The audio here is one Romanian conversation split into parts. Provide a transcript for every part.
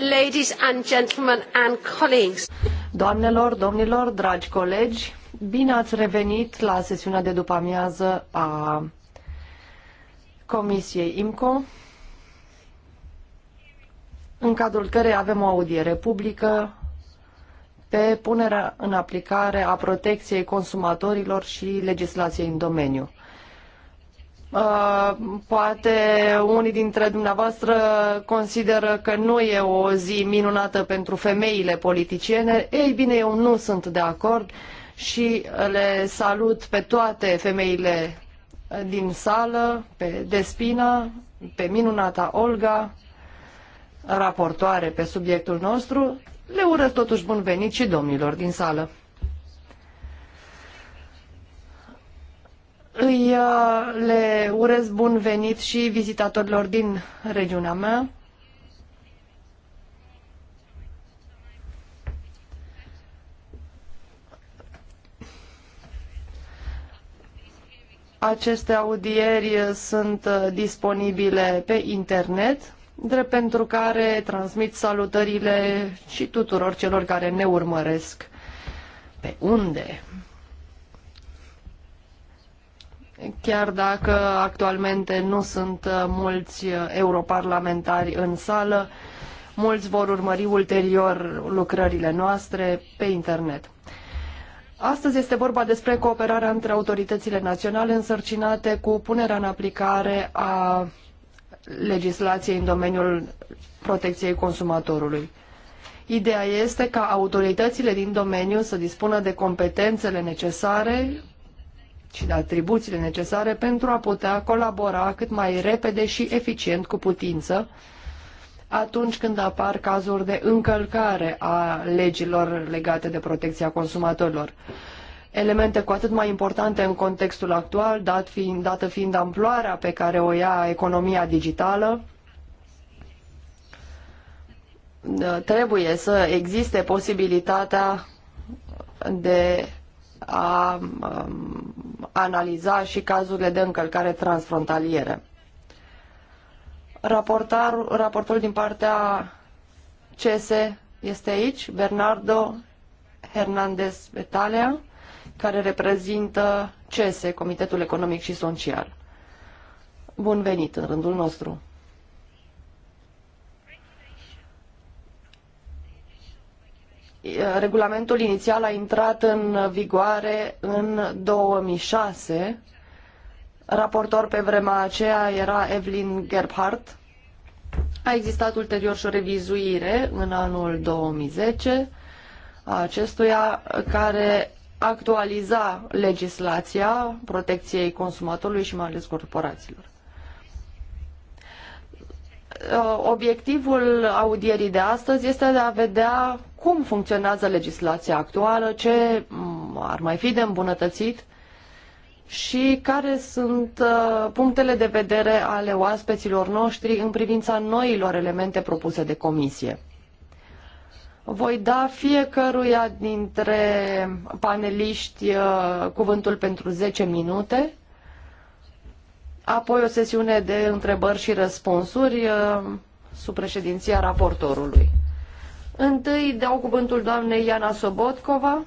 Ladies and gentlemen and colleagues. Doamnelor, domnilor, dragi colegi, bine ați revenit la sesiunea de după amiază a Comisiei IMCO, în cadrul cărei avem o audiere publică pe punerea în aplicare a protecției consumatorilor și legislației în domeniu. Uh, poate unii dintre dumneavoastră consideră că nu e o zi minunată pentru femeile politiciene. Ei bine, eu nu sunt de acord și le salut pe toate femeile din sală, pe Despina, pe minunata Olga, raportoare pe subiectul nostru. Le urez totuși bun venit și domnilor din sală. Îi uh, le urez bun venit și vizitatorilor din regiunea mea. Aceste audieri sunt uh, disponibile pe internet, drept pentru care transmit salutările și tuturor celor care ne urmăresc. Pe unde? chiar dacă actualmente nu sunt uh, mulți uh, europarlamentari în sală, mulți vor urmări ulterior lucrările noastre pe internet. Astăzi este vorba despre cooperarea între autoritățile naționale însărcinate cu punerea în aplicare a legislației în domeniul protecției consumatorului. Ideea este ca autoritățile din domeniu să dispună de competențele necesare și de atribuțiile necesare pentru a putea colabora cât mai repede și eficient cu putință atunci când apar cazuri de încălcare a legilor legate de protecția consumatorilor. Elemente cu atât mai importante în contextul actual, dat fiind, dată fiind amploarea pe care o ia economia digitală, trebuie să existe posibilitatea de a um, analiza și cazurile de încălcare transfrontaliere. Raportarul, raportul din partea CS este aici, Bernardo Hernandez Betalea, care reprezintă CS, Comitetul Economic și Social. Bun venit în rândul nostru! regulamentul inițial a intrat în vigoare în 2006. Raportor pe vremea aceea era Evelyn Gerhardt. A existat ulterior și o revizuire în anul 2010 a acestuia care actualiza legislația protecției consumatorului și mai ales corporațiilor. Uh, obiectivul audierii de astăzi este de a vedea cum funcționează legislația actuală, ce mm, ar mai fi de îmbunătățit și care sunt uh, punctele de vedere ale oaspeților noștri în privința noilor elemente propuse de comisie. Voi da fiecăruia dintre paneliști uh, cuvântul pentru 10 minute apoi o sesiune de întrebări și răspunsuri uh, sub președinția raportorului. Întâi dau cuvântul doamnei Iana Sobotkova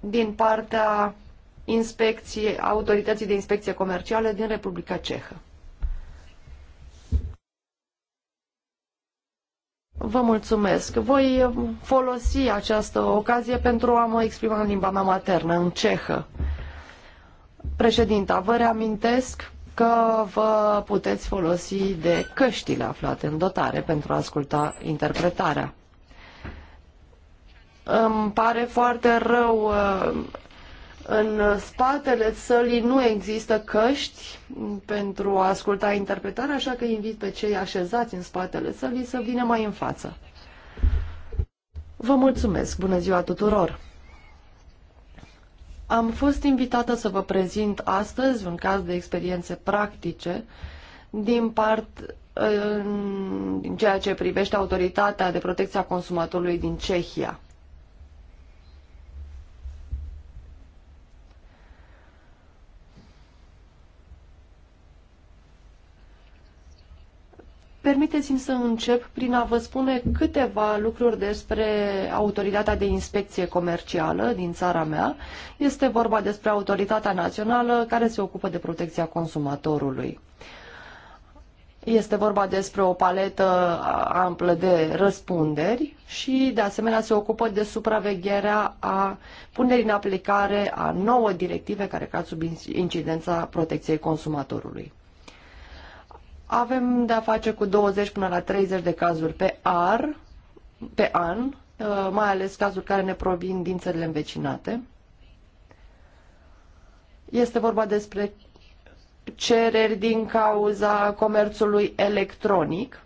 din partea inspecție, Autorității de Inspecție Comercială din Republica Cehă. Vă mulțumesc. Voi folosi această ocazie pentru a mă exprima în limba mea maternă, în cehă. Președinta, vă reamintesc că vă puteți folosi de căștile aflate în dotare pentru a asculta interpretarea. Îmi pare foarte rău, uh, în spatele sălii nu există căști pentru a asculta interpretarea, așa că invit pe cei așezați în spatele sălii să vină mai în față. Vă mulțumesc! Bună ziua tuturor! Am fost invitată să vă prezint astăzi un caz de experiențe practice din part în ceea ce privește autoritatea de protecție a consumatorului din Cehia. Permiteți-mi să încep prin a vă spune câteva lucruri despre Autoritatea de Inspecție Comercială din țara mea. Este vorba despre Autoritatea Națională care se ocupă de protecția consumatorului. Este vorba despre o paletă amplă de răspunderi și, de asemenea, se ocupă de supravegherea a punerii în aplicare a nouă directive care cad sub incidența protecției consumatorului. Avem de-a face cu 20 până la 30 de cazuri pe, ar, pe an, uh, mai ales cazuri care ne provin din țările învecinate. Este vorba despre cereri din cauza comerțului electronic.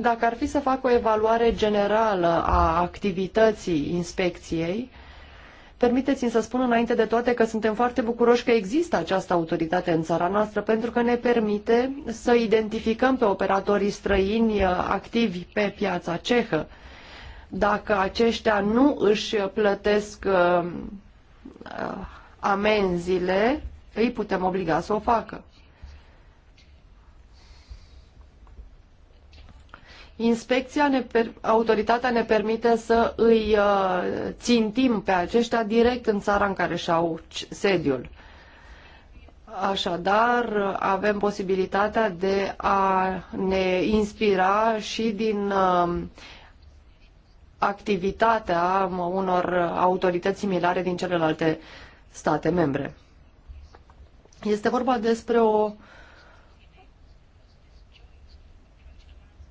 Dacă ar fi să fac o evaluare generală a activității inspecției, Permiteți-mi să spun înainte de toate că suntem foarte bucuroși că există această autoritate în țara noastră pentru că ne permite să identificăm pe operatorii străini uh, activi pe piața cehă. Dacă aceștia nu își plătesc uh, uh, amenziile, îi putem obliga să o facă. Inspecția, ne per, autoritatea ne permite să îi uh, țintim pe aceștia direct în țara în care și-au sediul. Așadar, avem posibilitatea de a ne inspira și din uh, activitatea unor autorități similare din celelalte state membre. Este vorba despre o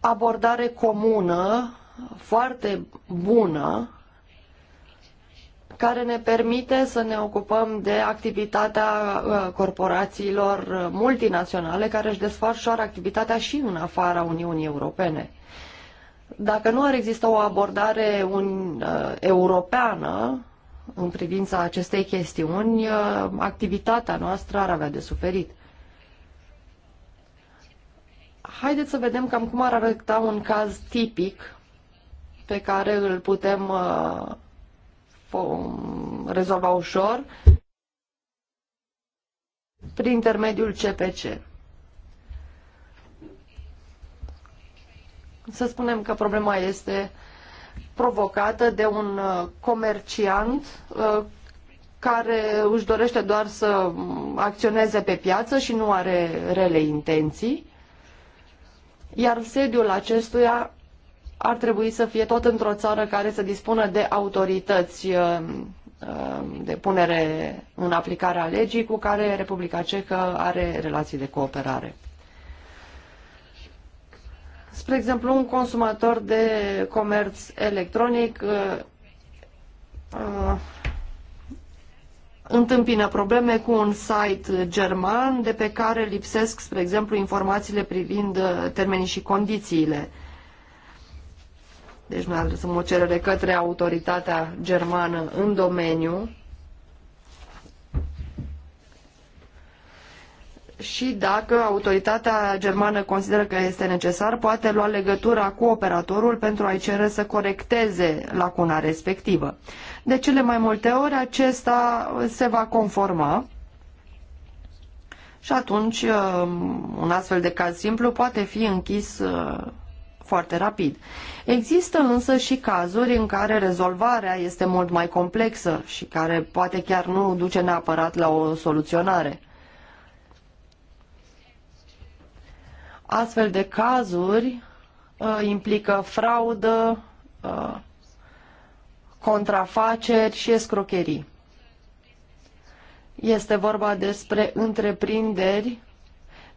abordare comună, foarte bună, care ne permite să ne ocupăm de activitatea uh, corporațiilor multinaționale care își desfășoară activitatea și în afara Uniunii Europene. Dacă nu ar exista o abordare un, uh, europeană în privința acestei chestiuni, uh, activitatea noastră ar avea de suferit. Haideți să vedem cam cum ar arăta un caz tipic pe care îl putem uh, um, rezolva ușor prin intermediul CPC. Să spunem că problema este provocată de un uh, comerciant uh, care își dorește doar să acționeze pe piață și nu are rele intenții iar sediul acestuia ar trebui să fie tot într-o țară care să dispună de autorități uh, uh, de punere în aplicare a legii cu care Republica Cehă are relații de cooperare. Spre exemplu, un consumator de comerț electronic uh, întâmpină probleme cu un site german de pe care lipsesc, spre exemplu, informațiile privind uh, termenii și condițiile. Deci noi adresăm o cerere către autoritatea germană în domeniu și dacă autoritatea germană consideră că este necesar, poate lua legătura cu operatorul pentru a-i cere să corecteze lacuna respectivă. De cele mai multe ori acesta se va conforma și atunci uh, un astfel de caz simplu poate fi închis uh, foarte rapid. Există însă și cazuri în care rezolvarea este mult mai complexă și care poate chiar nu duce neapărat la o soluționare. Astfel de cazuri uh, implică fraudă, uh, contrafaceri și escrocherii. Este vorba despre întreprinderi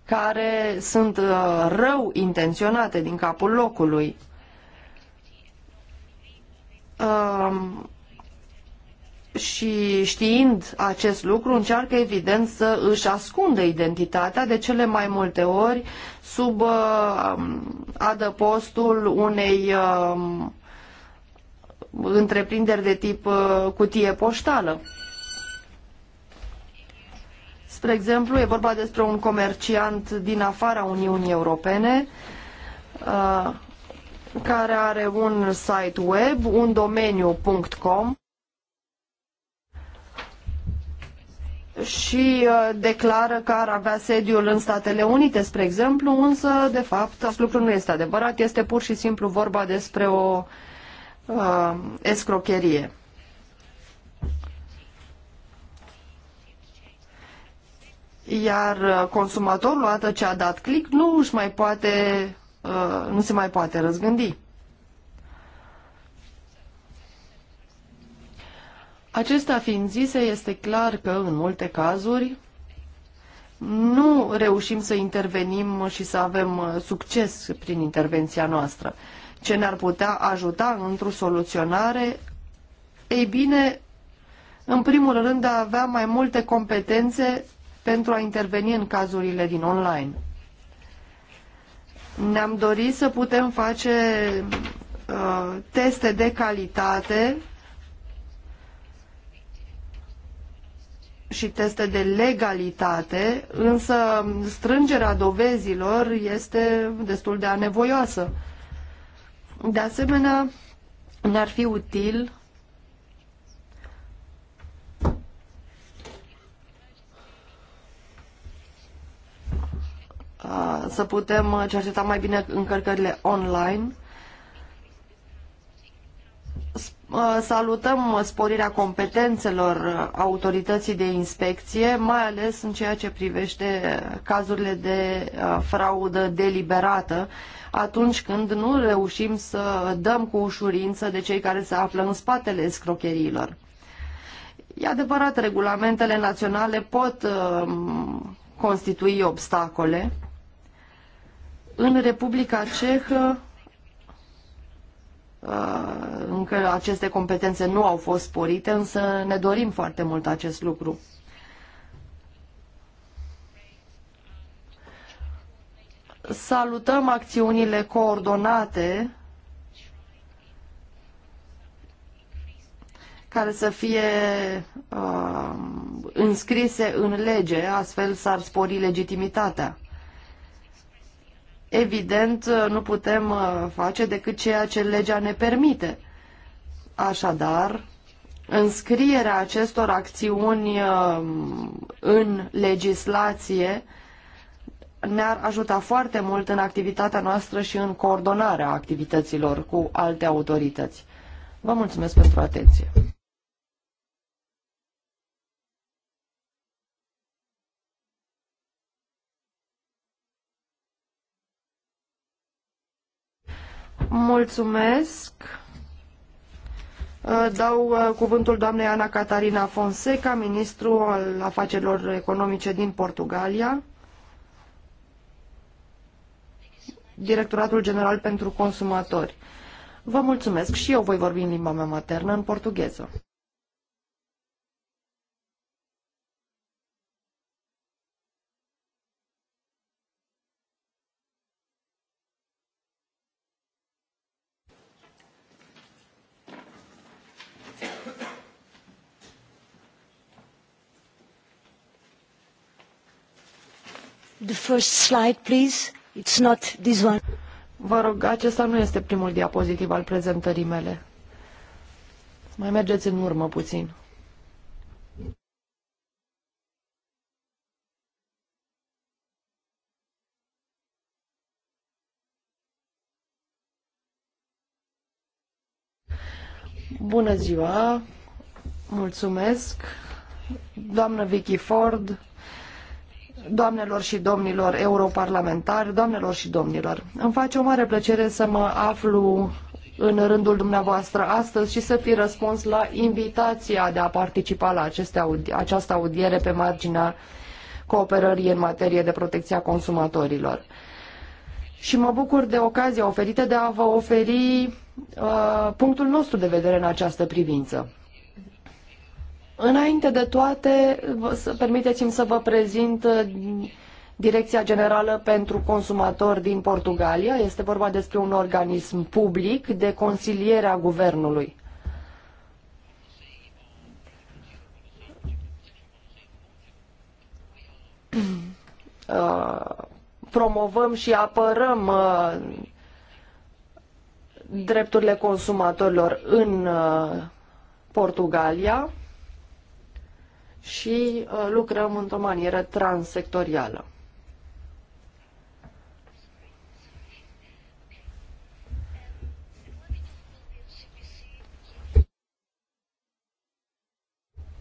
care sunt uh, rău intenționate din capul locului. Um, și știind acest lucru, încearcă evident să își ascundă identitatea de cele mai multe ori sub uh, adăpostul unei um, întreprinderi de tip uh, cutie poștală. Spre exemplu, e vorba despre un comerciant din afara Uniunii Europene uh, care are un site web, un domeniu.com și uh, declară că ar avea sediul în Statele Unite, spre exemplu, însă, de fapt, acest lucru nu este adevărat, este pur și simplu vorba despre o uh, uh, escrocherie. Iar uh, consumatorul, odată ce a dat click, nu își mai poate, uh, nu se mai poate răzgândi. Acesta fiind zise, este clar că în multe cazuri nu reușim să intervenim și să avem uh, succes prin intervenția noastră ce ne-ar putea ajuta într-o soluționare, ei bine, în primul rând, a avea mai multe competențe pentru a interveni în cazurile din online. Ne-am dorit să putem face uh, teste de calitate și teste de legalitate, însă strângerea dovezilor este destul de anevoioasă. Uh, de asemenea, ne-ar fi util să putem cerceta mai bine încărcările online. Salutăm sporirea competențelor autorității de inspecție, mai ales în ceea ce privește cazurile de fraudă deliberată, atunci când nu reușim să dăm cu ușurință de cei care se află în spatele escrocherilor. E adevărat, regulamentele naționale pot uh, constitui obstacole. În Republica Cehă uh, încă aceste competențe nu au fost sporite, însă ne dorim foarte mult acest lucru. salutăm acțiunile coordonate care să fie uh, înscrise în lege, astfel s-ar spori legitimitatea. Evident, nu putem uh, face decât ceea ce legea ne permite. Așadar, înscrierea acestor acțiuni um, în legislație ne-ar ajuta foarte mult în activitatea noastră și în coordonarea activităților cu alte autorități. Vă mulțumesc pentru atenție. Mulțumesc. Uh, dau uh, cuvântul doamnei Ana Catarina Fonseca, ministru al afacerilor economice din Portugalia. Directoratul General pentru Consumatori. Vă mulțumesc și eu voi vorbi în limba mea maternă, în portugheză. The first slide, please. It's not this one. Vă rog, acesta nu este primul diapozitiv al prezentării mele. Mai mergeți în urmă puțin. Bună ziua! Mulțumesc! Doamnă Vicky Ford, doamnelor și domnilor europarlamentari, doamnelor și domnilor. Îmi face o mare plăcere să mă aflu în rândul dumneavoastră astăzi și să fi răspuns la invitația de a participa la aceste audi- această audiere pe marginea cooperării în materie de protecție a consumatorilor. Și mă bucur de ocazia oferită de a vă oferi uh, punctul nostru de vedere în această privință. Înainte de toate, permiteți-mi să vă prezint uh, Direcția Generală pentru Consumatori din Portugalia. Este vorba despre un organism public de consiliere a guvernului. Uh, promovăm și apărăm uh, drepturile consumatorilor în Portugalia și uh, lucrăm într-o manieră transsectorială.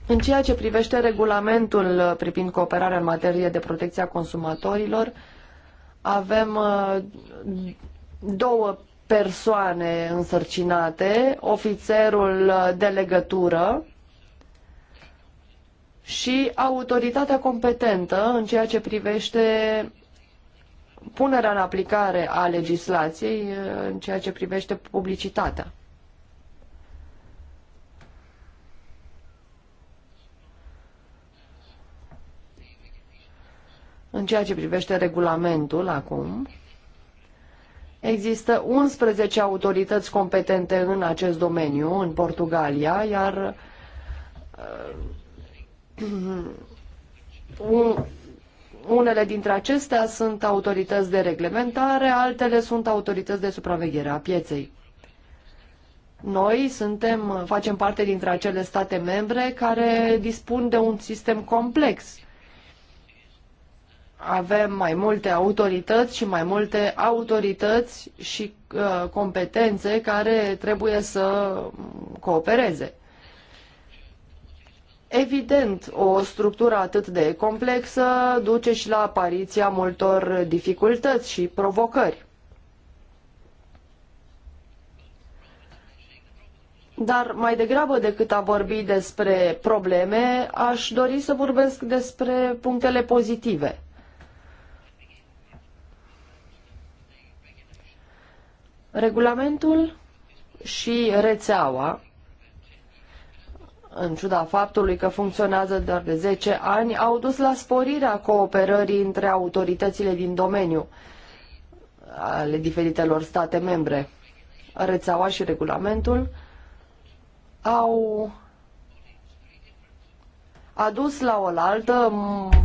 În ceea ce privește regulamentul uh, privind cooperarea în materie de protecție a consumatorilor, avem uh, două persoane însărcinate, ofițerul de legătură și autoritatea competentă în ceea ce privește punerea în aplicare a legislației uh, în ceea ce privește publicitatea. În ceea ce privește regulamentul acum, există 11 autorități competente în acest domeniu, în Portugalia, iar uh, unele dintre acestea sunt autorități de reglementare, altele sunt autorități de supraveghere a pieței. Noi suntem, facem parte dintre acele state membre care dispun de un sistem complex. Avem mai multe autorități și mai multe autorități și uh, competențe care trebuie să coopereze. Evident, o structură atât de complexă duce și la apariția multor dificultăți și provocări. Dar mai degrabă decât a vorbi despre probleme, aș dori să vorbesc despre punctele pozitive. Regulamentul și rețeaua în ciuda faptului că funcționează doar de 10 ani, au dus la sporirea cooperării între autoritățile din domeniu ale diferitelor state membre. Rețeaua și regulamentul au adus la oaltă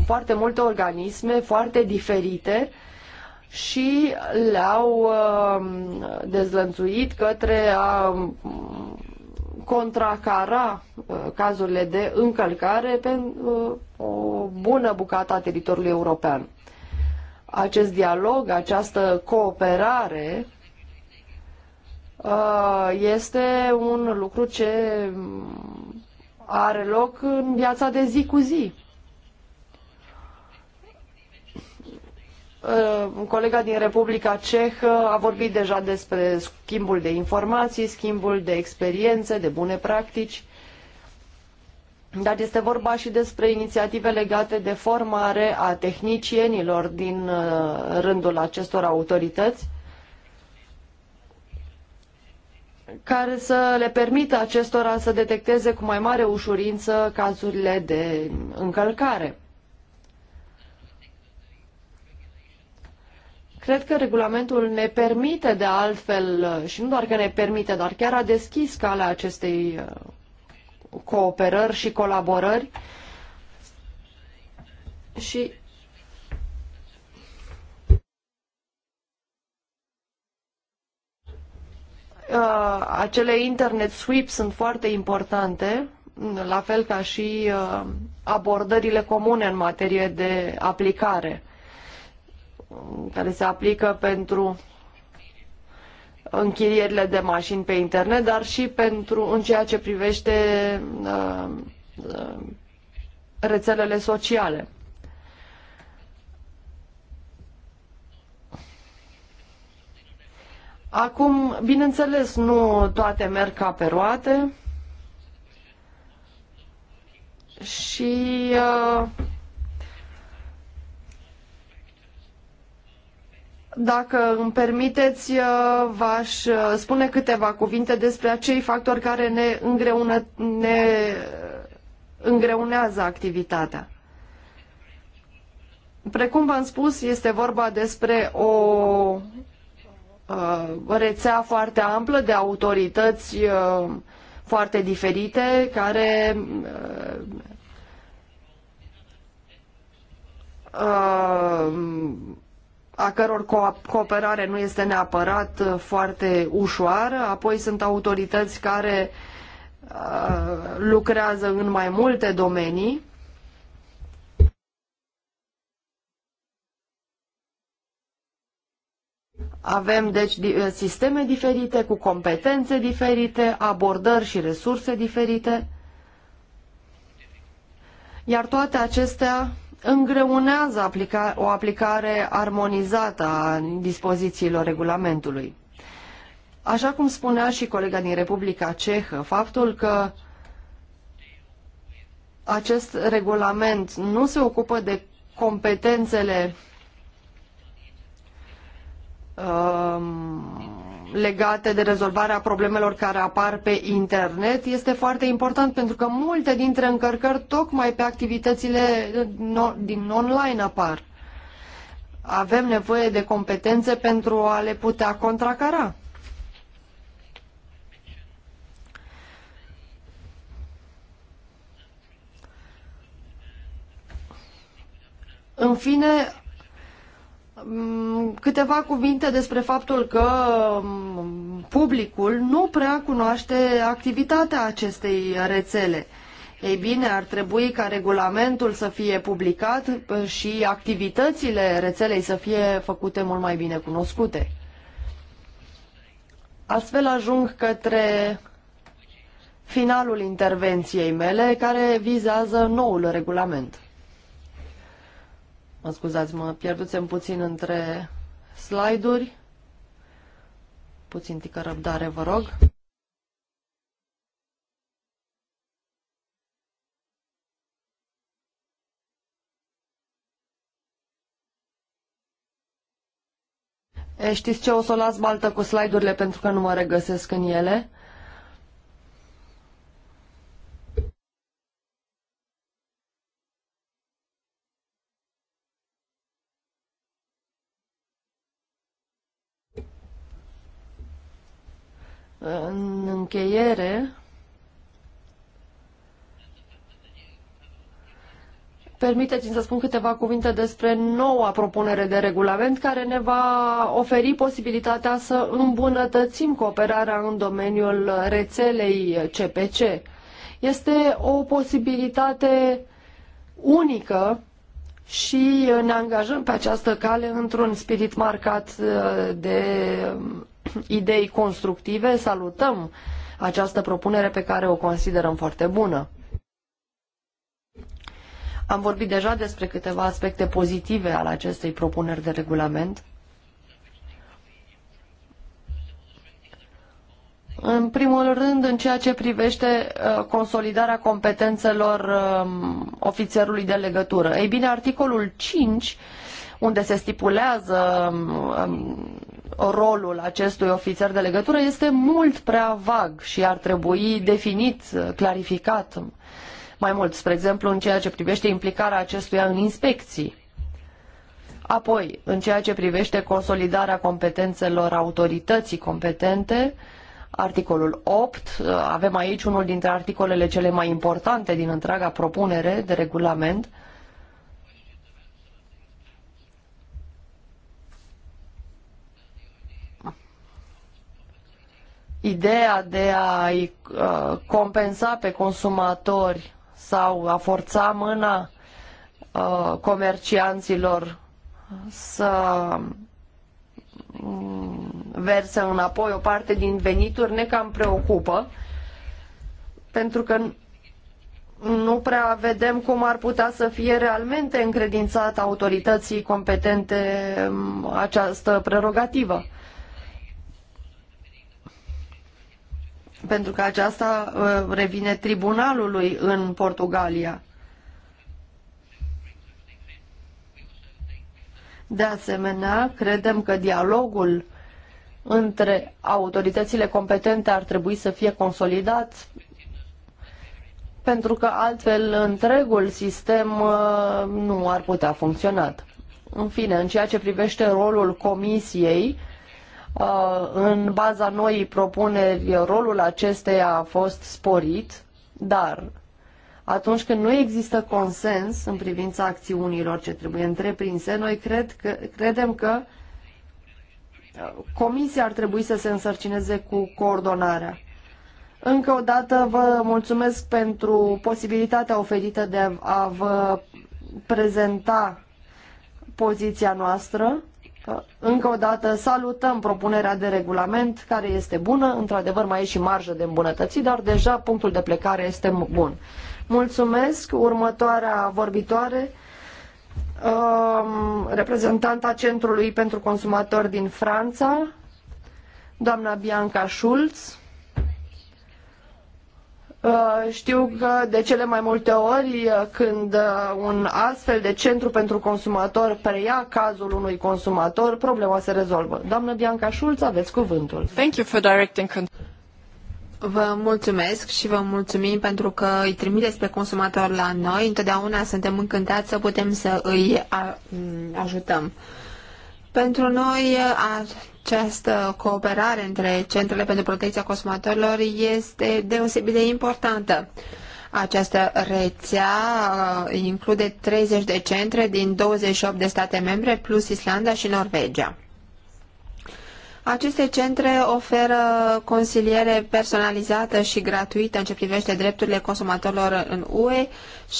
foarte multe organisme foarte diferite și le-au uh, dezlănțuit către a uh, contracara uh, cazurile de încălcare pe uh, o bună bucată a teritoriului european. Acest dialog, această cooperare uh, este un lucru ce are loc în viața de zi cu zi. Uh, colega din Republica Cehă a vorbit deja despre schimbul de informații, schimbul de experiențe, de bune practici, dar este vorba și despre inițiative legate de formare a tehnicienilor din uh, rândul acestor autorități, care să le permită acestora să detecteze cu mai mare ușurință cazurile de încălcare. Cred că regulamentul ne permite de altfel, și nu doar că ne permite, dar chiar a deschis calea acestei uh, cooperări și colaborări și Uh, acele internet sweeps sunt foarte importante, la fel ca și uh, abordările comune în materie de aplicare care se aplică pentru închirierile de mașini pe internet, dar și pentru în ceea ce privește uh, uh, rețelele sociale. Acum, bineînțeles, nu toate merg ca pe roate și uh, Dacă îmi permiteți, uh, v-aș uh, spune câteva cuvinte despre acei factori care ne, îngreună, ne uh, îngreunează activitatea. Precum v-am spus, este vorba despre o rețea foarte amplă de autorități foarte diferite care a căror cooperare nu este neapărat uh, foarte ușoară, apoi sunt autorități care uh, lucrează în mai multe domenii. Avem deci uh, sisteme diferite, cu competențe diferite, abordări și resurse diferite, iar toate acestea îngreunează aplica o aplicare armonizată a dispozițiilor regulamentului. Așa cum spunea și colega din Republica Cehă, faptul că acest regulament nu se ocupă de competențele um, legate de rezolvarea problemelor care apar pe internet este foarte important pentru că multe dintre încărcări tocmai pe activitățile din online apar. Avem nevoie de competențe pentru a le putea contracara. În fine, Mm, câteva cuvinte despre faptul că mm, publicul nu prea cunoaște activitatea acestei rețele. Ei bine, ar trebui ca regulamentul să fie publicat și activitățile rețelei să fie făcute mult mai bine cunoscute. Astfel ajung către finalul intervenției mele, care vizează noul regulament. Mă scuzați, mă pierduțem puțin între slide-uri. Puțin tică răbdare, vă rog. E, știți ce, o să o las baltă cu slide-urile pentru că nu mă regăsesc în ele. În încheiere, Permiteți-mi să spun câteva cuvinte despre noua propunere de regulament care ne va oferi posibilitatea să îmbunătățim cooperarea în domeniul rețelei CPC. Este o posibilitate unică și ne angajăm pe această cale într-un spirit marcat uh, de um, idei constructive, salutăm această propunere pe care o considerăm foarte bună. Am vorbit deja despre câteva aspecte pozitive ale acestei propuneri de regulament. În primul rând, în ceea ce privește uh, consolidarea competențelor um, ofițerului de legătură. Ei bine, articolul 5, unde se stipulează um, um, rolul acestui ofițer de legătură este mult prea vag și ar trebui definit, clarificat mai mult, spre exemplu, în ceea ce privește implicarea acestuia în inspecții. Apoi, în ceea ce privește consolidarea competențelor autorității competente, articolul 8, avem aici unul dintre articolele cele mai importante din întreaga propunere de regulament, ideea de a-i uh, compensa pe consumatori sau a forța mâna uh, comercianților să mm, verse înapoi o parte din venituri ne cam preocupă pentru că nu prea vedem cum ar putea să fie realmente încredințată autorității competente mm, această prerogativă. pentru că aceasta uh, revine tribunalului în Portugalia. De asemenea, credem că dialogul între autoritățile competente ar trebui să fie consolidat pentru că altfel întregul sistem uh, nu ar putea funcționa. În fine, în ceea ce privește rolul comisiei, Uh, în baza noii propuneri, rolul acesteia a fost sporit, dar atunci când nu există consens în privința acțiunilor ce trebuie întreprinse, noi cred că, credem că uh, Comisia ar trebui să se însărcineze cu coordonarea. Încă o dată vă mulțumesc pentru posibilitatea oferită de a vă prezenta poziția noastră. Încă o dată salutăm propunerea de regulament care este bună, într-adevăr mai e și marjă de îmbunătățit, dar deja punctul de plecare este bun. Mulțumesc. Următoarea vorbitoare, um, reprezentanta Centrului pentru Consumatori din Franța, doamna Bianca Schulz. Uh, știu că de cele mai multe ori uh, când uh, un astfel de centru pentru consumator preia cazul unui consumator, problema se rezolvă. Doamnă Bianca Șulț, aveți cuvântul. Thank you for directing Vă mulțumesc și vă mulțumim pentru că îi trimiteți pe consumator la noi. Întotdeauna suntem încântați să putem să îi ajutăm. Pentru noi această cooperare între centrele pentru protecția consumatorilor este deosebit de importantă. Această rețea uh, include 30 de centre din 28 de state membre, plus Islanda și Norvegia. Aceste centre oferă consiliere personalizată și gratuită în ce privește drepturile consumatorilor în UE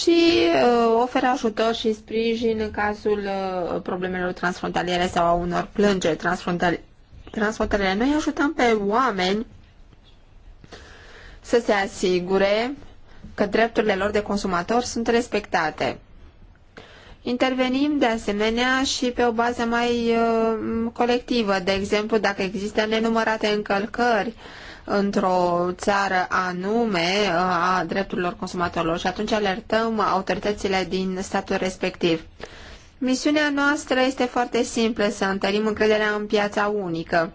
și uh, oferă ajutor și sprijin în cazul uh, problemelor transfrontaliere sau a unor plângeri transfrontaliere transportările. Noi ajutăm pe oameni să se asigure că drepturile lor de consumator sunt respectate. Intervenim de asemenea și pe o bază mai uh, colectivă, de exemplu dacă există nenumărate încălcări într-o țară anume uh, a drepturilor consumatorilor și atunci alertăm autoritățile din statul respectiv. Misiunea noastră este foarte simplă, să întărim încrederea în piața unică.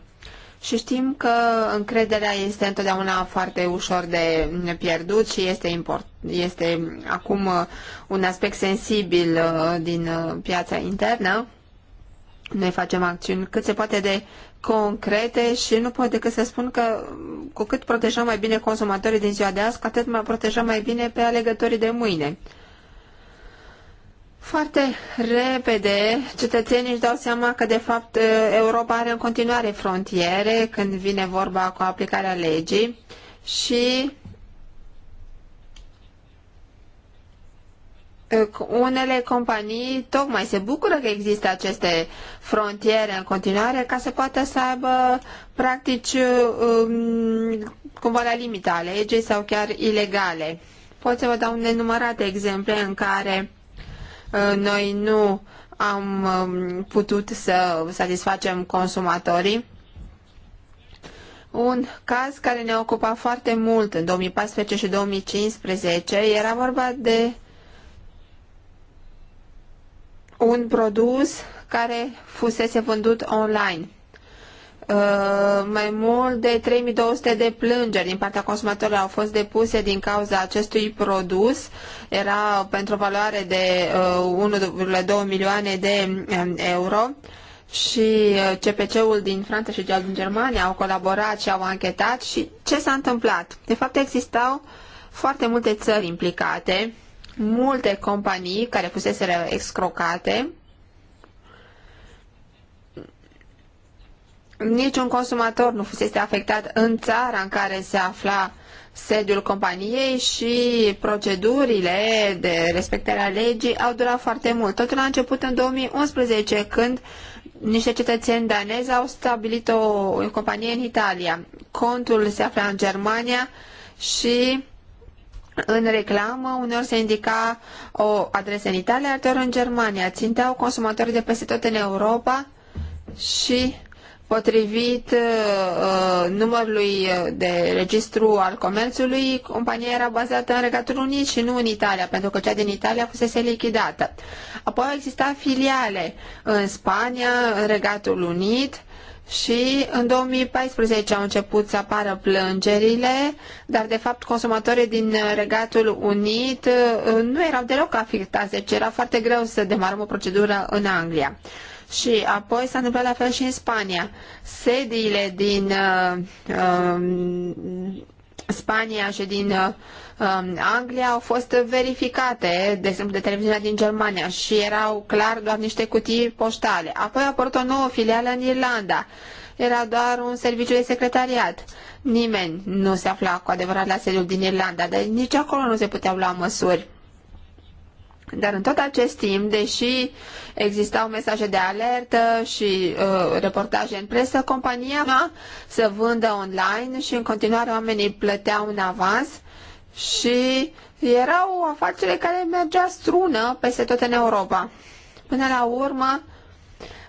Și știm că încrederea este întotdeauna foarte ușor de pierdut și este, import, este acum uh, un aspect sensibil uh, din uh, piața internă. Noi facem acțiuni cât se poate de concrete și nu pot decât să spun că cu cât protejăm mai bine consumatorii din ziua de azi, cu atât mai protejăm mai bine pe alegătorii de mâine. Foarte repede, cetățenii își dau seama că, de fapt, Europa are în continuare frontiere când vine vorba cu aplicarea legii și unele companii tocmai se bucură că există aceste frontiere în continuare ca să poată să aibă practici um, cumva la limita legii sau chiar ilegale. Pot să vă dau nenumărate exemple în care Uh, noi nu am um, putut să satisfacem consumatorii. Un caz care ne ocupa foarte mult în 2014 și 2015 era vorba de un produs care fusese vândut online. Uh, mai mult de 3200 de plângeri din partea consumatorilor au fost depuse din cauza acestui produs. Era pentru valoare de 1,2 uh, milioane de um, euro și uh, CPC-ul din Franța și cel din Germania au colaborat și au anchetat și ce s-a întâmplat? De fapt existau foarte multe țări implicate, multe companii care fusese excrocate niciun consumator nu fusese afectat în țara în care se afla sediul companiei și procedurile de respectare a legii au durat foarte mult. Totul a început în 2011, când niște cetățeni danezi au stabilit o, companie în Italia. Contul se afla în Germania și în reclamă uneori se indica o adresă în Italia, altor în Germania. Ținteau consumatori de peste tot în Europa și Potrivit uh, uh, numărului de registru al comerțului, compania era bazată în Regatul Unit și nu în Italia, pentru că cea din Italia fusese lichidată. Apoi exista filiale în Spania, în Regatul Unit și în 2014 au început să apară plângerile, dar de fapt consumatorii din Regatul Unit uh, nu erau deloc afectați, deci era foarte greu să demarăm o procedură în Anglia. Și apoi s-a întâmplat la fel și în Spania. Sediile din uh, uh, Spania și din uh, um, Anglia au fost verificate, de exemplu, de televiziunea din Germania și erau clar doar niște cutii poștale. Apoi a apărut o nouă filială în Irlanda. Era doar un serviciu de secretariat. Nimeni nu se afla cu adevărat la sediul din Irlanda, dar nici acolo nu se puteau lua măsuri. Dar în tot acest timp, deși existau mesaje de alertă și uh, reportaje în presă, compania să vândă online și în continuare oamenii plăteau în avans și era o afacere care mergea strună peste tot în Europa. Până la urmă,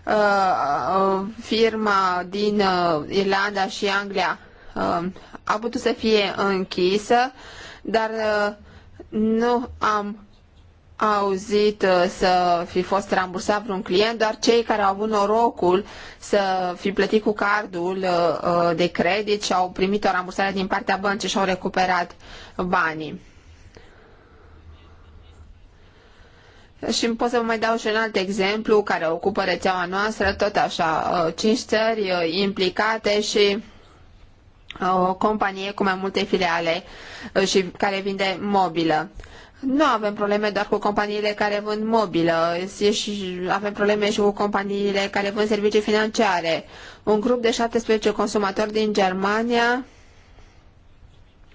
uh, firma din uh, Irlanda și Anglia uh, a putut să fie închisă, dar uh, nu am auzit uh, să fi fost rambursat vreun client, doar cei care au avut norocul să fi plătit cu cardul uh, uh, de credit și au primit o rambursare din partea băncii și au recuperat banii. Și pot să vă mai dau și un alt exemplu care ocupă rețeaua noastră, tot așa, cinci țări implicate și o companie cu mai multe filiale și care vinde mobilă. Nu avem probleme doar cu companiile care vând mobilă, avem probleme și cu companiile care vând servicii financiare. Un grup de 17 consumatori din Germania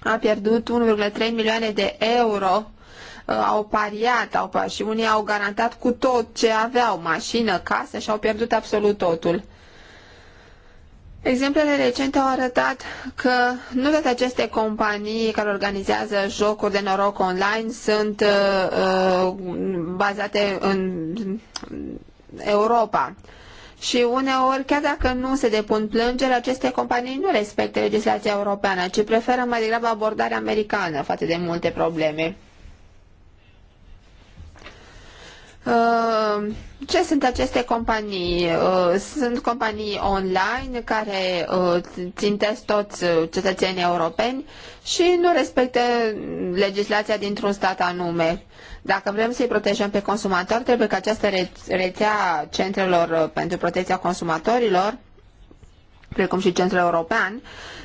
a pierdut 1,3 milioane de euro, uh, au pariat au, și unii au garantat cu tot ce aveau, mașină, casă și au pierdut absolut totul. Exemplele recente au arătat că nu toate aceste companii care organizează jocuri de noroc online sunt uh, uh, bazate în Europa. Și uneori, chiar dacă nu se depun plângeri, aceste companii nu respectă legislația europeană, ci preferă mai degrabă abordarea americană față de multe probleme. Uh, ce sunt aceste companii? Uh, sunt companii online care uh, țintesc toți cetățenii europeni și nu respectă legislația dintr-un stat anume. Dacă vrem să-i protejăm pe consumatori, trebuie ca această rețea centrelor pentru protecția consumatorilor, precum și centrul european,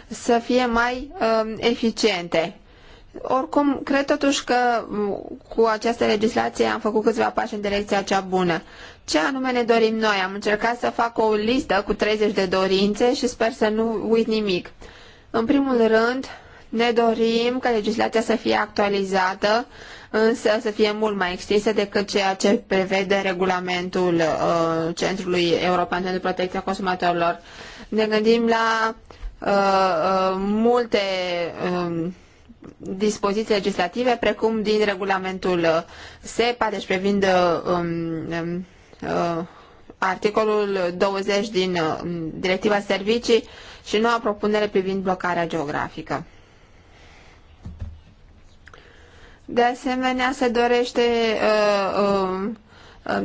să fie mai eficiente oricum, cred totuși că cu această legislație am făcut câțiva pași în direcția cea bună. Ce anume ne dorim noi? Am încercat să fac o listă cu 30 de dorințe și sper să nu uit nimic. În primul rând, ne dorim ca legislația să fie actualizată, însă să fie mult mai extinsă decât ceea ce prevede regulamentul uh, Centrului European pentru Protecția Consumatorilor. Ne gândim la uh, uh, multe um, dispoziții legislative, precum din regulamentul uh, SEPA, deci privind uh, um, um, uh, articolul 20 din uh, Directiva Servicii și noua propunere privind blocarea geografică. De asemenea, se dorește uh, um,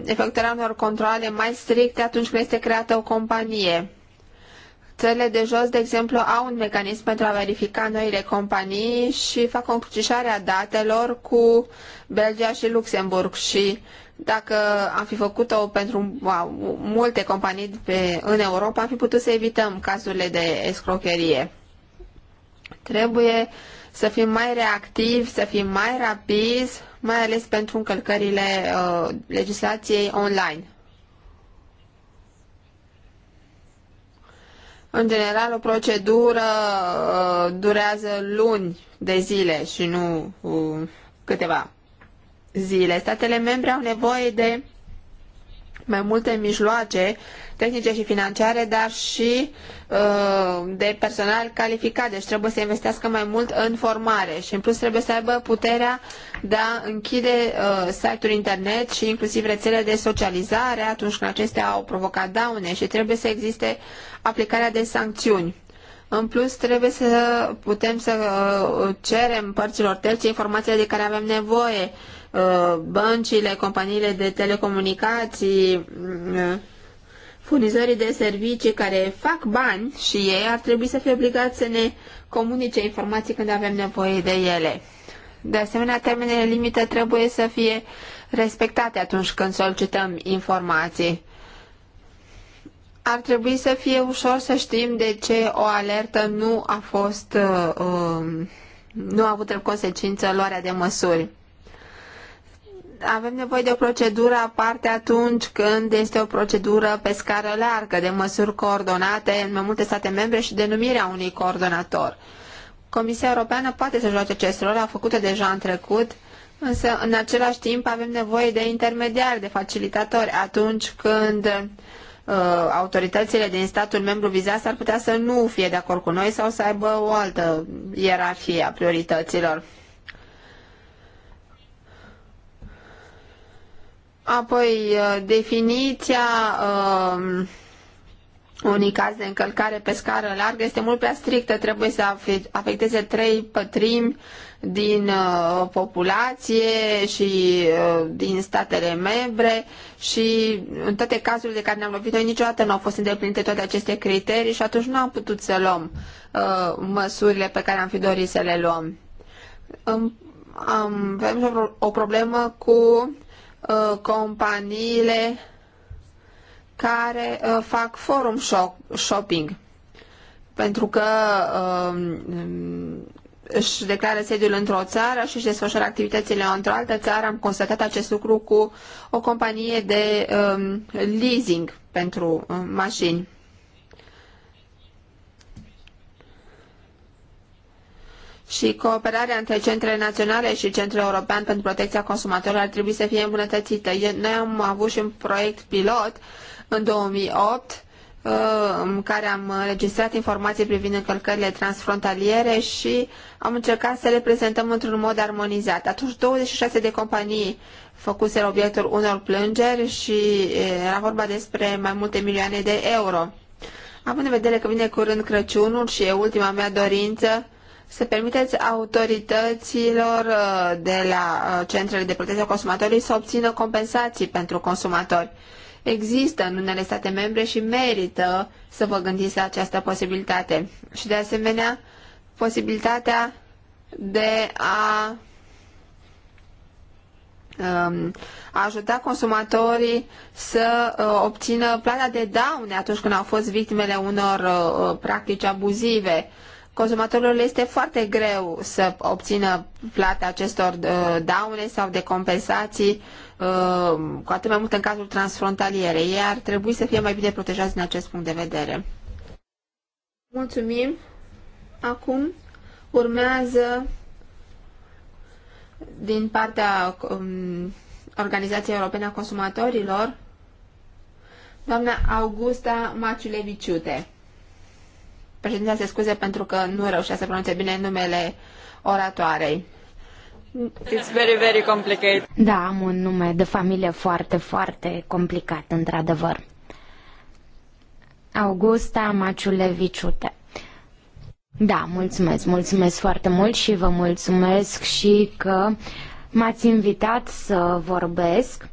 efectuarea unor controle mai stricte atunci când este creată o companie Țările de jos, de exemplu, au un mecanism pentru a verifica noile companii și fac o încrucișare datelor cu Belgia și Luxemburg și dacă am fi făcut-o pentru wow, multe companii pe, în Europa, am fi putut să evităm cazurile de escrocherie. Trebuie să fim mai reactivi, să fim mai rapizi, mai ales pentru încălcările uh, legislației online. În general, o procedură uh, durează luni de zile și nu uh, câteva zile. Statele membre au nevoie de mai multe mijloace tehnice și financiare, dar și uh, de personal calificat. Deci trebuie să investească mai mult în formare și în plus trebuie să aibă puterea de a închide uh, site-uri internet și inclusiv rețele de socializare atunci când acestea au provocat daune și trebuie să existe aplicarea de sancțiuni. În plus, trebuie să putem să uh, cerem părților terțe informațiile de care avem nevoie băncile, companiile de telecomunicații, furnizorii de servicii care fac bani și ei ar trebui să fie obligați să ne comunice informații când avem nevoie de ele. De asemenea, termenele limită trebuie să fie respectate atunci când solicităm informații. Ar trebui să fie ușor să știm de ce o alertă nu a fost, uh, um, nu a avut consecință luarea de măsuri avem nevoie de o procedură aparte atunci când este o procedură pe scară largă, de măsuri coordonate în mai multe state membre și denumirea unui coordonator. Comisia Europeană poate să joace acest rol, a făcut-o deja în trecut, însă în același timp avem nevoie de intermediari, de facilitatori, atunci când uh, autoritățile din statul membru vizat s-ar putea să nu fie de acord cu noi sau să aibă o altă ierarhie a priorităților. Apoi, uh, definiția uh, unui caz de încălcare pe scară largă este mult prea strictă, trebuie să afecteze trei pătrimi din uh, populație și uh, din statele membre și în toate cazurile de care ne-am lovit noi niciodată nu au fost îndeplinite toate aceste criterii și atunci nu am putut să luăm uh, măsurile pe care am fi dorit să le luăm. Um, am, avem o problemă cu Uh, companiile care uh, fac forum shopping pentru că uh, își declară sediul într-o țară și își desfășoară activitățile într-o altă țară. Am constatat acest lucru cu o companie de um, leasing pentru uh, mașini. și cooperarea între centrele naționale și centrele european pentru protecția consumatorilor ar trebui să fie îmbunătățită. Noi am avut și un proiect pilot în 2008 uh, în care am registrat informații privind încălcările transfrontaliere și am încercat să le prezentăm într-un mod armonizat. Atunci 26 de companii făcuseră obiectul unor plângeri și uh, era vorba despre mai multe milioane de euro. Având în vedere că vine curând Crăciunul și e ultima mea dorință să permiteți autorităților uh, de la uh, centrele de protecție a consumatorului să obțină compensații pentru consumatori. Există în unele state membre și merită să vă gândiți la această posibilitate. Și de asemenea, posibilitatea de a um, ajuta consumatorii să uh, obțină plata de daune atunci când au fost victimele unor practici abuzive consumatorilor este foarte greu să obțină plata acestor uh, daune sau de compensații, uh, cu atât mai mult în cazul transfrontaliere. Ei ar trebui să fie mai bine protejați din acest punct de vedere. Mulțumim. Acum urmează din partea um, Organizației Europene a Consumatorilor, doamna Augusta Maciuleviciute. Președinta se scuze pentru că nu reușea să pronunțe bine numele oratoarei. It's very, very complicated. Da, am un nume de familie foarte, foarte complicat, într-adevăr. Augusta Maciuleviciute. Da, mulțumesc, mulțumesc foarte mult și vă mulțumesc și că m-ați invitat să vorbesc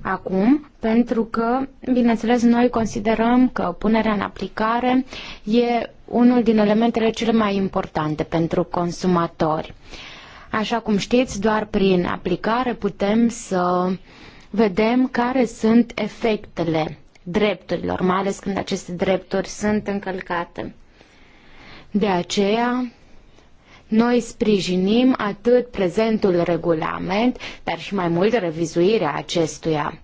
acum, pentru că, bineînțeles, noi considerăm că punerea în aplicare e unul din elementele cele mai importante pentru consumatori. Așa cum știți, doar prin aplicare putem să vedem care sunt efectele drepturilor, mai ales când aceste drepturi sunt încălcate. De aceea, noi sprijinim atât prezentul regulament, dar și mai mult revizuirea acestuia.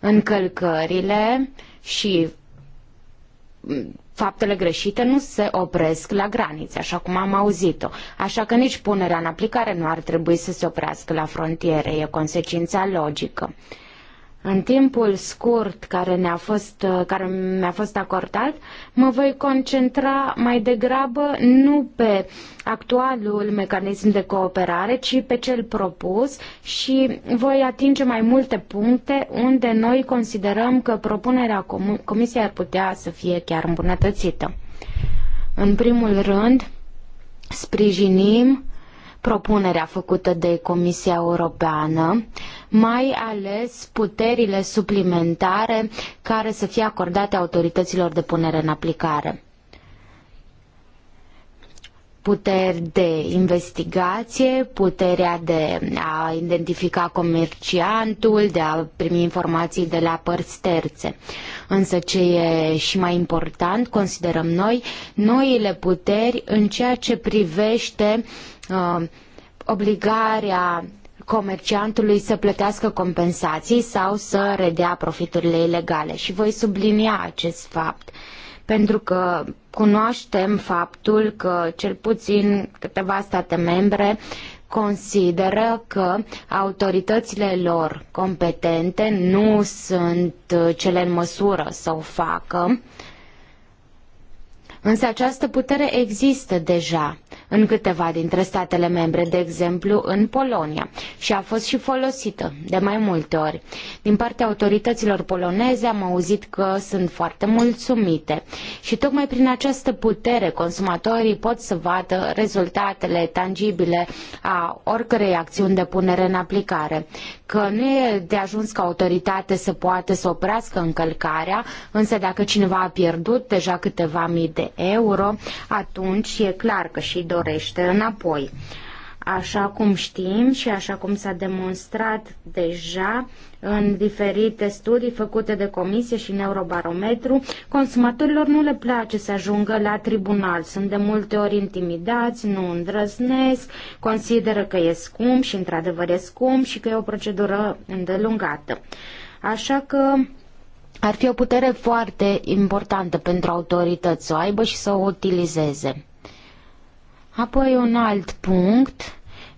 Încălcările și mm, faptele greșite nu se opresc la granițe, așa cum am auzit-o. Așa că nici punerea în aplicare nu ar trebui să se oprească la frontiere, e consecința logică. În timpul scurt care, ne-a fost, uh, care mi-a fost acordat, mă voi concentra mai degrabă nu pe actualul mecanism de cooperare, ci pe cel propus și voi atinge mai multe puncte unde noi considerăm că propunerea com Comisiei ar putea să fie chiar îmbunătățită. În primul rând, sprijinim propunerea făcută de Comisia Europeană, mai ales puterile suplimentare care să fie acordate autorităților de punere în aplicare puteri de investigație, puterea de a identifica comerciantul, de a primi informații de la părți terțe. Însă ce e și mai important, considerăm noi, noile puteri în ceea ce privește uh, uh, obligarea comerciantului să plătească compensații sau să redea profiturile ilegale. Și voi sublinia acest fapt, pentru că cunoaștem faptul că cel puțin câteva state membre consideră că autoritățile lor competente nu sunt cele în măsură să o facă, însă această putere există deja în câteva dintre statele membre, de exemplu în Polonia, și a fost și folosită de mai multe ori. Din partea autorităților poloneze am auzit că sunt foarte mulțumite și tocmai prin această putere consumatorii pot să vadă rezultatele tangibile a oricărei acțiuni de punere în aplicare că nu e de ajuns ca autoritate să poată să oprească încălcarea, însă dacă cineva a pierdut deja câteva mii de euro, atunci e clar că și dorește înapoi. Așa cum știm și așa cum s-a demonstrat deja în diferite studii făcute de comisie și neurobarometru, consumatorilor nu le place să ajungă la tribunal. Sunt de multe ori intimidați, nu îndrăznesc, consideră că e scump și într-adevăr e scump și că e o procedură îndelungată. Așa că ar fi o putere foarte importantă pentru autorități să o aibă și să o utilizeze. Apoi un alt punct,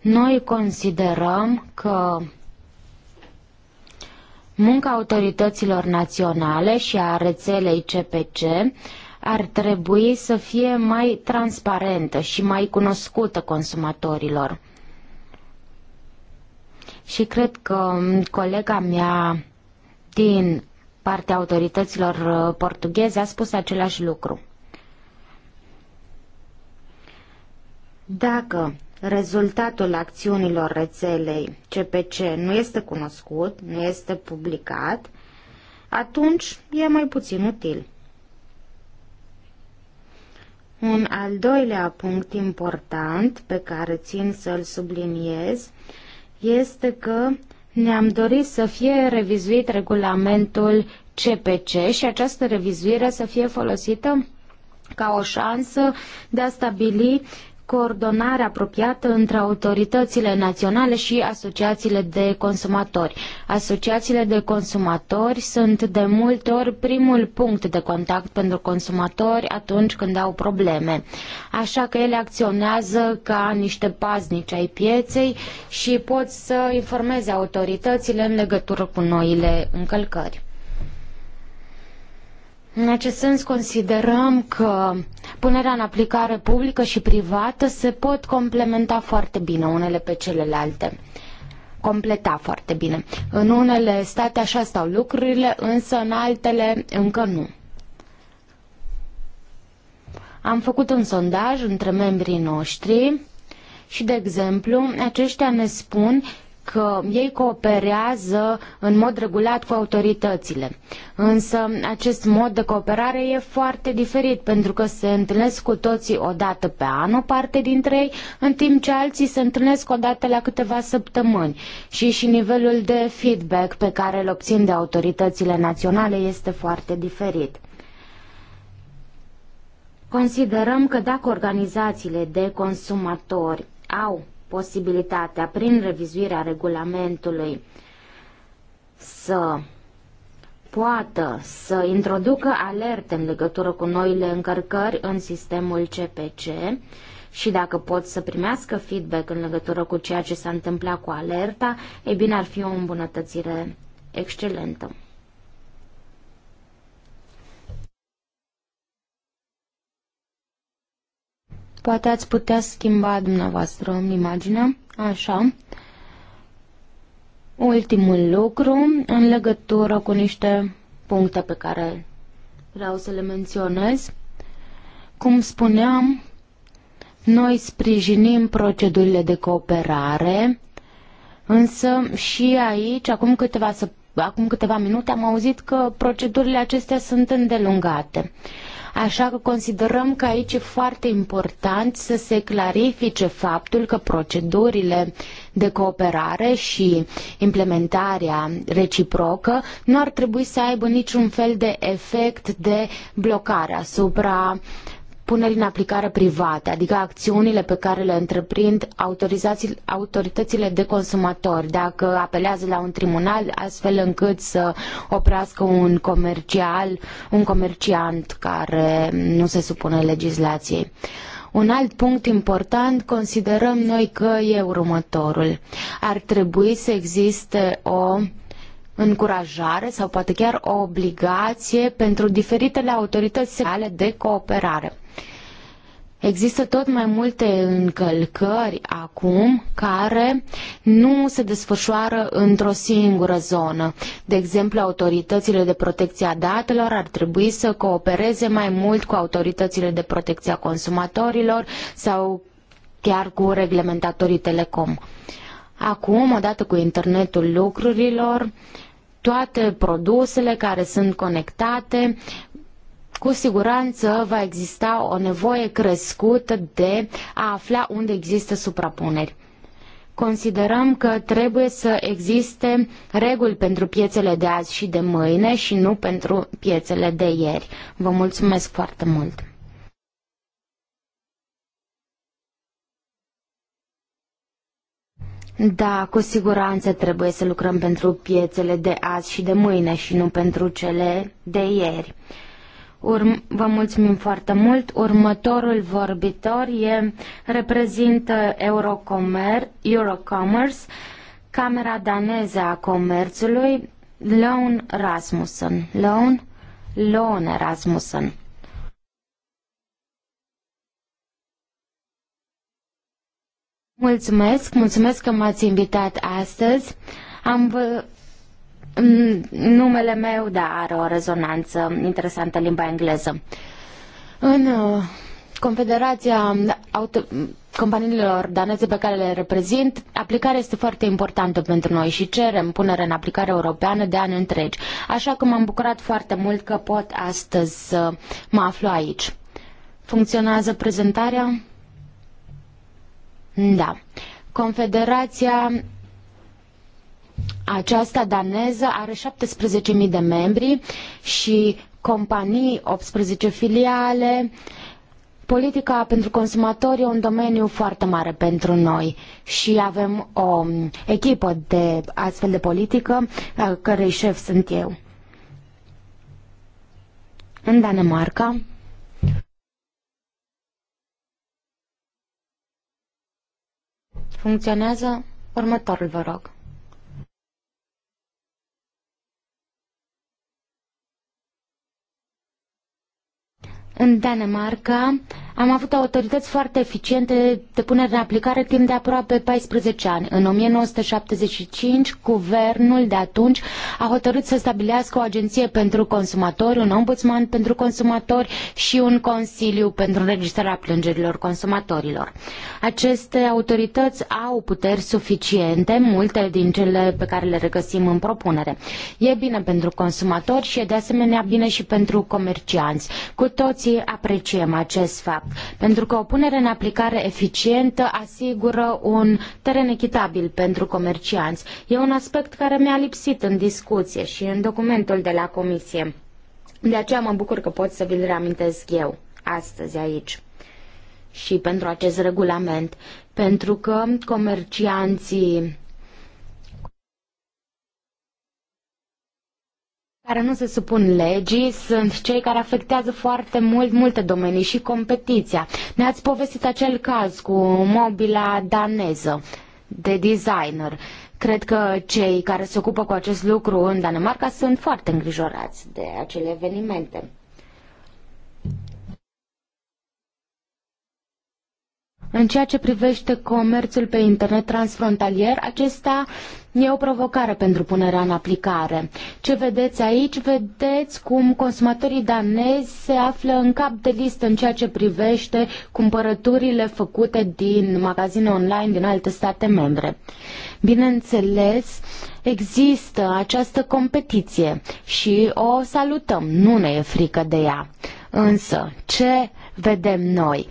noi considerăm că munca autorităților naționale și a rețelei CPC ar trebui să fie mai transparentă și mai cunoscută consumatorilor. Și cred că colega mea din partea autorităților uh, portugheze a spus același lucru. Dacă rezultatul acțiunilor rețelei CPC nu este cunoscut, nu este publicat, atunci e mai puțin util. Un al doilea punct important pe care țin să-l subliniez este că ne-am dorit să fie revizuit regulamentul CPC și această revizuire să fie folosită ca o șansă de a stabili coordonare apropiată între autoritățile naționale și asociațiile de consumatori. Asociațiile de consumatori sunt de multe ori primul punct de contact pentru consumatori atunci când au probleme. Așa că ele acționează ca niște paznici ai pieței și pot să informeze autoritățile în legătură cu noile încălcări. În acest sens considerăm că Punerea în aplicare publică și privată se pot complementa foarte bine unele pe celelalte completa foarte bine. În unele state așa stau lucrurile, însă în altele încă nu. Am făcut un sondaj între membrii noștri și, de exemplu, aceștia ne spun că ei cooperează în mod regulat cu autoritățile. Însă acest mod de cooperare e foarte diferit pentru că se întâlnesc cu toții o dată pe an, o parte dintre ei, în timp ce alții se întâlnesc o dată la câteva săptămâni. Și și nivelul de feedback pe care îl obțin de autoritățile naționale este foarte diferit. Considerăm că dacă organizațiile de consumatori au posibilitatea prin revizuirea regulamentului să poată să introducă alerte în legătură cu noile încărcări în sistemul CPC și dacă pot să primească feedback în legătură cu ceea ce s-a întâmplat cu alerta, e bine ar fi o îmbunătățire excelentă. Poate ați putea schimba dumneavoastră imaginea. Așa. Ultimul lucru, în legătură cu niște puncte pe care vreau să le menționez. Cum spuneam, noi sprijinim procedurile de cooperare, însă și aici, acum câteva, acum câteva minute, am auzit că procedurile acestea sunt îndelungate. Așa că considerăm că aici e foarte important să se clarifice faptul că procedurile de cooperare și implementarea reciprocă nu ar trebui să aibă niciun fel de efect de blocare asupra uh, puneri în aplicare private, adică acțiunile pe care le întreprind autoritățile de consumatori, dacă apelează la un tribunal, astfel încât să oprească un comercial, un comerciant care nu se supune legislației. Un alt punct important considerăm noi că e următorul. Ar trebui să existe o încurajare sau poate chiar o obligație pentru diferitele autorități ale de cooperare. Există tot mai multe încălcări acum care nu se desfășoară într-o singură zonă. De exemplu, autoritățile de protecție a datelor ar trebui să coopereze mai mult cu autoritățile de protecție a consumatorilor sau chiar cu reglementatorii telecom. Acum, odată cu internetul lucrurilor, toate produsele care sunt conectate cu siguranță va exista o nevoie crescută de a afla unde există suprapuneri. Considerăm că trebuie să existe reguli pentru piețele de azi și de mâine și nu pentru piețele de ieri. Vă mulțumesc foarte mult! Da, cu siguranță trebuie să lucrăm pentru piețele de azi și de mâine și nu pentru cele de ieri. Urm- vă mulțumim foarte mult. Următorul vorbitor e, reprezintă Eurocomer, Eurocommerce, Camera Daneză a Comerțului, Leon Rasmussen. Leon? Leon Rasmussen. Mulțumesc, mulțumesc că m-ați invitat astăzi. Am, Mm, numele meu, da, are o rezonanță interesantă limba engleză. În uh, Confederația Auto companiilor daneze pe care le reprezint, aplicarea este foarte importantă pentru noi și cerem punere în aplicare europeană de ani întregi. Așa că m-am bucurat foarte mult că pot astăzi să mă aflu aici. Funcționează prezentarea? Da. Confederația aceasta daneză are 17.000 de membri și companii, 18 filiale. Politica pentru consumatori e un domeniu foarte mare pentru noi și avem o echipă de astfel de politică, a cărei șef sunt eu. În Danemarca, funcționează următorul, vă rog. În Danemarca am avut autorități foarte eficiente de punere în aplicare timp de aproape 14 ani. În 1975, guvernul de atunci a hotărât să stabilească o agenție pentru consumatori, un ombudsman pentru consumatori și un consiliu pentru înregistrarea plângerilor consumatorilor. Aceste autorități au puteri suficiente, multe din cele pe care le regăsim în propunere. E bine pentru consumatori și e de asemenea bine și pentru comercianți. Cu toții apreciem acest fapt pentru că o punere în aplicare eficientă asigură un teren echitabil pentru comercianți. E un aspect care mi-a lipsit în discuție și în documentul de la Comisie. De aceea mă bucur că pot să vi-l reamintesc eu astăzi aici și pentru acest regulament, pentru că comercianții care nu se supun legii sunt cei care afectează foarte mult multe domenii și competiția. Ne-ați povestit acel caz cu mobila daneză de designer. Cred că cei care se ocupă cu acest lucru în Danemarca sunt foarte îngrijorați de acele evenimente. În ceea ce privește comerțul pe internet transfrontalier, acesta E o provocare pentru punerea în aplicare. Ce vedeți aici? Vedeți cum consumatorii danezi se află în cap de listă în ceea ce privește cumpărăturile făcute din magazine online din alte state membre. Bineînțeles, există această competiție și o salutăm, nu ne e frică de ea. Însă, ce vedem noi?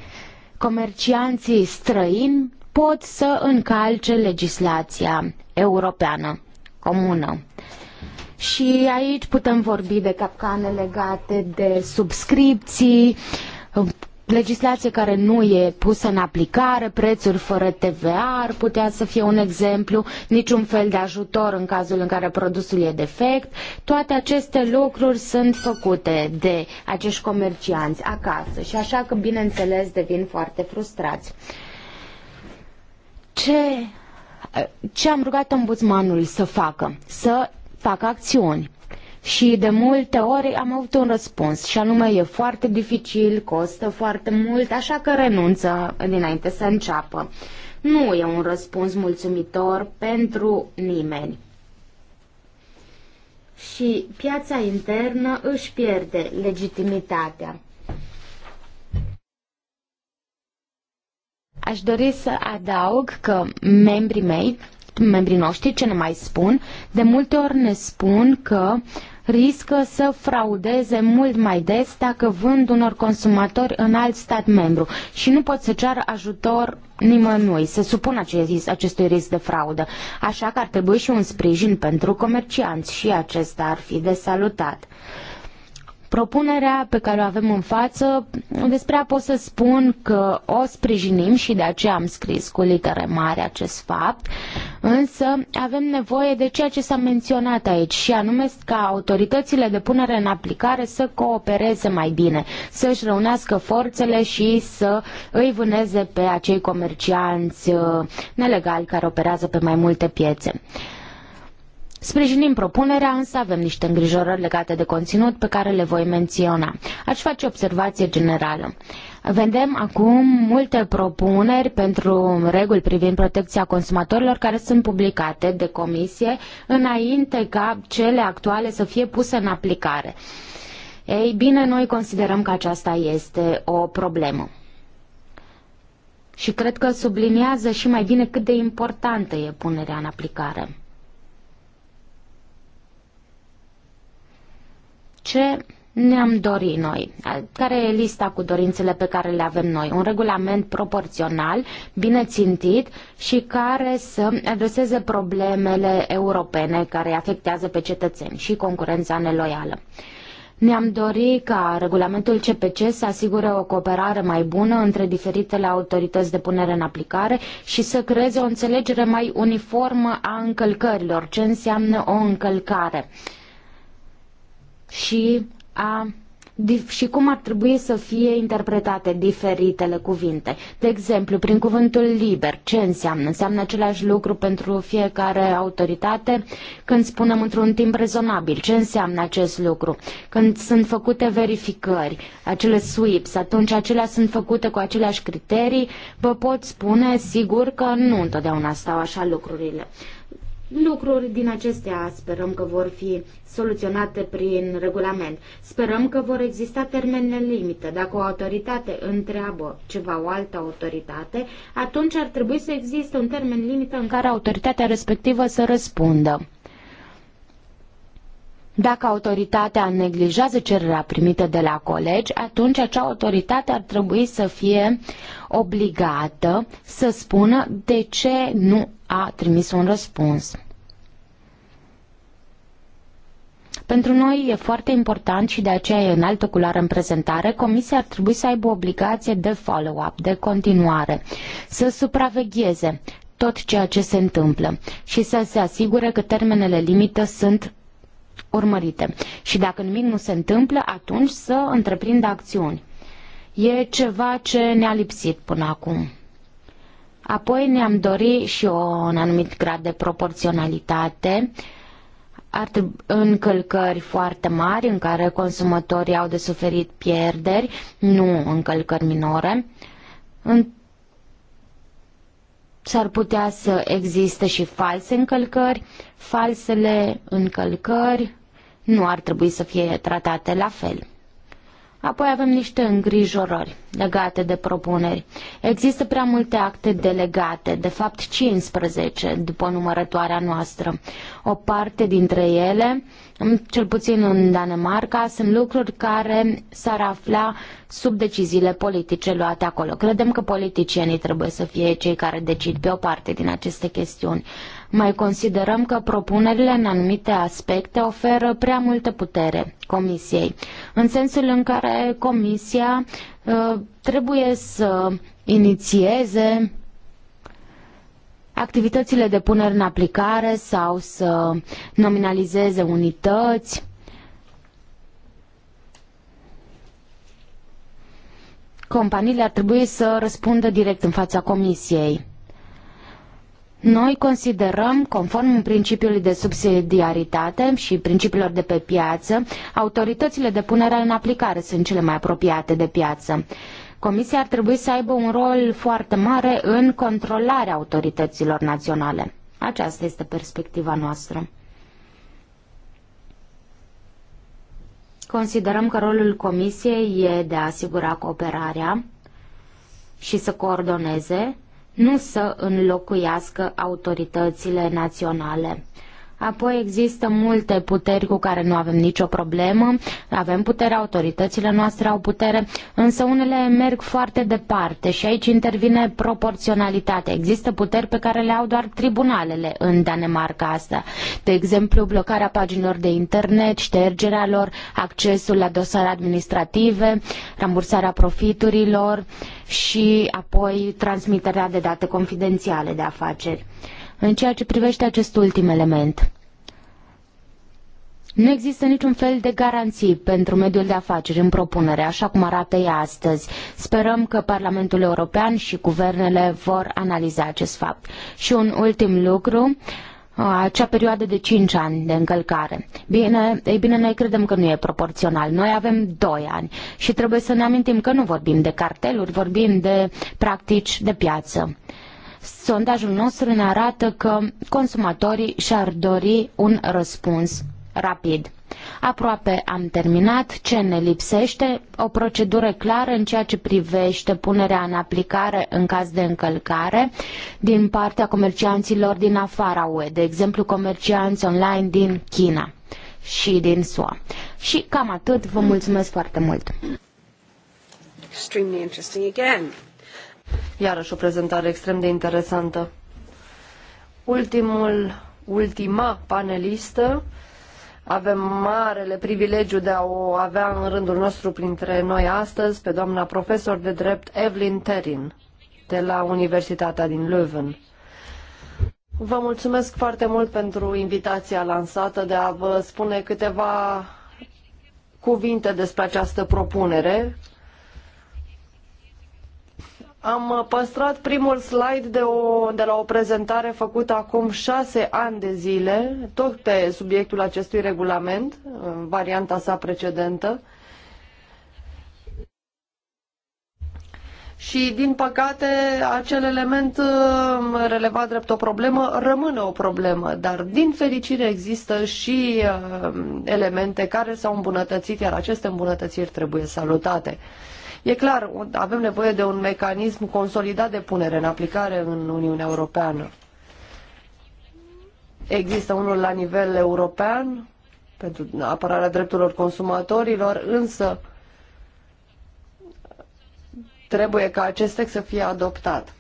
Comercianții străini pot să încalce legislația europeană comună. Și aici putem vorbi de capcane legate de subscripții, legislație care nu e pusă în aplicare, prețuri fără TVA ar putea să fie un exemplu, niciun fel de ajutor în cazul în care produsul e defect. Toate aceste lucruri sunt făcute de acești comercianți acasă și așa că, bineînțeles, devin foarte frustrați. Ce ce am rugat ombudsmanul să facă? Să facă acțiuni. Și de multe ori am avut un răspuns și anume e foarte dificil, costă foarte mult, așa că renunță dinainte să înceapă. Nu e un răspuns mulțumitor pentru nimeni. Și piața internă își pierde legitimitatea. Aș dori să adaug că membrii mei, membrii noștri, ce ne mai spun, de multe ori ne spun că riscă să fraudeze mult mai des dacă vând unor consumatori în alt stat membru și nu pot să ceară ajutor nimănui, să supun acest, acestui risc de fraudă. Așa că ar trebui și un sprijin pentru comercianți și acesta ar fi de salutat. Propunerea pe care o avem în față, despre a pot să spun că o sprijinim și de aceea am scris cu litere mare acest fapt, însă avem nevoie de ceea ce s-a menționat aici și anume ca autoritățile de punere în aplicare să coopereze mai bine, să-și reunească forțele și să îi vâneze pe acei comercianți uh, nelegali care operează pe mai multe piețe. Sprijinim propunerea, însă avem niște îngrijorări legate de conținut pe care le voi menționa. Aș face o observație generală. Vedem acum multe propuneri pentru reguli privind protecția consumatorilor care sunt publicate de comisie înainte ca cele actuale să fie puse în aplicare. Ei bine, noi considerăm că aceasta este o problemă. Și cred că subliniază și mai bine cât de importantă e punerea în aplicare. ce ne-am dorit noi, care e lista cu dorințele pe care le avem noi, un regulament proporțional, bine țintit și care să adreseze problemele europene care afectează pe cetățeni și concurența neloială. Ne-am dorit ca regulamentul CPC să asigure o cooperare mai bună între diferitele autorități de punere în aplicare și să creeze o înțelegere mai uniformă a încălcărilor, ce înseamnă o încălcare. Uh, și, a, și cum ar trebui să fie interpretate diferitele cuvinte. De exemplu, prin cuvântul liber, ce înseamnă? Înseamnă același lucru pentru fiecare autoritate? Când spunem într-un timp rezonabil, ce înseamnă acest lucru? Când sunt făcute verificări, acele sweeps, atunci acelea sunt făcute cu aceleași criterii, vă pot spune sigur că nu întotdeauna stau așa lucrurile. Lucruri din acestea sperăm că vor fi soluționate prin regulament. Sperăm că vor exista termene limite. Dacă o autoritate întreabă ceva o altă autoritate, atunci ar trebui să existe un termen limită în care autoritatea respectivă să răspundă. Dacă autoritatea neglijează cererea primită de la colegi, atunci acea autoritate ar trebui să fie obligată să spună de ce nu a trimis un răspuns. Pentru noi e foarte important și de aceea e în altă culoare în prezentare, comisia ar trebui să aibă obligație de follow-up, de continuare, să supravegheze tot ceea ce se întâmplă și să se asigure că termenele limită sunt urmărite. Și dacă nimic nu se întâmplă, atunci să întreprindă acțiuni. E ceva ce ne-a lipsit până acum. Apoi ne-am dorit și o, un anumit grad de proporționalitate, ar încălcări foarte mari în care consumatorii au de suferit pierderi, nu încălcări minore. În s-ar putea să existe și false încălcări. Falsele încălcări nu ar trebui să fie tratate la fel. Apoi avem niște îngrijorări legate de propuneri. Există prea multe acte delegate, de fapt 15 după numărătoarea noastră. O parte dintre ele, cel puțin în Danemarca, sunt lucruri care s-ar afla sub deciziile politice luate acolo. Credem că politicienii trebuie să fie cei care decid pe o parte din aceste chestiuni. Mai considerăm că propunerile în anumite aspecte oferă prea multă putere Comisiei, în sensul în care Comisia ă, trebuie să inițieze activitățile de punere în aplicare sau să nominalizeze unități. Companiile ar trebui să răspundă direct în fața comisiei. Noi considerăm, conform principiului de subsidiaritate și principiilor de pe piață, autoritățile de punere în aplicare sunt cele mai apropiate de piață. Comisia ar trebui să aibă un rol foarte mare în controlarea autorităților naționale. Aceasta este perspectiva noastră. Considerăm că rolul Comisiei e de a asigura cooperarea și să coordoneze nu să înlocuiască autoritățile naționale. Apoi există multe puteri cu care nu avem nicio problemă, avem putere, autoritățile noastre au putere, însă unele merg foarte departe și aici intervine proporționalitatea. Există puteri pe care le au doar tribunalele în Danemarca asta. De exemplu, blocarea paginilor de internet, ștergerea lor, accesul la dosare administrative, rambursarea profiturilor și apoi transmiterea de date confidențiale de afaceri în ceea ce privește acest ultim element. Nu există niciun fel de garanții pentru mediul de afaceri în propunere, așa cum arată ea astăzi. Sperăm că Parlamentul European și guvernele vor analiza acest fapt. Și un ultim lucru, acea perioadă de 5 ani de încălcare. Bine, ei bine, noi credem că nu e proporțional. Noi avem 2 ani și trebuie să ne amintim că nu vorbim de carteluri, vorbim de practici de piață. Sondajul nostru ne arată că consumatorii și-ar dori un răspuns rapid. Aproape am terminat. Ce ne lipsește? O procedură clară în ceea ce privește punerea în aplicare în caz de încălcare din partea comercianților din afara UE, de exemplu comercianți online din China și din SUA. Și cam atât. Vă mulțumesc foarte mult! Extremely interesting again. Iarăși o prezentare extrem de interesantă. Ultimul, ultima panelistă, avem marele privilegiu de a o avea în rândul nostru printre noi astăzi pe doamna profesor de drept Evelyn Terin de la Universitatea din Leuven. Vă mulțumesc foarte mult pentru invitația lansată de a vă spune câteva cuvinte despre această propunere am păstrat primul slide de, o, de la o prezentare făcută acum șase ani de zile, tot pe subiectul acestui regulament, în varianta sa precedentă. Și, din păcate, acel element uh, relevat drept o problemă rămâne o problemă, dar, din fericire, există și uh, elemente care s-au îmbunătățit, iar aceste îmbunătățiri trebuie salutate. E clar, avem nevoie de un mecanism consolidat de punere în aplicare în Uniunea Europeană. Există unul la nivel european pentru apărarea drepturilor consumatorilor, însă trebuie ca acest text să fie adoptat.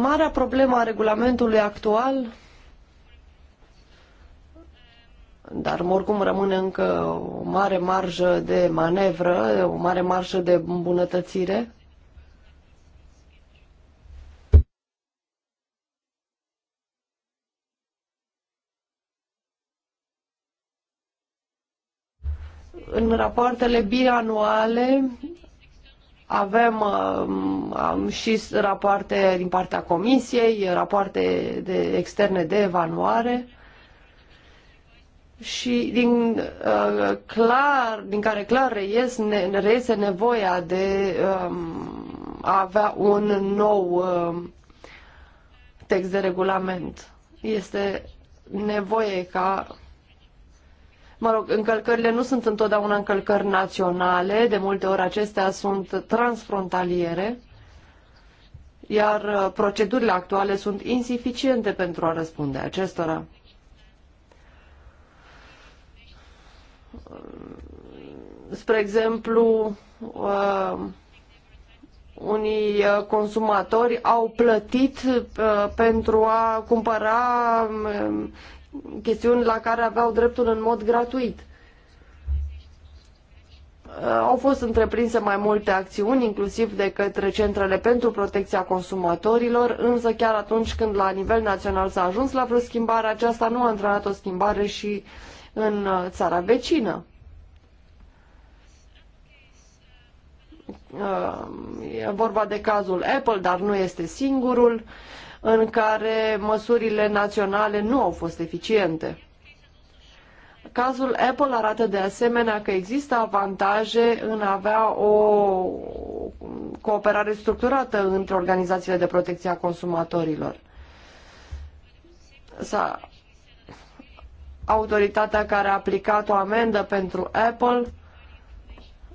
Marea problemă a regulamentului actual, dar oricum rămâne încă o mare marjă de manevră, o mare marjă de îmbunătățire, în rapoartele bianuale avem um, și rapoarte din partea Comisiei, rapoarte de externe de evaluare și din, uh, clar, din care clar reies, ne, reiese nevoia de um, a avea un nou um, text de regulament. Este nevoie ca Mă rog, încălcările nu sunt întotdeauna încălcări naționale, de multe ori acestea sunt transfrontaliere, iar uh, procedurile actuale sunt insuficiente pentru a răspunde acestora. Uh, spre exemplu, uh, unii consumatori au plătit pentru a cumpăra um, chestiuni la care aveau dreptul în mod gratuit. Uh, au fost întreprinse mai multe acțiuni, inclusiv de către centrele pentru protecția consumatorilor, însă chiar atunci când la nivel național s-a ajuns la vreo schimbare, aceasta nu a întrebat o schimbare și în uh, țara vecină. Uh, e vorba de cazul Apple, dar nu este singurul în care măsurile naționale nu au fost eficiente. Cazul Apple arată de asemenea că există avantaje în a avea o cooperare structurată între organizațiile de protecție a consumatorilor. S-a autoritatea care a aplicat o amendă pentru Apple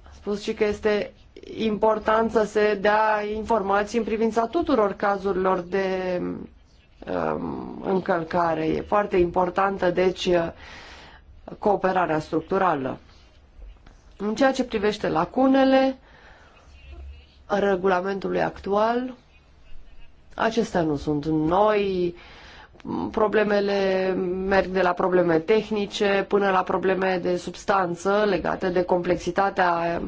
a spus și că este important să se dea informații în privința tuturor cazurilor de um, încălcare. E foarte importantă, deci, cooperarea structurală. În ceea ce privește lacunele regulamentului actual, acestea nu sunt noi, uh, problemele merg de la probleme tehnice până la probleme de substanță legate de complexitatea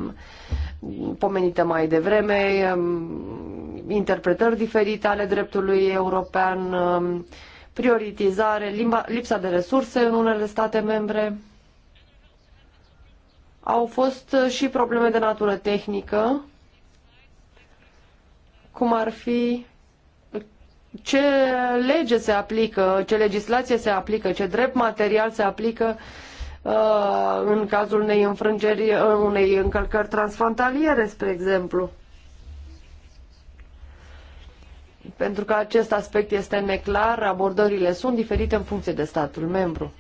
um, pomenită mai devreme, um, interpretări diferite ale dreptului european, um, prioritizare, limba, lipsa de resurse în unele state membre. Au fost uh, și probleme de natură tehnică, cum ar fi ce lege se aplică, ce legislație se aplică, ce drept material se aplică uh, în cazul unei înfrângeri, uh, unei încălcări transfrontaliere, spre exemplu. Pentru că acest aspect este neclar, abordările sunt diferite în funcție de statul membru.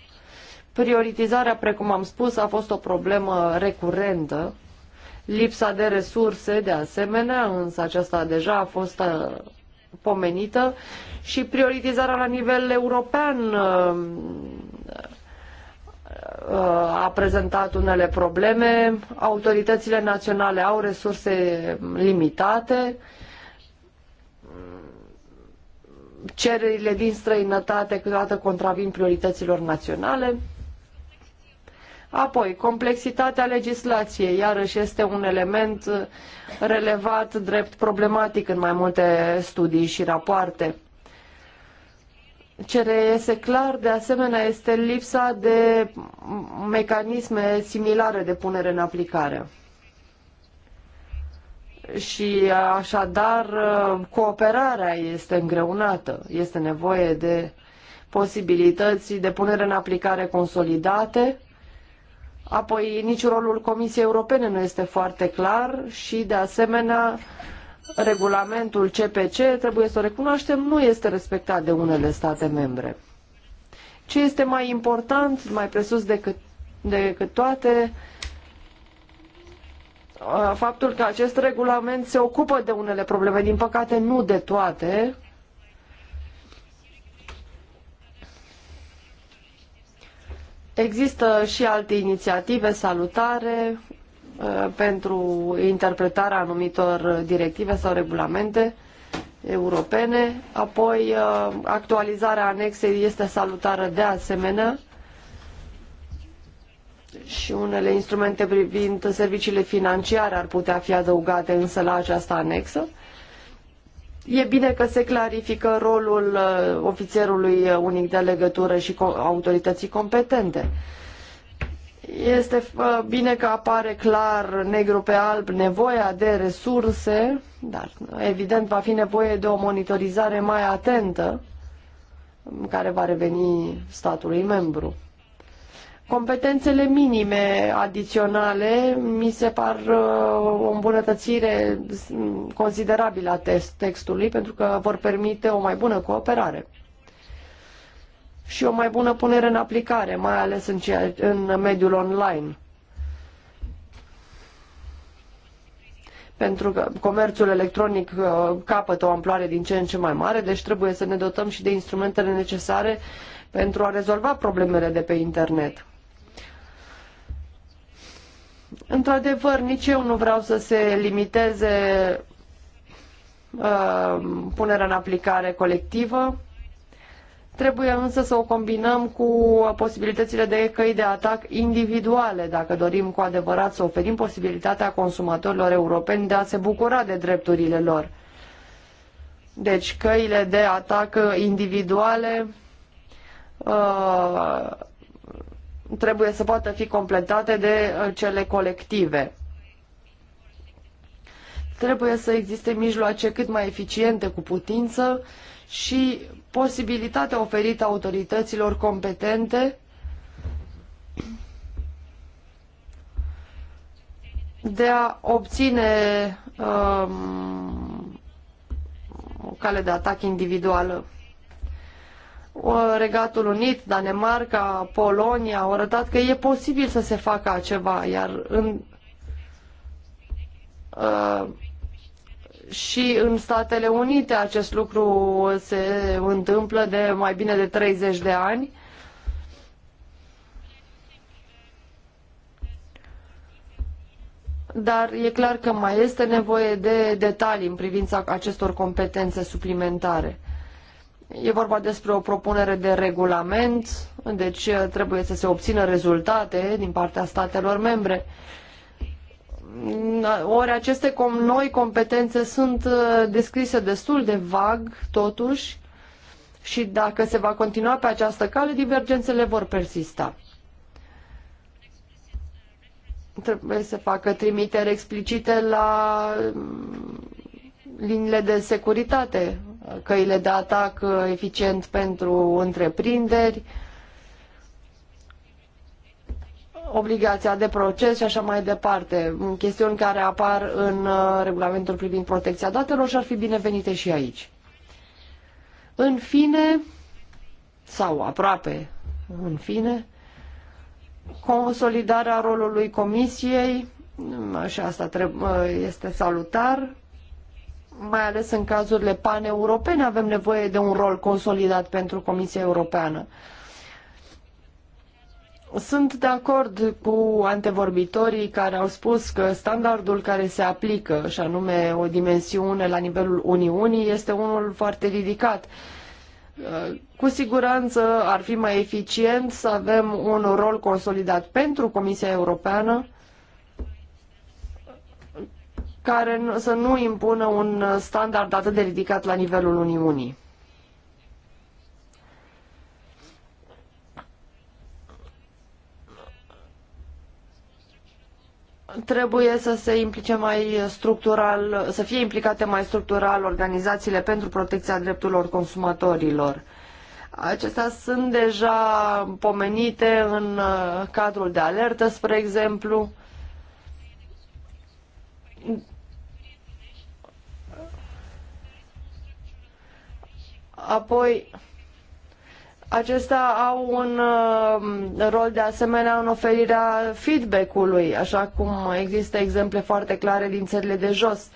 Prioritizarea, precum am spus, a fost o problemă recurentă. Lipsa de resurse, de asemenea, însă aceasta deja a fost uh, pomenită și prioritizarea la nivel european uh, uh, a prezentat unele probleme, autoritățile naționale au resurse limitate, cererile din străinătate câteodată contravin priorităților naționale. Apoi, complexitatea legislației, iarăși este un element uh, relevat drept problematic în mai multe studii și rapoarte. Ce reiese clar, de asemenea, este lipsa de mecanisme similare de punere în aplicare și așadar uh, cooperarea este îngreunată. Este nevoie de posibilități de punere în aplicare consolidate Apoi nici rolul Comisiei Europene nu este foarte clar și de asemenea regulamentul CPC, trebuie să o recunoaștem, nu este respectat de unele state membre. Ce este mai important, mai presus decât, decât toate, faptul că acest regulament se ocupă de unele probleme, din păcate nu de toate, Există și alte inițiative salutare uh, pentru interpretarea anumitor directive sau regulamente europene. Apoi, uh, actualizarea anexei este salutară de asemenea și unele instrumente privind serviciile financiare ar putea fi adăugate însă la această anexă. E bine că se clarifică rolul uh, ofițerului uh, unic de legătură și autorității competente. Este uh, bine că apare clar negru pe alb nevoia de resurse, dar evident va fi nevoie de o monitorizare mai atentă um, care va reveni statului membru. Competențele minime adiționale mi se par uh, o îmbunătățire considerabilă a textului pentru că vor permite o mai bună cooperare și o mai bună punere în aplicare, mai ales în, ceea, în mediul online. Pentru că comerțul electronic uh, capătă o amploare din ce în ce mai mare, deci trebuie să ne dotăm și de instrumentele necesare pentru a rezolva problemele de pe internet. Într-adevăr, nici eu nu vreau să se limiteze uh, punerea în aplicare colectivă. Trebuie însă să o combinăm cu posibilitățile de căi de atac individuale, dacă dorim cu adevărat să oferim posibilitatea consumatorilor europeni de a se bucura de drepturile lor. Deci căile de atac individuale uh, trebuie să poată fi completate de uh, cele colective. Trebuie să existe mijloace cât mai eficiente cu putință și posibilitatea oferită autorităților competente de a obține um, o cale de atac individuală. Regatul Unit, Danemarca, Polonia au arătat că e posibil să se facă ceva, iar în, uh, și în Statele Unite acest lucru se întâmplă de mai bine de 30 de ani. Dar e clar că mai este nevoie de detalii în privința acestor competențe suplimentare. E vorba despre o propunere de regulament, deci uh, trebuie să se obțină rezultate din partea statelor membre. Ori aceste noi competențe sunt uh, descrise destul de vag, totuși, și dacă se va continua pe această cale, divergențele vor persista. Trebuie să facă trimiteri explicite la mm, liniile de securitate căile de atac eficient pentru întreprinderi, obligația de proces și așa mai departe, chestiuni care apar în uh, regulamentul privind protecția datelor și ar fi binevenite și aici. În fine, sau aproape în fine, consolidarea rolului Comisiei, uh, și asta uh, este salutar, mai ales în cazurile paneuropene, avem nevoie de un rol consolidat pentru Comisia Europeană. Sunt de acord cu antevorbitorii care au spus că standardul care se aplică, și anume o dimensiune la nivelul Uniunii, este unul foarte ridicat. Cu siguranță ar fi mai eficient să avem un rol consolidat pentru Comisia Europeană care să nu impună un standard atât de ridicat la nivelul Uniunii. trebuie să se implice mai structural, să fie implicate mai structural organizațiile pentru protecția drepturilor consumatorilor. Acestea sunt deja pomenite în uh, cadrul de alertă, spre exemplu. Apoi, acestea au un uh, rol de asemenea în oferirea feedback-ului, așa cum există exemple foarte clare din țările de jos.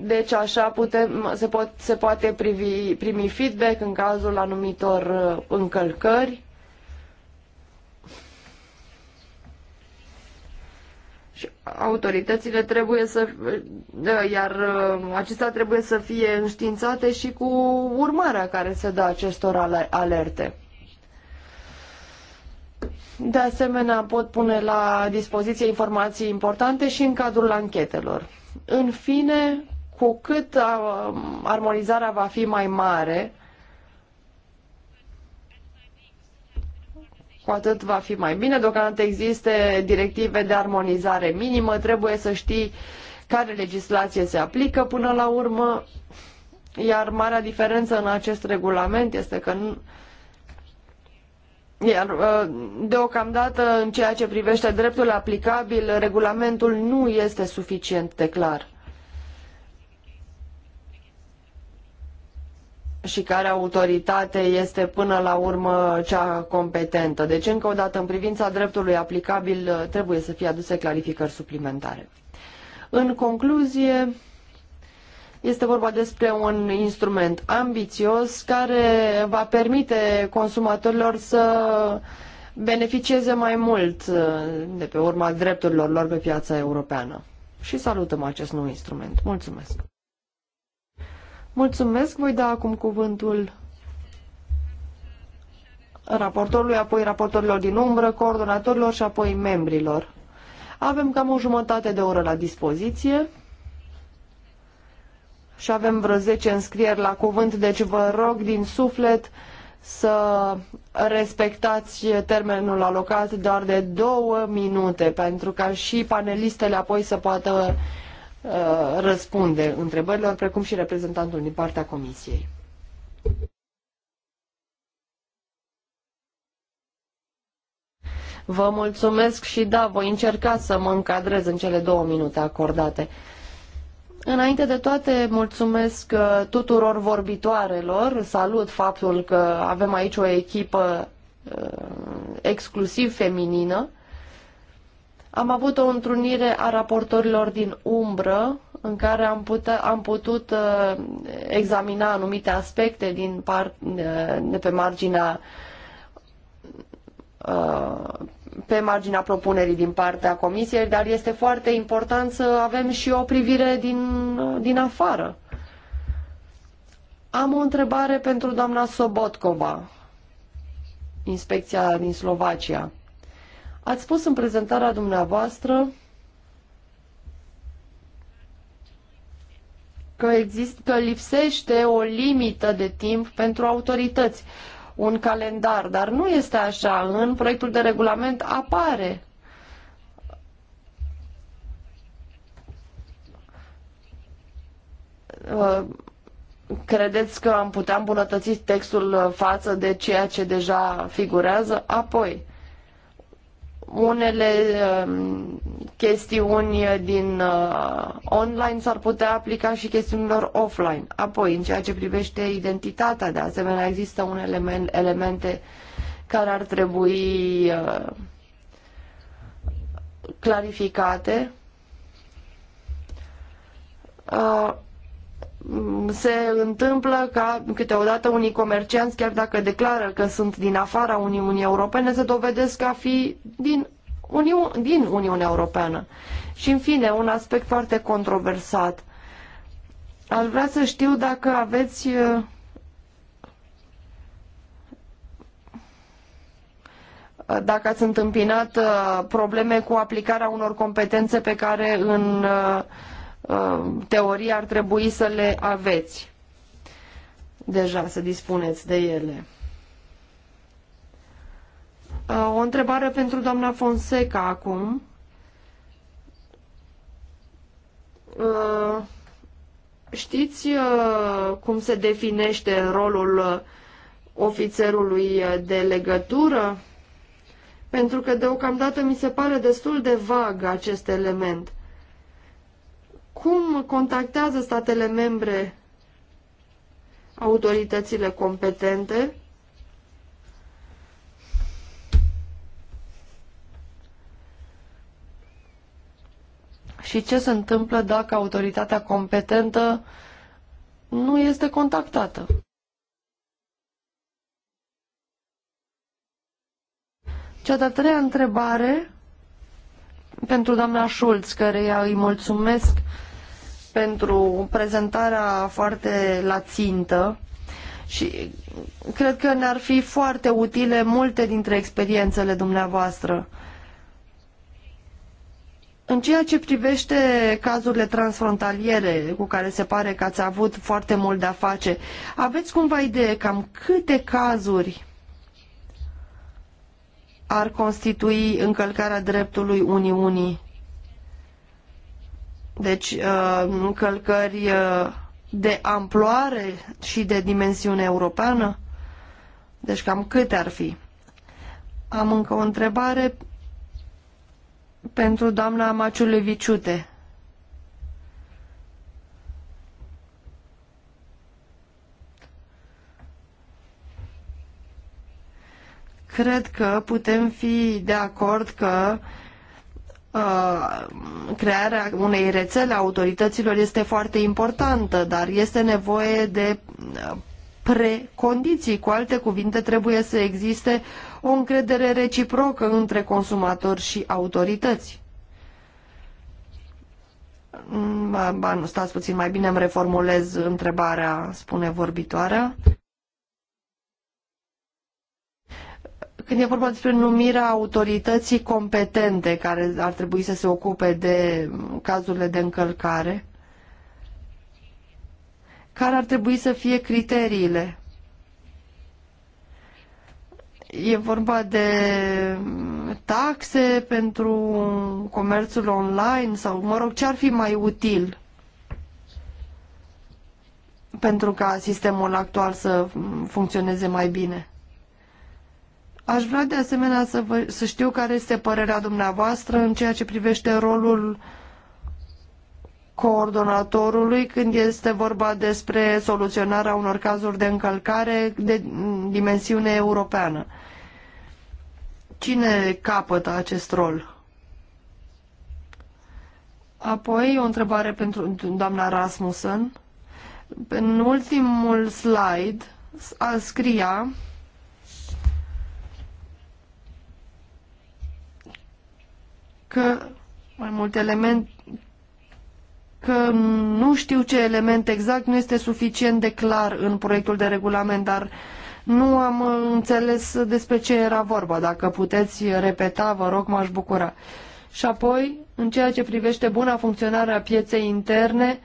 Deci așa putem, se, pot, se poate privi, primi feedback în cazul anumitor uh, încălcări autoritățile trebuie să da, iar uh, acestea trebuie să fie înștiințate și cu urmarea care se dă acestor alerte. De asemenea, pot pune la dispoziție informații importante și în cadrul anchetelor. În fine, cu cât uh, armonizarea va fi mai mare, cu atât va fi mai bine. Deocamdată există directive de armonizare minimă, trebuie să știi care legislație se aplică până la urmă, iar marea diferență în acest regulament este că nu... Iar uh, deocamdată, în ceea ce privește dreptul aplicabil, regulamentul nu este suficient de clar. și care autoritate este până la urmă cea competentă. Deci, încă o dată, în privința dreptului aplicabil, trebuie să fie aduse clarificări suplimentare. În concluzie, este vorba despre un instrument ambițios care va permite consumatorilor să beneficieze mai mult de pe urma drepturilor lor pe piața europeană. Și salutăm acest nou instrument. Mulțumesc! Mulțumesc, voi da acum cuvântul raportorului, apoi raportorilor din umbră, coordonatorilor și apoi membrilor. Avem cam o jumătate de oră la dispoziție și avem vreo 10 înscrieri la cuvânt, deci vă rog din suflet să respectați termenul alocat doar de două minute, pentru ca și panelistele apoi să poată Uh, răspunde întrebărilor, precum și reprezentantul din partea Comisiei. Vă mulțumesc și da, voi încerca să mă încadrez în cele două minute acordate. Înainte de toate, mulțumesc uh, tuturor vorbitoarelor. Salut faptul că avem aici o echipă uh, exclusiv feminină. Am avut o întrunire a raportorilor din umbră în care am, putea, am putut uh, examina anumite aspecte din par, uh, de pe marginea uh, pe marginea propunerii din partea comisiei, dar este foarte important să avem și o privire din, uh, din afară. Am o întrebare pentru doamna Sobotkova, inspecția din Slovacia. Ați spus în prezentarea dumneavoastră că, exist, că lipsește o limită de timp pentru autorități, un calendar, dar nu este așa. În proiectul de regulament apare uh, credeți că am putea îmbunătăți textul față de ceea ce deja figurează? Apoi, unele um, chestiuni din uh, online s-ar putea aplica și chestiunilor offline. Apoi, în ceea ce privește identitatea, de asemenea, există unele elemente care ar trebui uh, clarificate. Uh, se întâmplă ca câteodată unii comercianți, chiar dacă declară că sunt din afara Uniunii Europene, se dovedesc a fi din, Uniu- din Uniunea Europeană. Și în fine, un aspect foarte controversat. Aș vrea să știu dacă aveți uh, dacă ați întâmpinat uh, probleme cu aplicarea unor competențe pe care în uh, Uh, teorii ar trebui să le aveți deja, să dispuneți de ele. Uh, o întrebare pentru doamna Fonseca acum. Uh, știți cum se definește rolul ofițerului de legătură? Pentru că deocamdată mi se pare destul de vag acest element cum contactează statele membre autoritățile competente și ce se întâmplă dacă autoritatea competentă nu este contactată. Cea de-a treia întrebare pentru doamna Schulz, care îi mulțumesc pentru prezentarea foarte la țintă și cred că ne-ar fi foarte utile multe dintre experiențele dumneavoastră. În ceea ce privește cazurile transfrontaliere cu care se pare că ați avut foarte mult de-a face, aveți cumva idee cam câte cazuri ar constitui încălcarea dreptului Uniunii deci uh, încălcări uh, de amploare și de dimensiune europeană? Deci cam câte ar fi? Am încă o întrebare pentru doamna Viciute. Cred că putem fi de acord că uh, Uh, crearea unei rețele a autorităților este foarte importantă, dar este nevoie de uh, precondiții. Cu alte cuvinte, trebuie să existe o încredere reciprocă între consumatori și autorități. Mm, ba, nu, stați puțin, mai bine îmi reformulez întrebarea, spune vorbitoarea. când e vorba despre numirea autorității competente care ar trebui să se ocupe de cazurile de încălcare, care ar trebui să fie criteriile? E vorba de taxe pentru comerțul online sau, mă rog, ce ar fi mai util pentru ca sistemul actual să funcționeze mai bine? Aș vrea de asemenea să, vă, să știu care este părerea dumneavoastră în ceea ce privește rolul coordonatorului când este vorba despre soluționarea unor cazuri de încălcare de dimensiune europeană. Cine capătă acest rol? Apoi o întrebare pentru doamna Rasmussen. În ultimul slide scria că mai multe elemente că nu știu ce element exact nu este suficient de clar în proiectul de regulament, dar nu am înțeles despre ce era vorba. Dacă puteți repeta, vă rog, m-aș bucura. Și apoi, în ceea ce privește buna funcționare a pieței interne,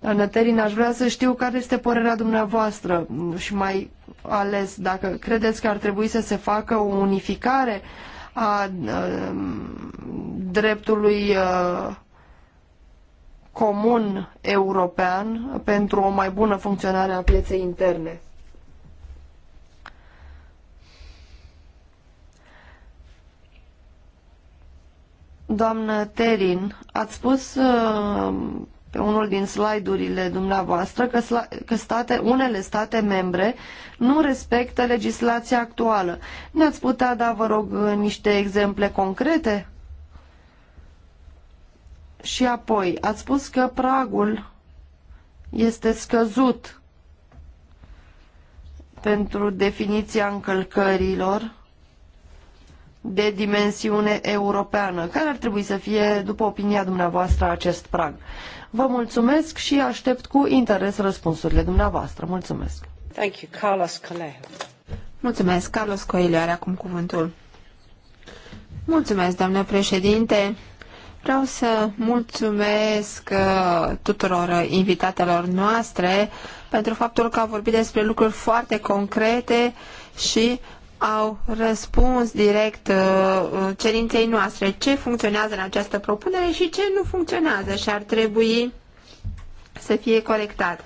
doamnă Terin, aș vrea să știu care este părerea dumneavoastră și mai ales dacă credeți că ar trebui să se facă o unificare a dreptului comun european pentru o mai bună funcționare a pieței interne. Doamnă Terin, ați spus pe unul din slide-urile dumneavoastră că, că state, unele state membre nu respectă legislația actuală. Ne-ați putea da, vă rog, niște exemple concrete? Și apoi, ați spus că pragul este scăzut pentru definiția încălcărilor de dimensiune europeană. Care ar trebui să fie, după opinia dumneavoastră, acest prag? Vă mulțumesc și aștept cu interes răspunsurile dumneavoastră. Mulțumesc! Thank you, Carlos Coelho. Mulțumesc, Carlos Coelho are acum cuvântul. Mulțumesc, doamnă președinte. Vreau să mulțumesc uh, tuturor invitatelor noastre pentru faptul că au vorbit despre lucruri foarte concrete și au răspuns direct uh, uh, cerinței noastre ce funcționează în această propunere și ce nu funcționează și ar trebui să fie corectat.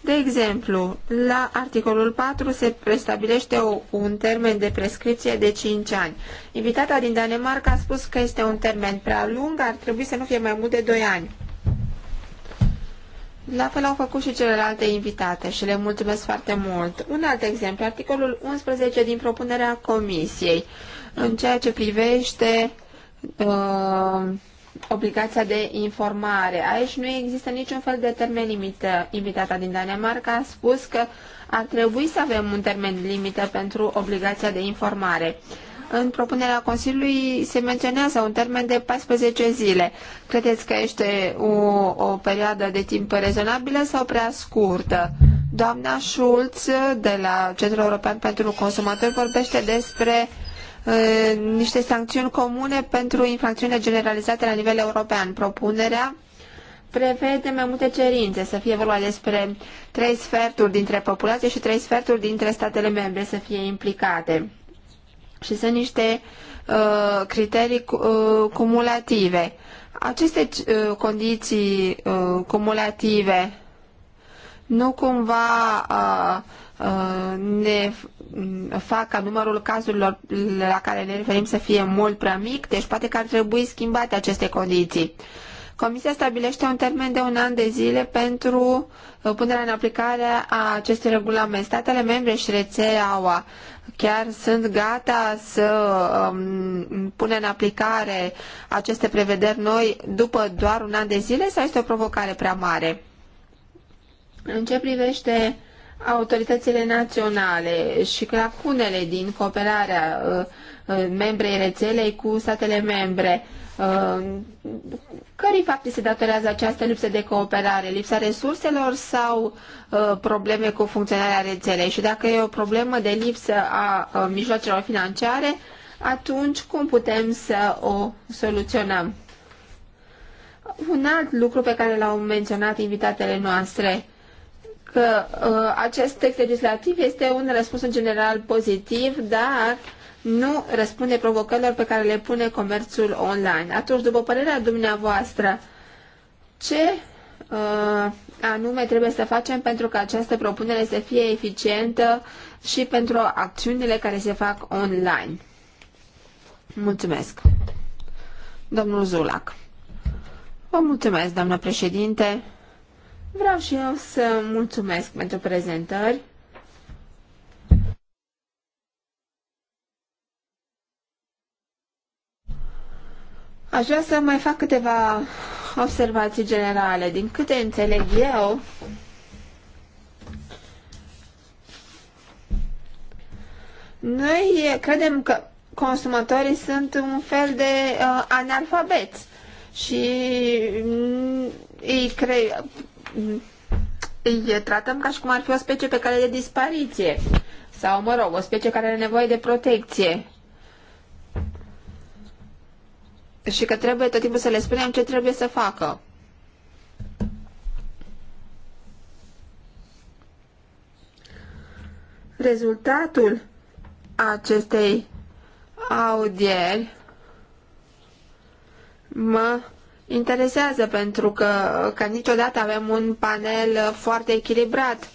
De exemplu, la articolul 4 se prestabilește o, un termen de prescripție de 5 ani. Invitata din Danemarca a spus că este un termen prea lung, ar trebui să nu fie mai mult de 2 ani. La fel au făcut și celelalte invitate și le mulțumesc foarte mult. Un alt exemplu, articolul 11 din propunerea Comisiei, în ceea ce privește uh, obligația de informare. Aici nu există niciun fel de termen limită. Invitata din Danemarca a spus că ar trebui să avem un termen limită pentru obligația de informare în propunerea Consiliului se menționează un termen de 14 zile. Credeți că este o, o perioadă de timp rezonabilă sau prea scurtă? Doamna Schulz de la Centrul European pentru Consumatori vorbește despre niște sancțiuni comune pentru infracțiunile generalizate la nivel european. Propunerea prevede mai multe cerințe, să fie vorba despre trei sferturi dintre populație și trei sferturi dintre statele membre să fie implicate și sunt niște uh, criterii uh, cumulative. Aceste uh, condiții uh, cumulative nu cumva uh, uh, ne mm, fac ca numărul cazurilor la care ne referim să fie mult prea mic, deci poate că ar trebui schimbate aceste condiții. Uh, Comisia stabilește un termen de un an de zile pentru uh, punerea în aplicare a acestui regulament. Statele membre și rețeaua chiar sunt gata să um, pună în aplicare aceste prevederi noi după doar un an de zile sau este o provocare prea mare? În ce privește autoritățile naționale și lacunele din cooperarea uh, uh membrei rețelei cu statele membre. Uh, Cărei fapte se datorează această lipsă de cooperare? Lipsa resurselor sau uh, probleme cu funcționarea rețelei? Și dacă e o problemă de lipsă a uh, mijloacelor financiare, atunci cum putem să o soluționăm? Un alt lucru pe care l-au menționat invitatele noastre, că uh, acest text legislativ este un răspuns în general pozitiv, dar uh, nu răspunde provocărilor pe care le pune comerțul online. Atunci, după părerea dumneavoastră, ce uh, anume trebuie să facem pentru ca această propunere să fie eficientă și pentru acțiunile care se fac online? Mulțumesc. Domnul Zulac. Vă mulțumesc, doamnă președinte. Vreau și eu să mulțumesc pentru prezentări. Aș vrea să mai fac câteva observații generale. Din câte înțeleg eu, noi credem că consumatorii sunt un fel de uh, analfabeți și um, cre- îi tratăm ca și cum ar fi o specie pe care de dispariție sau, mă rog, o specie care are nevoie de protecție. și că trebuie tot timpul să le spunem ce trebuie să facă. Rezultatul acestei audieri mă interesează pentru că ca niciodată avem un panel foarte echilibrat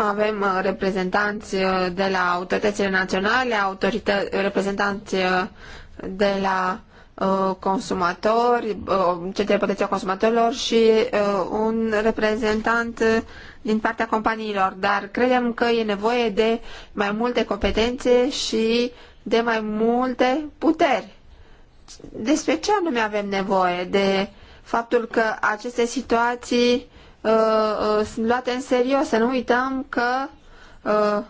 Avem uh, reprezentanți uh, de la autoritățile naționale, autorită- reprezentanți uh, de la consumatori, centrul de protecție a consumatorilor și un reprezentant din partea companiilor, dar credem că e nevoie de mai multe competențe și de mai multe puteri. Despre ce anume avem nevoie? De faptul că aceste situații uh, uh, luate în serios. Să nu uităm că uh,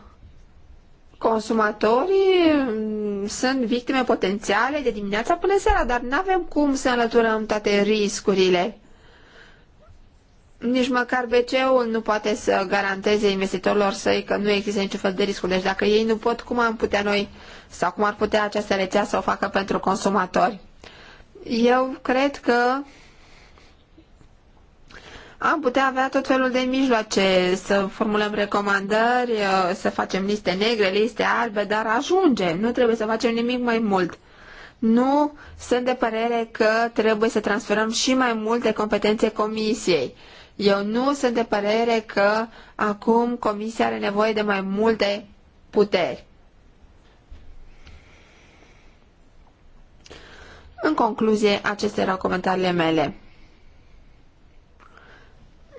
consumatorii mm, sunt victime potențiale de dimineața până seara, dar nu avem cum să înlăturăm toate riscurile. Nici măcar BCE-ul nu poate să garanteze investitorilor săi că nu există niciun fel de riscuri. Deci dacă ei nu pot, cum am putea noi sau cum ar putea această rețea să o facă pentru consumatori? Eu cred că am putea avea tot felul de mijloace, să formulăm recomandări, uh, să facem liste negre, liste albe, dar ajunge, nu trebuie să facem nimic mai mult. Nu sunt de părere că trebuie să transferăm și mai multe competențe comisiei. Eu nu sunt de părere că acum comisia are nevoie de mai multe puteri. În concluzie, acestea erau comentariile mele.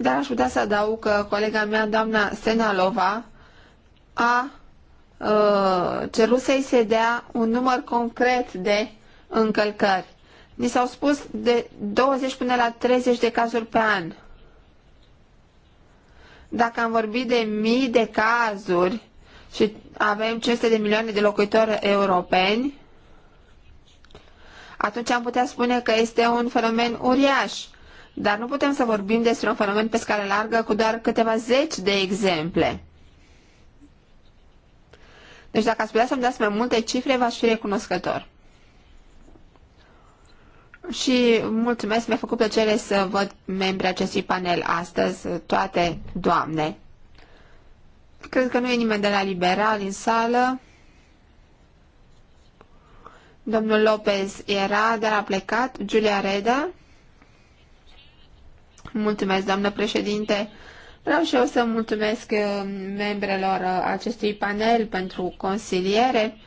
Dar aș putea să adaug că colega mea, doamna Senalova, a uh, cerut să-i se dea un număr concret de încălcări. Ni s-au spus de 20 până la 30 de cazuri pe an. Dacă am vorbit de mii de cazuri și avem 500 de milioane de locuitori europeni, atunci am putea spune că este un fenomen uriaș dar nu putem să vorbim despre un fenomen pe scară largă cu doar câteva zeci de exemple. Deci dacă ați putea să-mi dați mai multe cifre, v-aș fi recunoscător. Și mulțumesc, mi-a făcut plăcere să văd membrii acestui panel astăzi, toate doamne. Cred că nu e nimeni de la liberal în sală. Domnul Lopez era, dar a plecat. Giulia Reda. Mulțumesc, doamnă președinte. Vreau și eu să mulțumesc uh, membrelor uh, acestui panel pentru consiliere.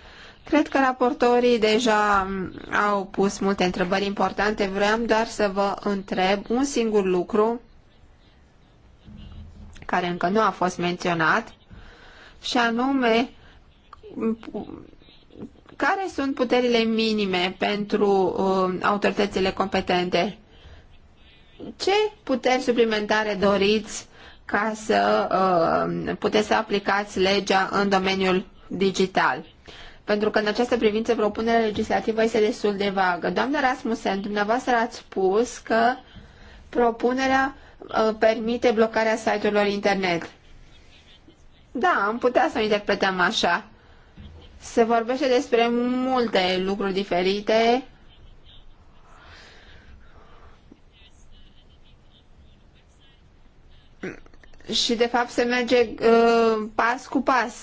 Cred că raportorii deja um, au pus multe întrebări importante. Vreau doar să vă întreb un singur lucru care încă nu a fost menționat și anume care sunt puterile minime pentru uh, autoritățile competente ce puteri suplimentare doriți ca să uh, puteți să aplicați legea în domeniul digital? Pentru că în această privință propunerea legislativă este destul de vagă. Doamna Rasmussen, dumneavoastră ați spus că propunerea uh, permite blocarea site-urilor internet. Da, am putea să o interpretăm așa. Se vorbește despre multe lucruri diferite și de fapt se merge uh, pas cu pas.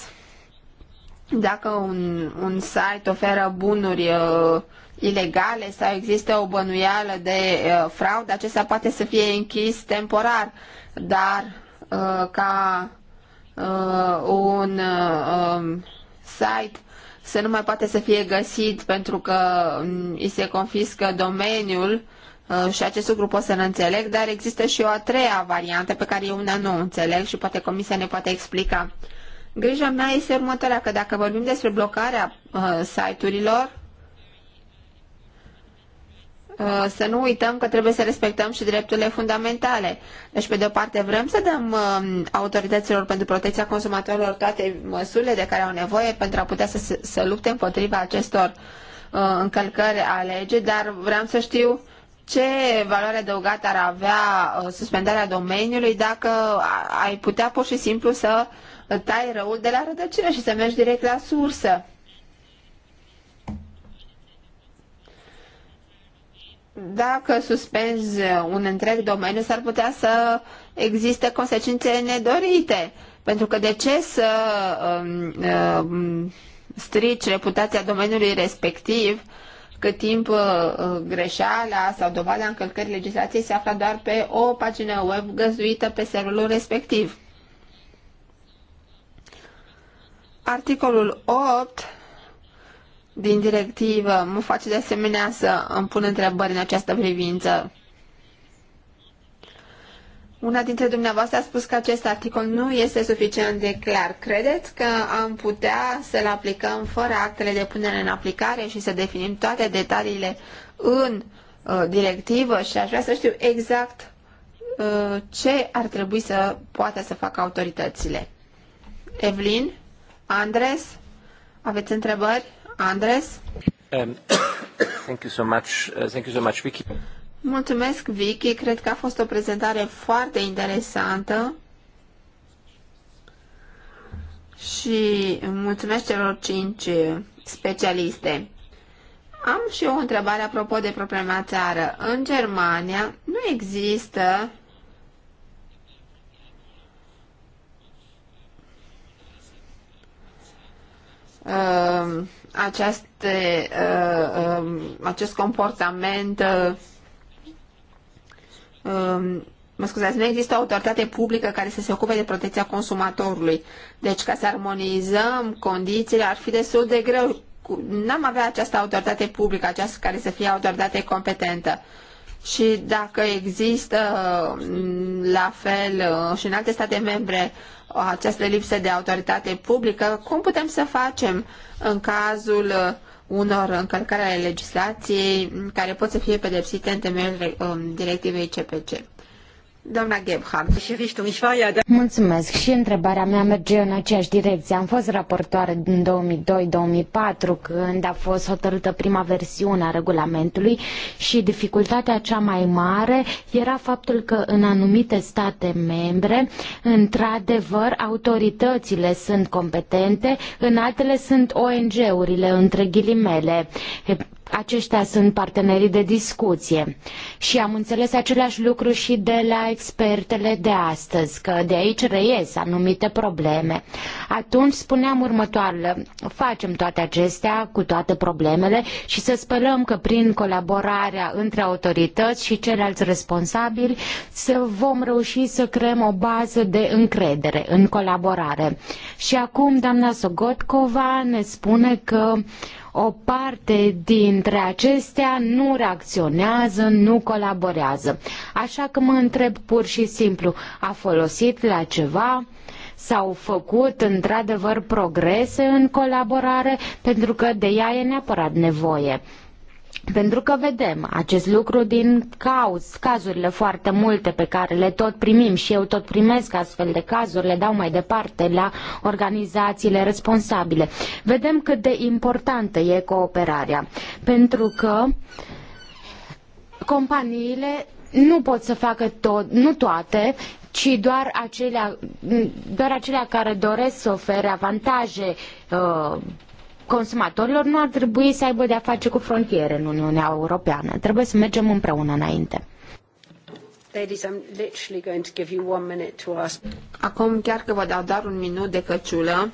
Dacă un, un site oferă bunuri uh, ilegale sau există o bănuială de uh, fraudă, acesta poate să fie închis temporar, dar uh, ca uh, un uh, um, site să nu mai poate să fie găsit pentru că um, mm, îi se confiscă domeniul, uh, Uh, și acest lucru pot să-l înțeleg, dar există și o a treia variantă pe care eu una nu o înțeleg și poate comisia ne poate explica. Grija mea este următoarea, că dacă vorbim despre blocarea uh, site-urilor, uh, să nu uităm că trebuie să respectăm și drepturile fundamentale. Deci, pe de o parte, vrem să dăm uh, autorităților pentru protecția consumatorilor toate măsurile de care au nevoie pentru a putea să, să lupte împotriva acestor uh, încălcări ale legii, dar vreau să știu uh, ce valoare adăugată ar avea uh, suspendarea domeniului dacă ai putea pur și simplu să tai răul de la rădăcină și să mergi direct la sursă. Dacă suspenzi un întreg domeniu, s-ar putea să existe consecințe nedorite. Pentru că de ce să uh, uh, strici reputația domeniului respectiv uh, cât timp uh, uh, greșeala sau dovada încălcării legislației se află doar pe o pagină web găzduită pe serverul respectiv. Articolul 8 din directivă mă face de asemenea să îmi pun întrebări în această privință. Una dintre dumneavoastră a spus că acest articol nu este suficient de clar. Credeți că am putea să-l aplicăm fără actele de punere în aplicare și să definim toate detaliile în uh, directivă și aș vrea să știu exact uh, ce ar trebui să poată să facă autoritățile. Evelyn, Andres, aveți întrebări? Andres? Um, thank you so much. Uh, thank you so much, Vicky. Mulțumesc, Vicky. Cred că a fost o prezentare foarte interesantă. Și mulțumesc celor cinci specialiste. Am și eu o întrebare apropo de problema țară. În Germania nu există uh, aceste, uh, uh, acest comportament uh, Um, mă scuzați, nu există o autoritate publică care să se ocupe de protecția consumatorului. Deci ca să armonizăm condițiile ar fi destul de greu. N-am avea această autoritate publică, această care să fie autoritate competentă. Și dacă există um, la fel uh, și în alte state membre această lipsă de autoritate publică, cum putem să facem în cazul uh, unor încălcări ale legislației care pot să fie pedepsite în temeiul um, directivei CPC. Doamna Gebhardt. Da- Mulțumesc. Și întrebarea mea merge în aceeași direcție. Am fost raportoare în 2002-2004 când a fost hotărâtă prima versiune a regulamentului și dificultatea cea mai mare era faptul că în anumite state membre, într-adevăr, autoritățile sunt competente, în altele sunt ONG-urile, între ghilimele aceștia sunt partenerii de discuție. Și am înțeles același lucru și de la expertele de astăzi, că de aici reies anumite probleme. Atunci spuneam următoarele, facem toate acestea cu toate problemele și să sperăm că prin colaborarea între autorități și ceilalți responsabili să vom reuși să creăm o bază de încredere în colaborare. Și acum doamna Sogotkova ne spune că uh, o parte dintre acestea nu reacționează, nu colaborează. Așa că mă întreb pur și simplu, a folosit la ceva? S-au făcut într-adevăr progrese în colaborare pentru că de ea e neapărat nevoie. Pentru că vedem acest lucru din cauz, cazurile foarte multe pe care le tot primim și eu tot primesc astfel de cazuri, le dau mai departe la organizațiile responsabile. Vedem cât de importantă e cooperarea, pentru că companiile nu pot să facă tot, nu toate, ci doar acelea, doar acelea care doresc să ofere avantaje uh, consumatorilor nu ar trebui să aibă de-a face cu frontiere în Uniunea Europeană. Trebuie să mergem împreună înainte. Acum chiar că vă dau doar un minut de căciulă,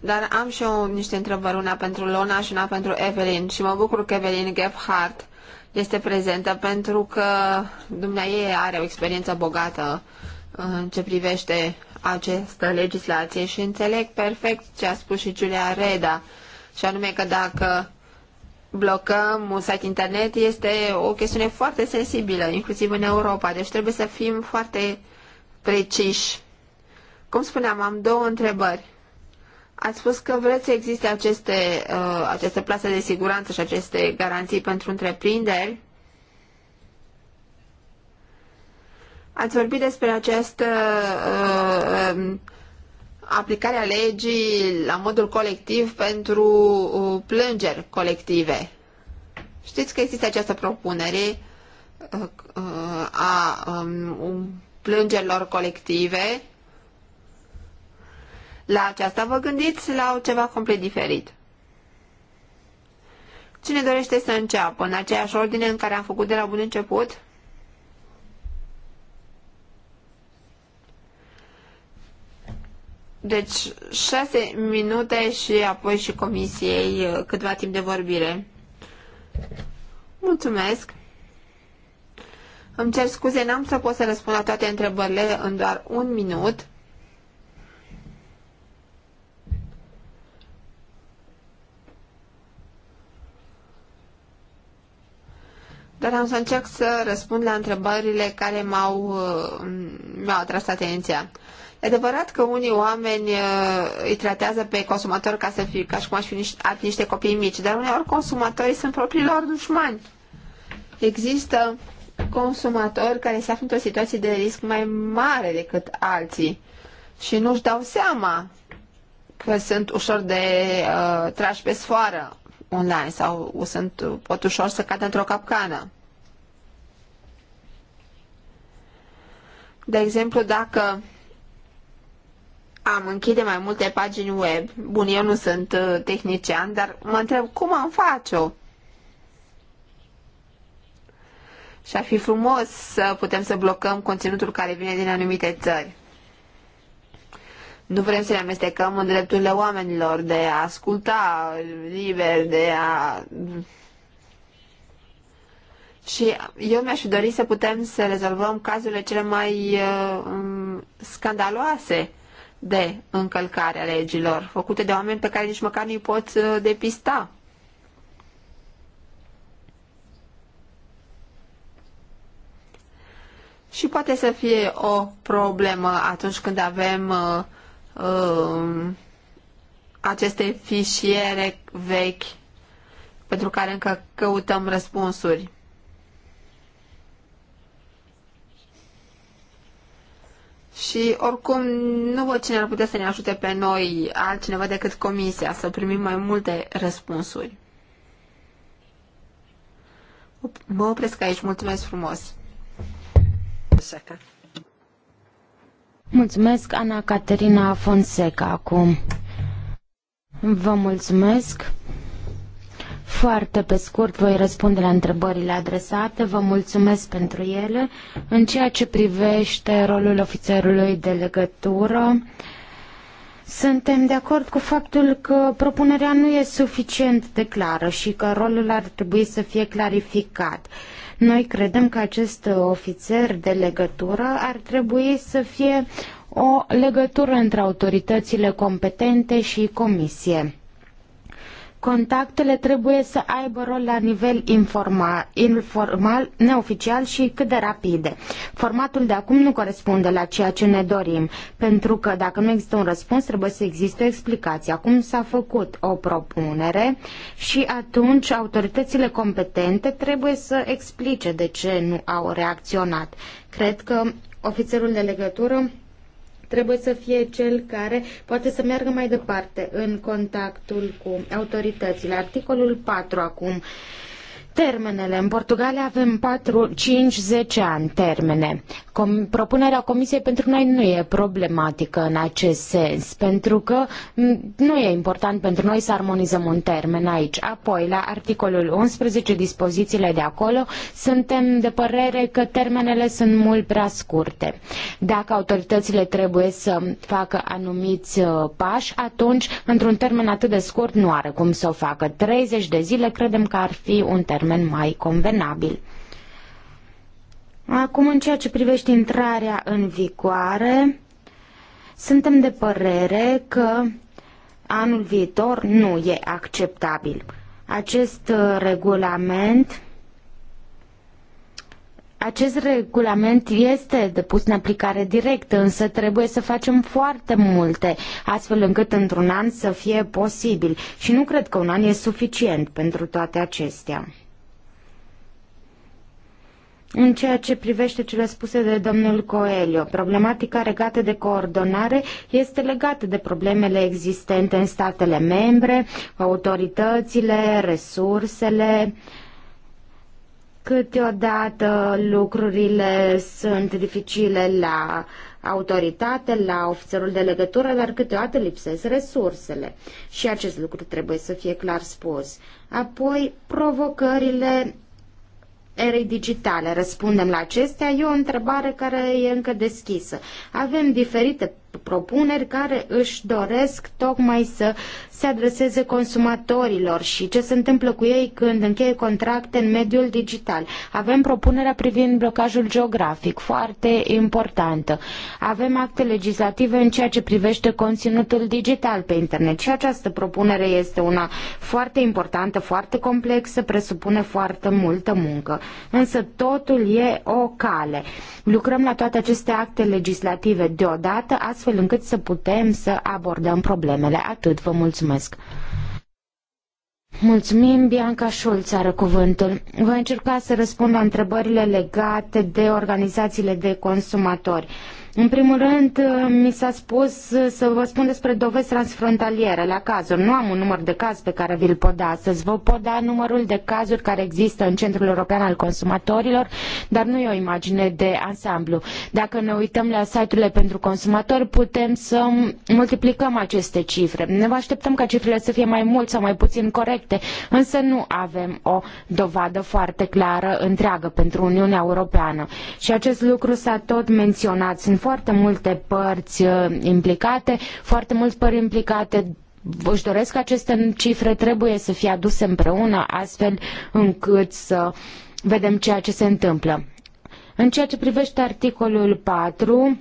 dar am și eu niște întrebări, una pentru Lona și una pentru Evelyn și mă bucur că Evelyn Gebhardt este prezentă pentru că dumneavoastră are o experiență bogată în ce privește această legislație și înțeleg perfect ce a spus și Giulia Reda, și anume că dacă blocăm un site internet este o chestiune foarte sensibilă, inclusiv în Europa, deci trebuie să fim foarte preciși. Cum spuneam, am două întrebări. Ați spus că vreți să existe aceste, uh, aceste plase de siguranță și aceste garanții pentru întreprinderi, Ați vorbit despre această uh, um, aplicare a legii la modul colectiv pentru uh, plângeri colective. Știți că există această propunere uh, uh, a um, um, plângerilor colective. La aceasta vă gândiți la ceva complet diferit. Cine dorește să înceapă în aceeași ordine în care am făcut de la bun început? Deci, șase minute și apoi și comisiei uh, câtva timp de vorbire. Mulțumesc! Îmi cer scuze, n-am să pot să răspund la toate întrebările în doar un minut. Dar am să încerc să răspund la întrebările care m-au, uh, au atras atenția. E adevărat că unii oameni uh, îi tratează pe consumatori ca, să fi, ca și cum aș fi niște, ar fi niște copii mici, dar uneori consumatorii sunt propriilor dușmani. Există consumatori care se află într-o situație de risc mai mare decât alții și nu-și dau seama că sunt ușor de uh, trași pe sfoară online sau sunt, pot ușor să cadă într-o capcană. De exemplu, dacă am închide mai multe pagini web. Bun, eu nu sunt uh, tehnician, dar mă întreb cum am face-o. Și ar fi frumos să putem să blocăm conținutul care vine din anumite țări. Nu vrem să ne amestecăm în drepturile oamenilor de a asculta liber, de a... Și eu mi-aș dori să putem să rezolvăm cazurile cele mai uh, scandaloase de încălcare a legilor, făcute de oameni pe care nici măcar nu-i poți uh, depista. Și poate să fie o problemă atunci când avem uh, uh, aceste fișiere vechi pentru care încă căutăm răspunsuri. Și oricum nu văd cine ar putea să ne ajute pe noi, altcineva decât comisia, să primim mai multe răspunsuri. Mă opresc aici. Mulțumesc frumos. Mulțumesc, Ana Caterina Fonseca, acum. Vă mulțumesc. Foarte pe scurt voi răspunde la întrebările adresate, vă mulțumesc pentru ele. În ceea ce privește rolul ofițerului de legătură, suntem de acord cu faptul că propunerea nu e suficient de clară și că rolul ar trebui să fie clarificat. Noi credem că acest ofițer de legătură ar trebui să fie o legătură între autoritățile competente și comisie. Contactele trebuie să aibă rol la nivel informal, informal, neoficial și cât de rapide. Formatul de acum nu corespunde la ceea ce ne dorim, pentru că dacă nu există un răspuns, trebuie să existe o explicație. Acum s-a făcut o propunere și atunci autoritățile competente trebuie să explice de ce nu au reacționat. Cred că ofițerul de legătură trebuie să fie cel care poate să meargă mai departe în contactul cu autoritățile. Articolul 4 acum Termenele. În Portugalia avem 4-5-10 ani termene. Com- propunerea Comisiei pentru noi nu e problematică în acest sens, pentru că nu e important pentru noi să armonizăm un termen aici. Apoi, la articolul 11, dispozițiile de acolo, suntem de părere că termenele sunt mult prea scurte. Dacă autoritățile trebuie să facă anumiți uh, pași, atunci, într-un termen atât de scurt, nu are cum să o facă. 30 de zile credem că ar fi un termen termen mai convenabil. Acum, în ceea ce privește intrarea în vigoare, suntem de părere că anul viitor nu e acceptabil. Acest uh, regulament acest regulament este depus în aplicare direct, însă trebuie să facem foarte multe, astfel încât într-un an să fie posibil. Și nu cred că un an e suficient pentru toate acestea. În ceea ce privește cele spuse de domnul Coelho, problematica legată de coordonare este legată de problemele existente în statele membre, autoritățile, resursele, Câteodată lucrurile sunt dificile la autoritate, la ofițerul de legătură, dar câteodată lipsesc resursele. Și acest lucru trebuie să fie clar spus. Apoi, provocările erei digitale. Răspundem la acestea. E o întrebare care e încă deschisă. Avem diferite propuneri care își doresc tocmai să se adreseze consumatorilor și ce se întâmplă cu ei când încheie contracte în mediul digital. Avem propunerea privind blocajul geografic, foarte importantă. Avem acte legislative în ceea ce privește conținutul digital pe internet și această propunere este una foarte importantă, foarte complexă, presupune foarte multă muncă. Însă totul e o cale. Lucrăm la toate aceste acte legislative deodată, astfel astfel încât să putem să abordăm problemele. Atât vă mulțumesc. Mulțumim, Bianca Șulț are cuvântul. Voi încerca să răspund la întrebările legate de organizațiile de consumatori. În primul rând, mi s-a spus să vă spun despre dovezi transfrontaliere la cazuri. Nu am un număr de caz pe care vi-l pot da astăzi. Vă pot da numărul de cazuri care există în Centrul European al Consumatorilor, dar nu e o imagine de ansamblu. Dacă ne uităm la site-urile pentru consumatori, putem să multiplicăm aceste cifre. Ne vă așteptăm ca cifrele să fie mai mult sau mai puțin corecte, însă nu avem o dovadă foarte clară întreagă pentru Uniunea Europeană. Și acest lucru s-a tot menționat. Sunt foarte multe părți uh, implicate, foarte mulți pări implicate își doresc aceste cifre, trebuie să fie aduse împreună astfel încât să vedem ceea ce se întâmplă. În ceea ce privește articolul 4,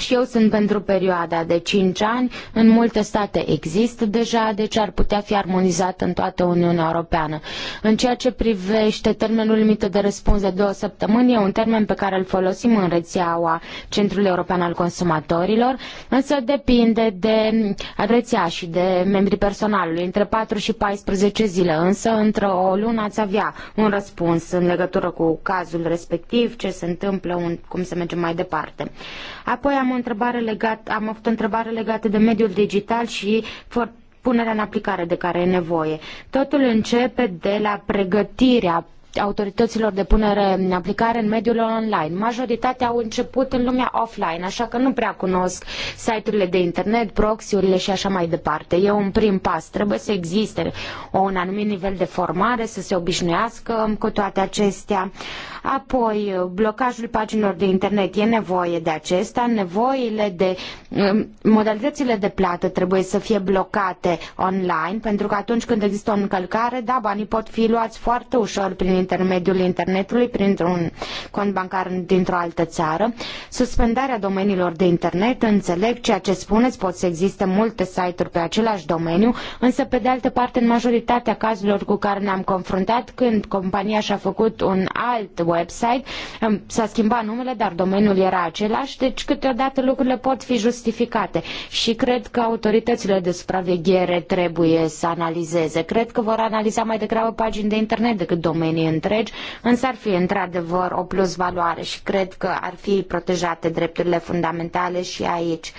și eu sunt pentru perioada de 5 ani. În multe state există deja, deci ar putea fi armonizat în toată Uniunea Europeană. În ceea ce privește termenul limită de răspuns de două săptămâni, e un termen pe care îl folosim în rețeaua Centrului European al Consumatorilor, însă depinde de rețea și de membrii personalului. Între 4 și 14 zile, însă într-o lună ați avea un răspuns în legătură cu cazul respectiv, ce se întâmplă, cum se merge mai departe. Apoi am am, o întrebare legat, am avut o întrebare legată de mediul digital și punerea în aplicare de care e nevoie. Totul începe de la pregătirea autorităților de punere în aplicare în mediul online. Majoritatea au început în lumea offline, așa că nu prea cunosc site-urile de internet, proxy-urile și așa mai departe. E un prim pas. Trebuie să existe un anumit nivel de formare, să se obișnuiască cu toate acestea. Apoi, uh, blocajul paginilor de internet e nevoie de acesta, nevoile de um, modalitățile de plată trebuie să fie blocate online, pentru că atunci când există o încălcare, da, banii pot fi luați foarte ușor prin intermediul internetului, printr-un cont bancar dintr-o altă țară. Suspendarea domeniilor de internet, înțeleg ceea ce spuneți, pot să existe multe site-uri pe același domeniu, însă pe de altă parte, în majoritatea cazurilor cu care ne-am confruntat, când compania și-a făcut un alt website, s-a schimbat numele, dar domeniul era același, deci câteodată lucrurile pot fi justificate și cred că autoritățile de supraveghere trebuie să analizeze. Cred că vor analiza mai degrabă pagini de internet decât domenii întregi, însă ar fi într-adevăr o plus valoare și cred că ar fi protejate drepturile fundamentale și aici.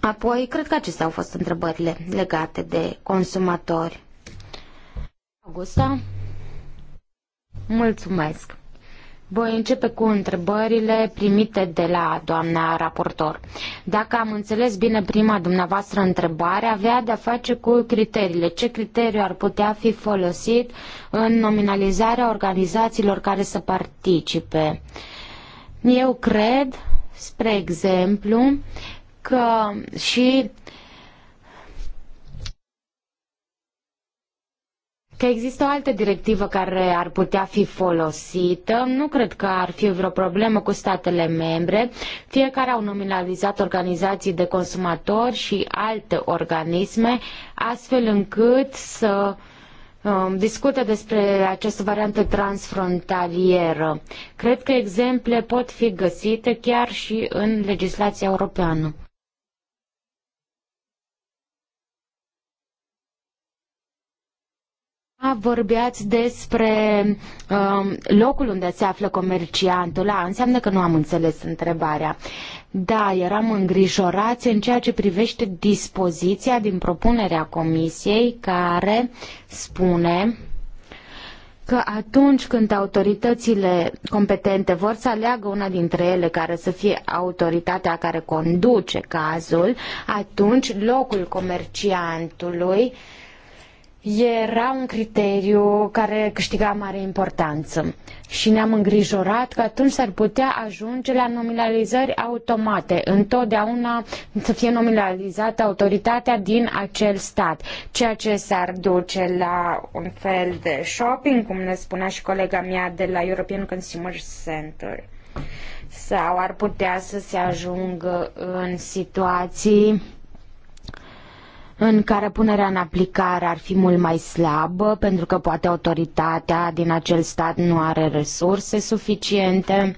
Apoi, cred că acestea au fost întrebările legate de consumatori. Augusta? Mulțumesc! Voi începe cu întrebările primite de la doamna raportor. Dacă am înțeles bine prima dumneavoastră întrebare, avea de-a face cu criteriile. Ce criteriu ar putea fi folosit în nominalizarea organizațiilor care să participe? Eu cred, spre exemplu, că și uh, că există o altă directivă care ar putea fi folosită. Nu cred că ar fi vreo problemă cu statele membre. Fiecare au nominalizat organizații de consumatori și alte organisme, astfel încât să um, discută despre această variantă transfrontalieră. Cred că exemple pot fi găsite chiar și în legislația europeană. Vorbeați despre um, locul unde se află comerciantul. A, înseamnă că nu am înțeles întrebarea. Da, eram îngrijorați în ceea ce privește dispoziția din propunerea comisiei care spune că atunci când autoritățile competente vor să aleagă una dintre ele care să fie autoritatea care conduce cazul, atunci locul comerciantului uh, era un criteriu care câștiga mare importanță și ne-am îngrijorat că atunci s-ar putea ajunge la nominalizări automate, întotdeauna să fie nominalizată autoritatea din acel stat, ceea ce s-ar duce la un fel de shopping, cum ne spunea și colega mea de la European Consumer Center. Sau ar putea să se ajungă în situații în care punerea în aplicare ar fi mult mai slabă, pentru că poate autoritatea din acel stat nu are resurse suficiente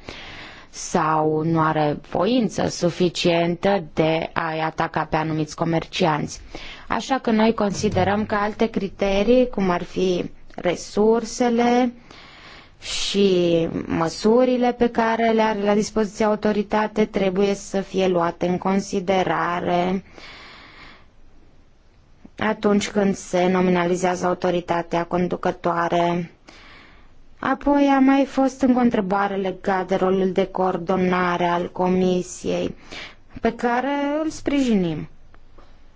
sau nu are voință suficientă de a-i ataca pe anumiți comercianți. Așa că noi considerăm că alte criterii, cum ar fi resursele și măsurile pe care le are la dispoziție autoritate, trebuie să fie luate în considerare atunci când se nominalizează autoritatea conducătoare. Apoi a mai fost încă o întrebare legată de rolul de coordonare al comisiei, pe care îl sprijinim.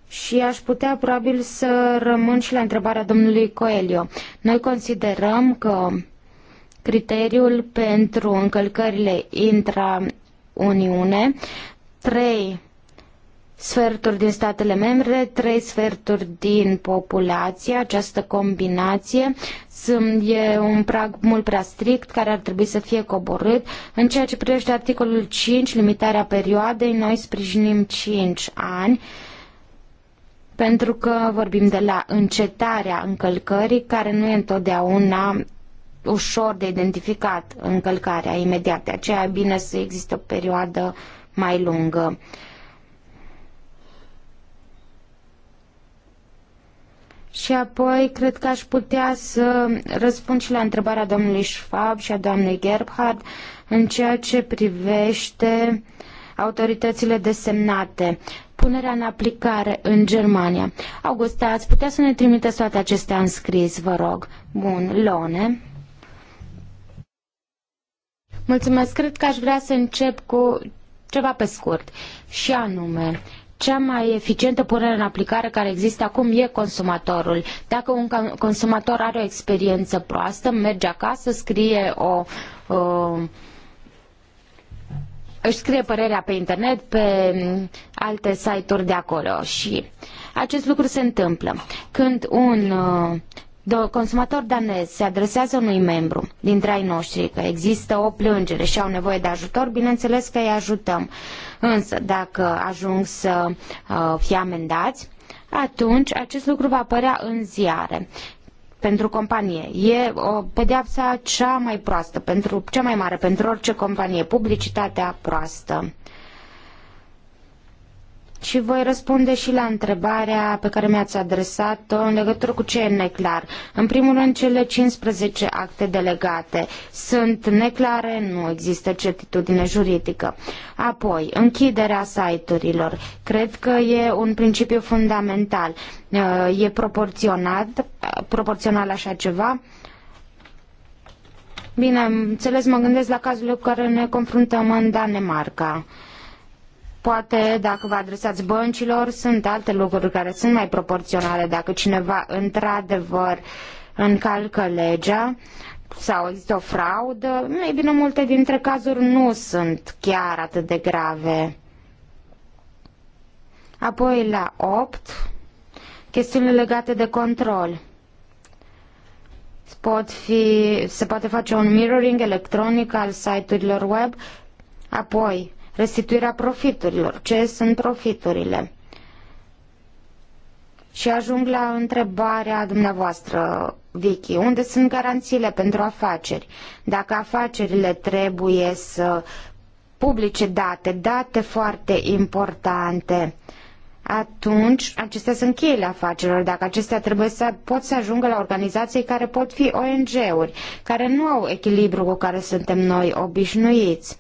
Și aș putea probabil să rămân și la întrebarea domnului Coelio. Noi considerăm că criteriul pentru încălcările intra-Uniune, trei sferturi din statele membre, trei sferturi din populație. Această combinație e un prag mult prea strict care ar trebui să fie coborât. În ceea ce privește articolul 5, limitarea perioadei, noi sprijinim 5 ani pentru că vorbim de la încetarea încălcării, care nu e întotdeauna ușor de identificat încălcarea imediată. Aceea e bine să existe o perioadă mai lungă. Și apoi, cred că aș putea să răspund și la întrebarea domnului Schwab și a doamnei Gerbhard în ceea ce privește autoritățile desemnate punerea în aplicare în Germania. Augusta, ați putea să ne trimiteți toate acestea în scris, vă rog. Bun, Lone. Mulțumesc, cred că aș vrea să încep cu ceva pe scurt. Și anume, cea mai eficientă punere în aplicare care există acum e consumatorul. Dacă un consumator are o experiență proastă, merge acasă, scrie o uh, își scrie părerea pe internet, pe alte site-uri de acolo și acest lucru se întâmplă. Când un uh, consumator danez se adresează unui membru dintre ai noștri că există o plângere și au nevoie de ajutor, bineînțeles că îi ajutăm. Uh, Însă, dacă ajung să uh, fie amendați, atunci acest lucru va apărea în ziare pentru companie. E o uh, pedeapsa cea mai proastă, pentru, cea mai mare pentru orice companie, publicitatea proastă și voi răspunde și la întrebarea pe care mi-ați adresat-o în legătură cu ce e neclar. În primul rând, cele 15 acte delegate sunt neclare, nu există certitudine juridică. Apoi, închiderea site-urilor. Cred că e un principiu fundamental. E proporționat, proporțional așa ceva? Bine, înțeles, mă gândesc la cazul cu care ne confruntăm în Danemarca. Poate dacă vă adresați băncilor, sunt alte lucruri care sunt mai proporționale. Dacă cineva într-adevăr încalcă legea sau există o fraudă, ei bine, multe dintre cazuri nu sunt chiar atât de grave. Apoi la 8, chestiunile legate de control. Pot fi, se poate face un mirroring electronic al site-urilor web, apoi restituirea profiturilor, ce sunt profiturile. Și ajung la întrebarea dumneavoastră, Vicky, unde sunt garanțiile pentru afaceri? Dacă afacerile trebuie să publice date, date foarte importante, atunci acestea sunt cheile afacerilor. Dacă acestea trebuie să pot să ajungă la organizații care pot fi ONG-uri, care nu au echilibru cu care suntem noi obișnuiți.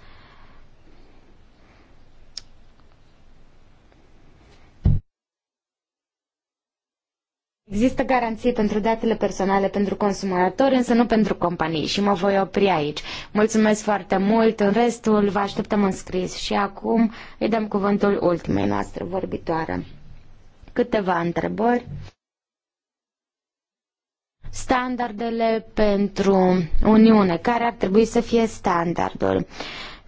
Există garanție pentru datele personale pentru consumatori, însă nu pentru companii și mă voi opri aici. Mulțumesc foarte mult, în restul vă așteptăm în scris și acum îi dăm cuvântul ultimei noastre vorbitoare. Câteva întrebări. Standardele pentru Uniune, care ar trebui să fie standardul?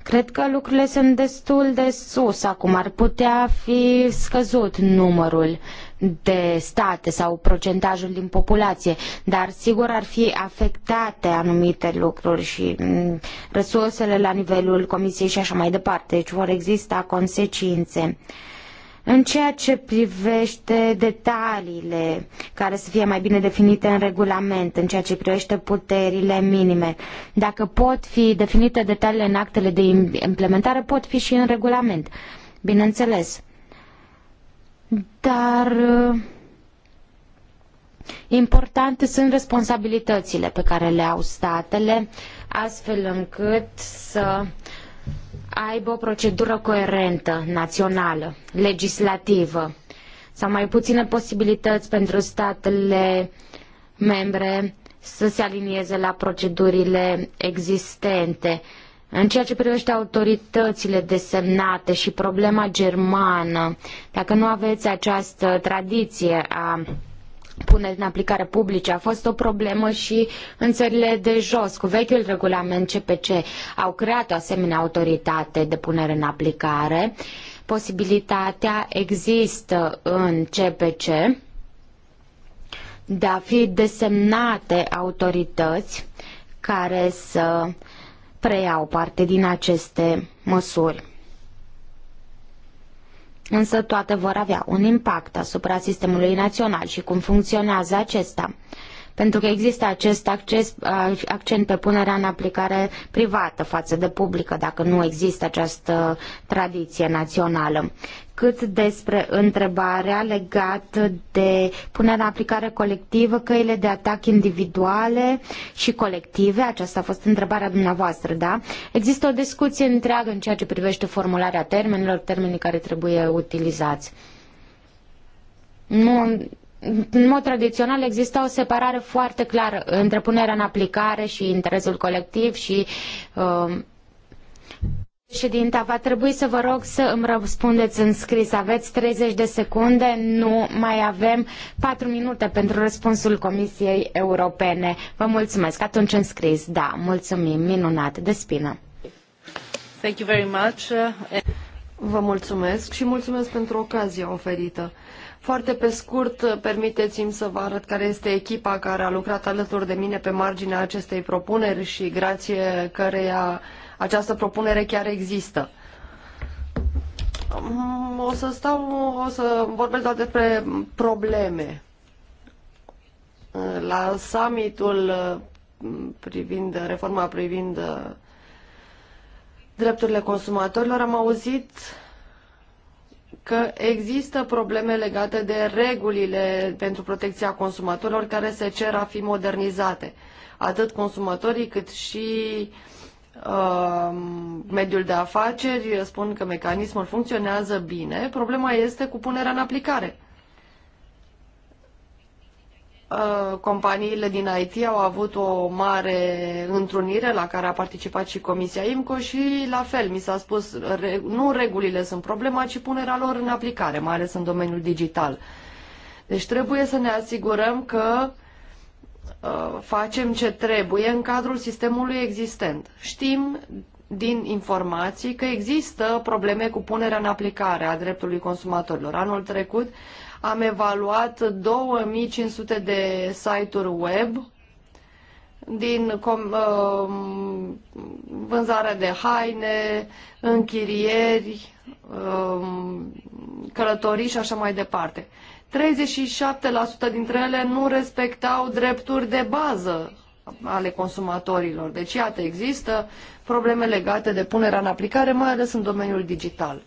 Cred că lucrurile sunt destul de sus acum, ar putea fi scăzut numărul uh, de state sau procentajul din populație, dar sigur ar fi afectate anumite lucruri și mm, resursele la nivelul Comisiei și așa mai departe, deci vor exista consecințe. În ceea ce privește detaliile care să fie mai bine definite în regulament, în ceea ce privește puterile minime, dacă pot fi definite detaliile în actele de implementare, pot fi și în regulament. Bineînțeles dar uh, importante sunt responsabilitățile pe care le au statele, astfel încât să aibă o procedură coerentă, națională, legislativă, sau mai puține posibilități pentru statele membre să se alinieze la procedurile existente în ceea ce privește autoritățile desemnate și problema germană, dacă nu aveți această tradiție a pune în aplicare publice a fost o problemă și în țările de jos. Cu vechiul regulament CPC au creat o asemenea autoritate de punere în aplicare. Posibilitatea există în CPC de a fi desemnate autorități care să uh, preiau parte din aceste măsuri. Însă toate vor avea un impact asupra sistemului național și cum funcționează acesta pentru că există acest acces, accent pe punerea în aplicare privată față de publică, dacă nu există această tradiție națională. Cât despre întrebarea legată de punerea în aplicare colectivă, căile de atac individuale și colective, aceasta a fost întrebarea dumneavoastră, da? Există o discuție întreagă în ceea ce privește formularea termenilor, termenii care trebuie utilizați. Nu, în mod tradițional exista o separare foarte clară între punerea în aplicare și interesul colectiv și uh, Președinta, va trebui să vă rog să îmi răspundeți în scris. Aveți 30 de secunde, nu mai avem 4 minute pentru răspunsul Comisiei Europene. Vă mulțumesc. Atunci în scris, da, mulțumim, minunat, de spină. Thank you very much. Vă mulțumesc și mulțumesc pentru ocazia oferită. Foarte pe scurt, permiteți-mi să vă arăt care este echipa care a lucrat alături de mine pe marginea acestei propuneri și grație căreia această propunere chiar există. Mm, o să stau, o să vorbesc doar despre probleme. La summitul mm, privind reforma privind mm, drepturile consumatorilor am auzit că există probleme legate de regulile pentru protecția consumatorilor care se cer a fi modernizate. Atât consumatorii cât și um, mediul de afaceri spun că mecanismul funcționează bine. Problema este cu punerea în aplicare. Uh, companiile din IT au avut o mare întrunire la care a participat și Comisia IMCO și la fel mi s-a spus, nu regulile sunt problema, ci punerea lor în aplicare, mai ales în domeniul digital. Deci trebuie să ne asigurăm că uh, facem ce trebuie în cadrul sistemului existent. Știm din informații că există probleme cu punerea în aplicare a dreptului consumatorilor. Anul trecut am evaluat 2500 de site-uri web din com, uh, vânzare de haine, închirieri, uh, călătorii și așa mai departe. 37% dintre ele nu respectau drepturi de bază ale consumatorilor. Deci, iată, există probleme legate de punerea în aplicare, mai ales în domeniul digital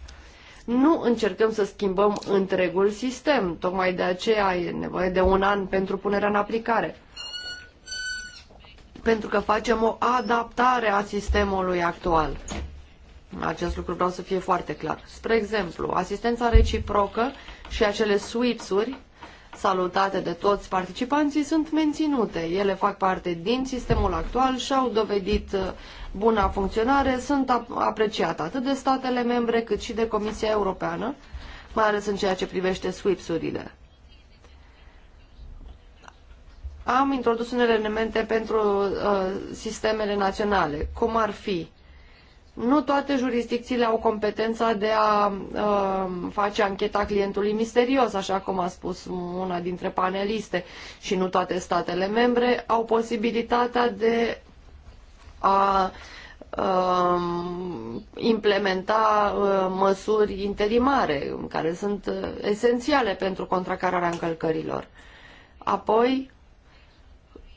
nu încercăm să schimbăm întregul sistem. Tocmai de aceea e nevoie de un an pentru punerea în aplicare. Pentru că facem o adaptare a sistemului actual. Acest lucru vreau să fie foarte clar. Spre exemplu, asistența reciprocă și acele sweeps-uri salutate de toți participanții sunt menținute. Ele fac parte din sistemul actual și au dovedit uh, buna funcționare, sunt apreciate atât de statele membre cât și de Comisia Europeană, mai ales în ceea ce privește SWIPS-urile. Am introdus unele elemente pentru uh, sistemele naționale, cum ar fi nu toate jurisdicțiile au competența de a uh, face ancheta clientului misterios, așa cum a spus una dintre paneliste, și nu toate statele membre au posibilitatea de a uh, implementa uh, măsuri interimare, care sunt uh, esențiale pentru contracararea încălcărilor. Apoi,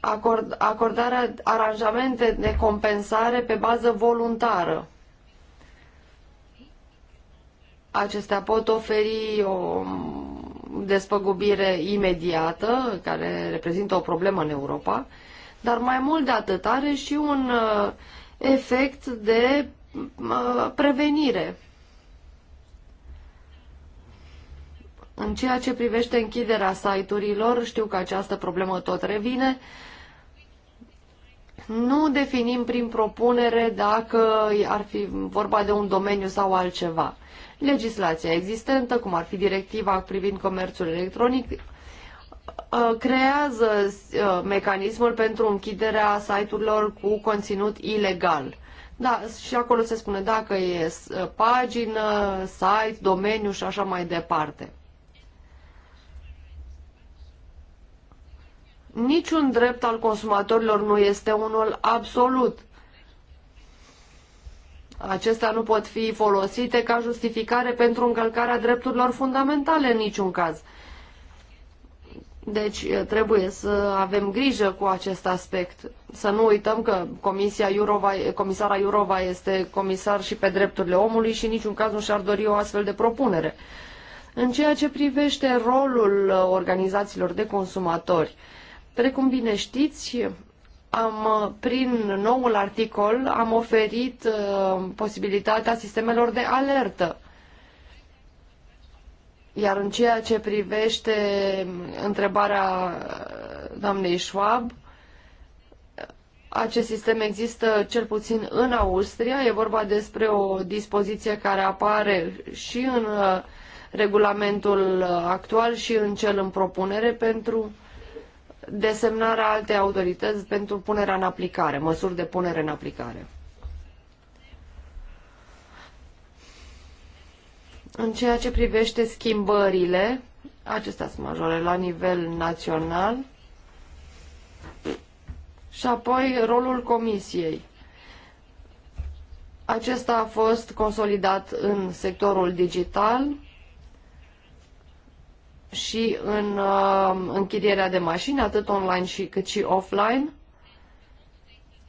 acord, acordarea aranjamente de compensare pe bază voluntară. Acestea pot oferi o despăgubire imediată, care reprezintă o problemă în Europa, dar mai mult de atât are și un uh, efect de uh, prevenire. În ceea ce privește închiderea site-urilor, știu că această problemă tot revine, nu definim prin propunere dacă ar fi vorba de un domeniu sau altceva. Legislația existentă, cum ar fi directiva privind comerțul electronic, uh, creează uh, mecanismul pentru închiderea site-urilor cu conținut ilegal. Da, și acolo se spune dacă e uh, pagină, site, domeniu și așa mai departe. Niciun drept al consumatorilor nu este unul absolut. Acestea nu pot fi folosite ca justificare pentru încălcarea drepturilor fundamentale în niciun caz. Deci eh, trebuie să avem grijă cu acest aspect. Să nu uităm că Comisia Iurova, comisara Iurova este comisar și pe drepturile omului și în niciun caz nu și-ar dori o astfel de propunere. În ceea ce privește rolul eh, organizațiilor de consumatori, Precum bine știți, am, prin noul articol am oferit uh, posibilitatea sistemelor de alertă. Iar în ceea ce privește întrebarea uh, doamnei Schwab, acest sistem există cel puțin în Austria. E vorba despre o dispoziție care apare și în uh, regulamentul actual și în cel în propunere pentru uh, desemnarea alte autorități pentru punerea în aplicare, măsuri de punere în aplicare. În ceea ce privește schimbările, acestea sunt majore la nivel național, și apoi rolul comisiei. Acesta a fost consolidat în sectorul digital, și în uh, închirierea de mașini, atât online și, cât și offline.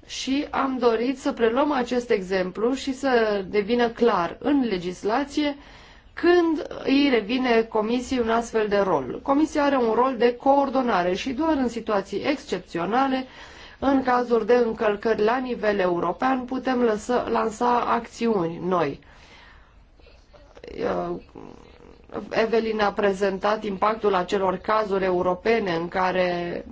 Și am dorit să preluăm acest exemplu și să devină clar în legislație când îi revine comisiei un astfel de rol. Comisia are un rol de coordonare și doar în situații excepționale, în cazuri de încălcări la nivel european, putem lăsa, lansa acțiuni noi. Uh, Evelyn a prezentat impactul acelor cazuri europene în care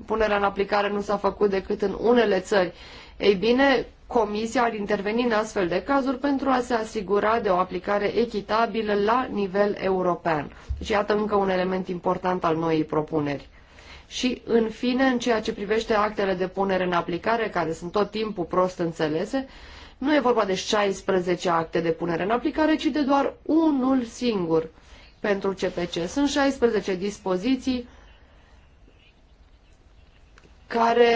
punerea în aplicare nu s-a făcut decât în unele țări. Ei bine, Comisia ar interveni în astfel de cazuri pentru a se asigura de o aplicare echitabilă la nivel european. Deci iată încă un element important al noii propuneri. Și, în fine, în ceea ce privește actele de punere în aplicare, care sunt tot timpul prost înțelese, nu e vorba de 16 acte de punere în aplicare, ci de doar unul singur – pentru CPC. Sunt 16 dispoziții care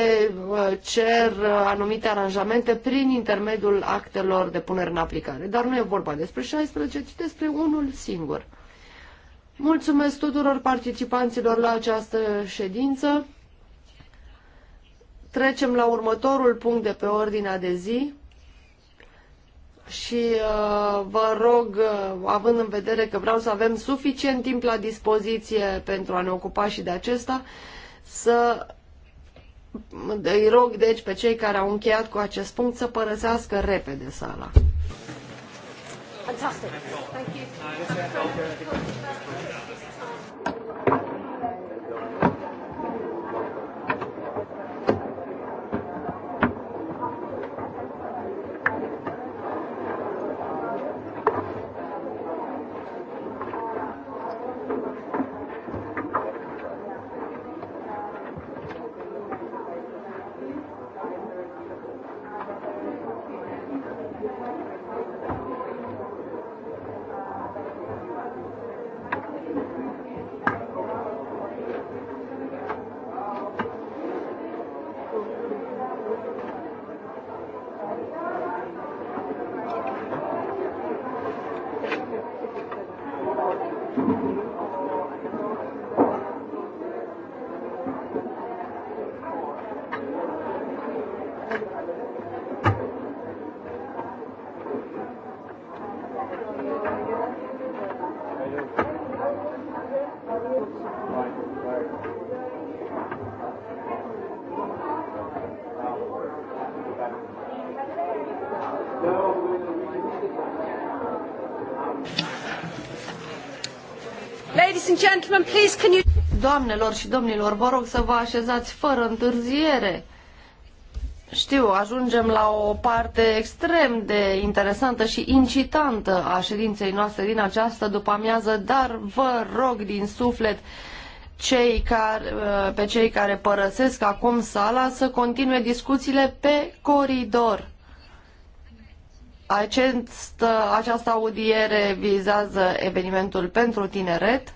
uh, cer uh, anumite aranjamente prin intermediul actelor de punere în aplicare. Dar nu e vorba despre 16, ci despre unul singur. Mulțumesc tuturor participanților la această ședință. Trecem la următorul punct de pe ordinea de zi și uh, vă rog, uh, având în vedere că vreau să avem suficient timp la dispoziție pentru a ne ocupa și de acesta, să îi rog deci pe cei care au încheiat cu acest punct să părăsească repede sala. Fantastic. Thank you. gentlemen, please can you... Doamnelor și domnilor, vă rog să vă așezați fără întârziere. Știu, ajungem la o parte extrem de interesantă și incitantă a ședinței noastre din această după-amiază, dar vă rog din suflet cei care, pe cei care părăsesc acum sala să continue discuțiile pe coridor. Acest, această audiere vizează evenimentul pentru tineret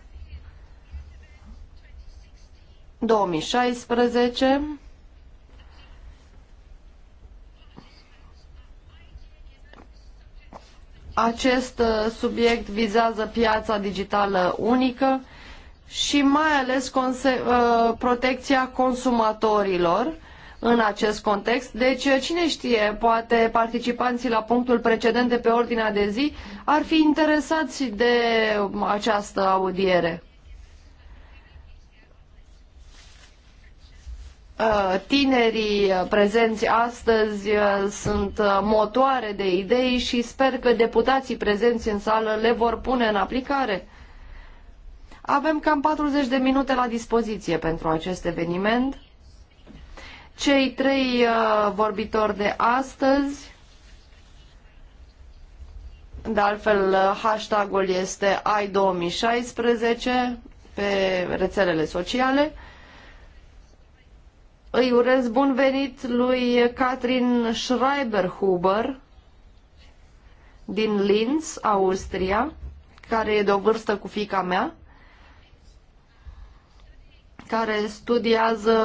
2016 acest uh, subiect vizează piața digitală unică și mai ales uh, protecția consumatorilor în acest context. Deci, uh, cine știe, poate participanții la punctul precedent de pe ordinea de zi ar fi interesați de această audiere. Uh, tinerii uh, prezenți astăzi uh, sunt motoare de idei și sper că deputații prezenți în sală le vor pune în aplicare. Avem cam 40 de minute la dispoziție pentru acest eveniment. Cei trei vorbitori de astăzi, de altfel hashtagul este AI2016 pe rețelele sociale, îi urez bun venit lui Katrin Schreiberhuber din Linz, Austria, care e de o vârstă cu fica mea, care studiază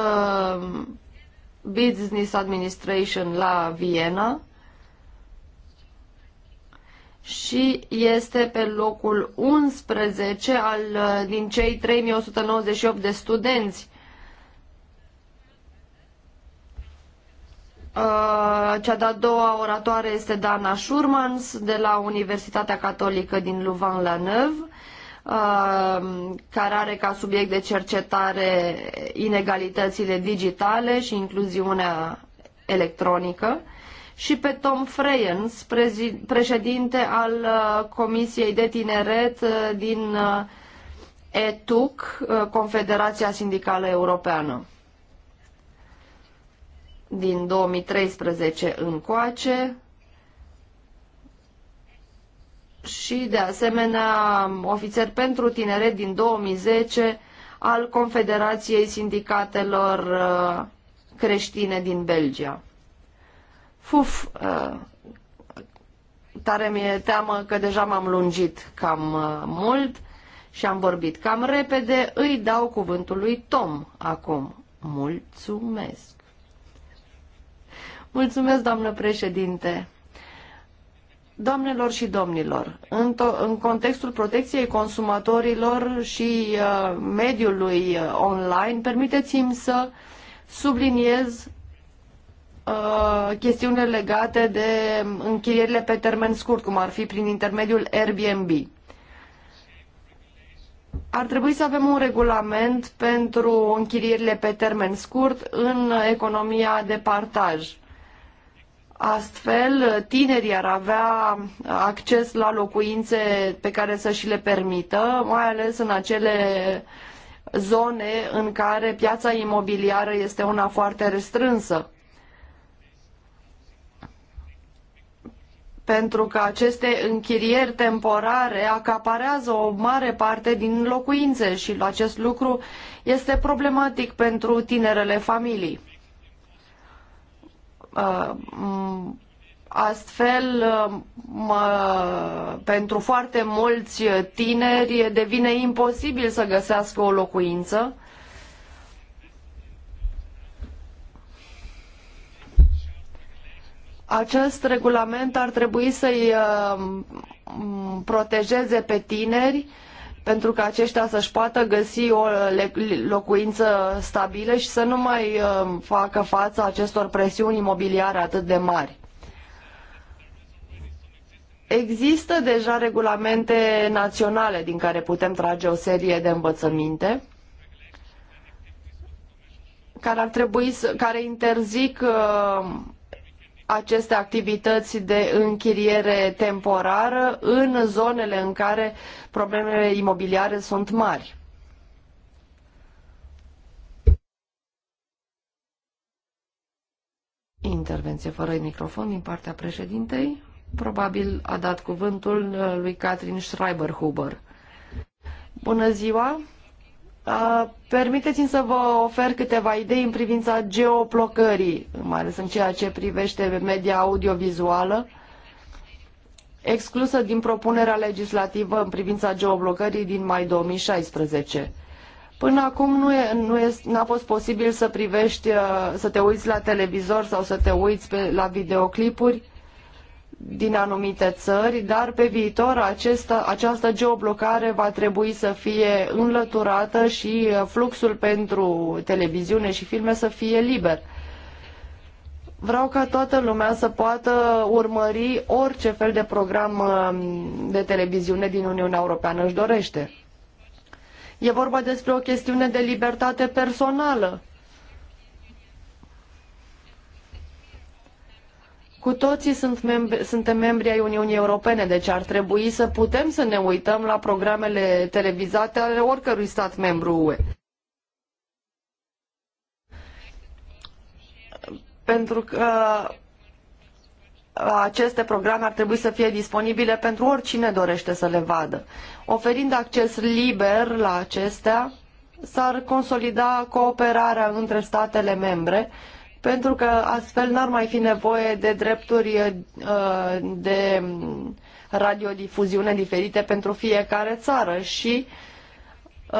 Business Administration la Viena și este pe locul 11 al, din cei 3198 de studenți Uh, cea de-a doua oratoare este Dana Schurmans de la Universitatea Catolică din Louvain-la-Neuve, uh, care are ca subiect de cercetare inegalitățile digitale și incluziunea electronică și pe Tom Freyens, președinte al uh, Comisiei de Tineret din ETUC, Confederația Sindicală Europeană din 2013 încoace și, de asemenea, ofițer pentru tineret din 2010 al Confederației Sindicatelor uh, Creștine din Belgia. Fuf, uh, tare mi-e teamă că deja m-am lungit cam uh, mult și am vorbit cam repede, îi dau cuvântul lui Tom acum. Mulțumesc! Mulțumesc, doamnă președinte. Doamnelor și domnilor, în, în contextul protecției consumatorilor și uh, mediului uh, online, permiteți-mi să subliniez uh, chestiunile legate de închirierile pe termen scurt, cum ar fi prin intermediul Airbnb. Ar trebui să avem un regulament pentru închirierile pe termen scurt în economia de partaj Astfel, tinerii ar avea acces la locuințe pe care să și le permită, mai ales în acele zone în care piața imobiliară este una foarte restrânsă. Pentru că aceste închirieri temporare acaparează o mare parte din locuințe și acest lucru este problematic pentru tinerele familii. Uh, astfel, uh, mă, pentru foarte mulți tineri devine imposibil să găsească o locuință. Acest regulament ar trebui să-i uh, protejeze pe tineri uh, pentru ca aceștia să-și poată găsi o locuință stabilă și să nu mai um, facă față acestor presiuni imobiliare atât de mari. Există deja regulamente naționale din care putem trage o serie de învățăminte care ar trebui să, care interzic uh, aceste activități de închiriere temporară în zonele în care problemele imobiliare sunt mari. Intervenție fără microfon din partea președintei. Probabil a dat cuvântul lui Catherine Schreiberhuber. Bună ziua! Da. Permiteți-mi să vă ofer câteva idei în privința geoblocării, mai ales în ceea ce privește media audiovizuală, exclusă din propunerea legislativă în privința geoblocării din mai 2016. Până acum nu, e, nu e, n-a fost posibil să privești, uh, să te uiți la televizor sau să te uiți pe, la videoclipuri din anumite țări, dar pe viitor acesta, această geoblocare va trebui să fie înlăturată și uh, fluxul pentru televiziune și filme să fie liber. Vreau ca toată lumea să poată urmări orice fel de program uh, de televiziune din Uniunea Europeană își dorește. E vorba despre o chestiune de libertate personală Cu toții sunt suntem membri ai Uniunii Europene, deci ar trebui să putem să ne uităm la programele televizate ale oricărui stat membru UE. Pentru că aceste programe ar trebui să fie disponibile pentru oricine dorește să le vadă. Oferind acces liber la acestea, s-ar consolida cooperarea între statele membre, uh, pentru că astfel n-ar mai fi nevoie de drepturi uh, de radiodifuziune diferite pentru fiecare țară și uh,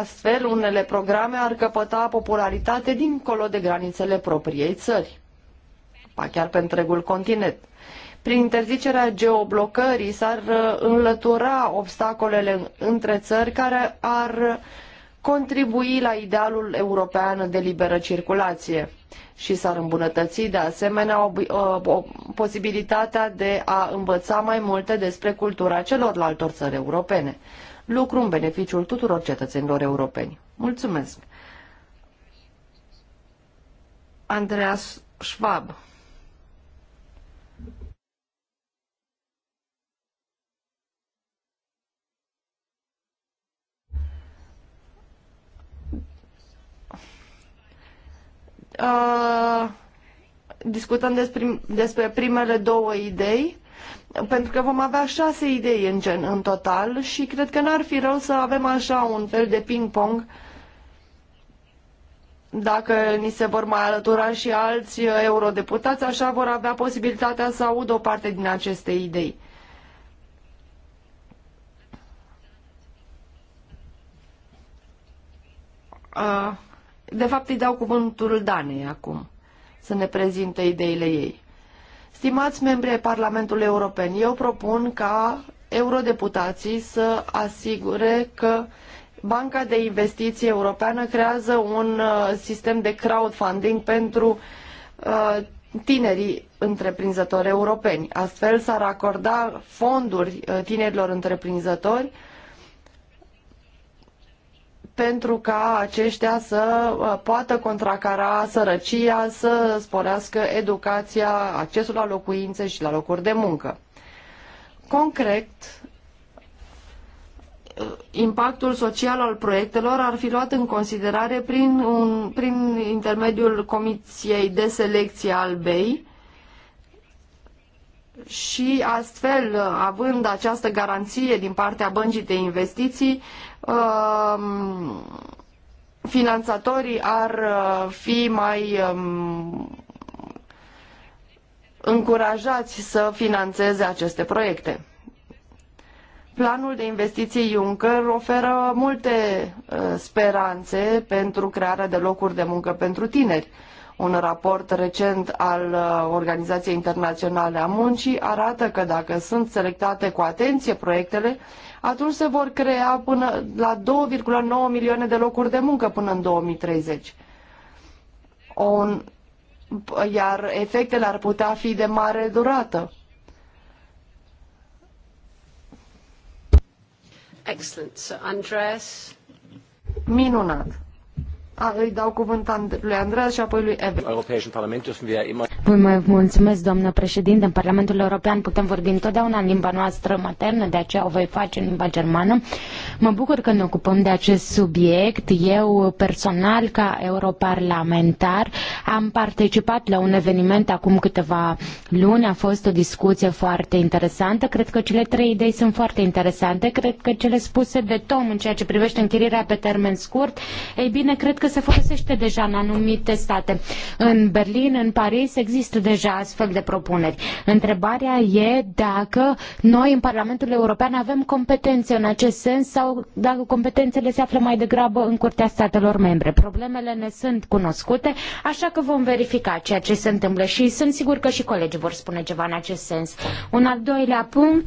astfel unele programe ar căpăta popularitate dincolo de granițele propriei țări, pa chiar pe întregul continent. Prin interzicerea geoblocării s-ar uh, înlătura obstacolele între țări care ar contribui la idealul european de liberă circulație și s-ar îmbunătăți de asemenea posibilitatea de a învăța mai multe despre cultura celorlaltor țări europene, lucru în beneficiul tuturor cetățenilor europeni. Mulțumesc! Andreas Schwab Uh, discutăm despre, despre primele două idei, pentru că vom avea șase idei în, gen, în total și cred că n-ar fi rău să avem așa un fel de ping-pong dacă ni se vor mai alătura și alți eurodeputați, așa vor avea posibilitatea să audă o parte din aceste idei. Uh. De fapt, îi dau cuvântul Danei acum să ne prezinte ideile ei. Stimați membri ai Parlamentului European, eu propun ca eurodeputații să asigure că Banca de Investiții Europeană creează un uh, sistem de crowdfunding pentru uh, tinerii întreprinzători europeni. Astfel s-ar acorda fonduri uh, tinerilor întreprinzători pentru ca aceștia să uh, poată contracara sărăcia, să sporească educația, accesul la locuințe și la locuri de muncă. Concret, uh, impactul social al proiectelor ar fi luat în considerare prin, un, prin intermediul Comisiei de Selecție al BEI și astfel, uh, având această garanție din partea băncii de investiții, Um, finanțatorii ar uh, fi mai um, încurajați să finanțeze aceste proiecte. Planul de investiții Juncker oferă multe uh, speranțe pentru crearea de locuri de muncă pentru tineri. Un raport recent al uh, Organizației Internaționale a Muncii arată că dacă sunt selectate cu atenție proiectele, atunci se vor crea până la 2,9 milioane de locuri de muncă până în 2030. O, iar efectele ar putea fi de mare durată. Excellent. Andreas. Minunat. A, îi dau cuvânt lui Andreas și apoi lui Eve. Vă mai mulțumesc, doamnă președinte. În Parlamentul European putem vorbi întotdeauna în limba noastră maternă, de aceea o voi face în limba germană. Mă bucur că ne ocupăm de acest subiect. Eu personal, ca europarlamentar, am participat la un eveniment acum câteva luni. A fost o discuție foarte interesantă. Cred că cele trei idei sunt foarte interesante. Cred că cele spuse de Tom în ceea ce privește închirierea pe termen scurt, ei bine, cred că se folosește deja în anumite state. În Berlin, în Paris, există deja astfel de propuneri. Întrebarea e dacă noi în Parlamentul European avem competențe în acest sens sau dacă competențele se află mai degrabă în curtea statelor membre. Problemele ne sunt cunoscute, așa că vom verifica ceea ce se întâmplă și sunt sigur că și colegii vor spune ceva în acest sens. Un al doilea punct,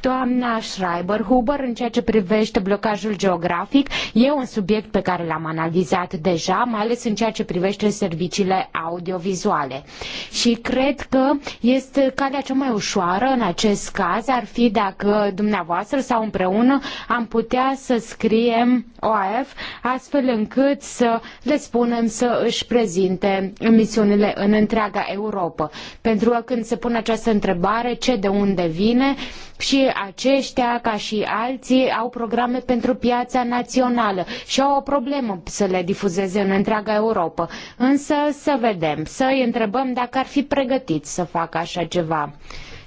doamna Schreiber-Huber, în ceea ce privește blocajul geografic, e un subiect pe care l-am analizat deja, mai ales în ceea ce privește serviciile audiovizuale. Și cred că este calea cea mai ușoară în acest caz ar fi dacă dumneavoastră sau împreună am putea putea să scriem OAF astfel încât să le spunem să își prezinte emisiunile în întreaga Europa. Pentru că când se pune această întrebare, ce de unde vine, și aceștia, ca și alții, au programe pentru piața națională și au o problemă să le difuzeze în întreaga Europa. Însă să vedem, să îi întrebăm dacă ar fi pregătiți să facă așa ceva.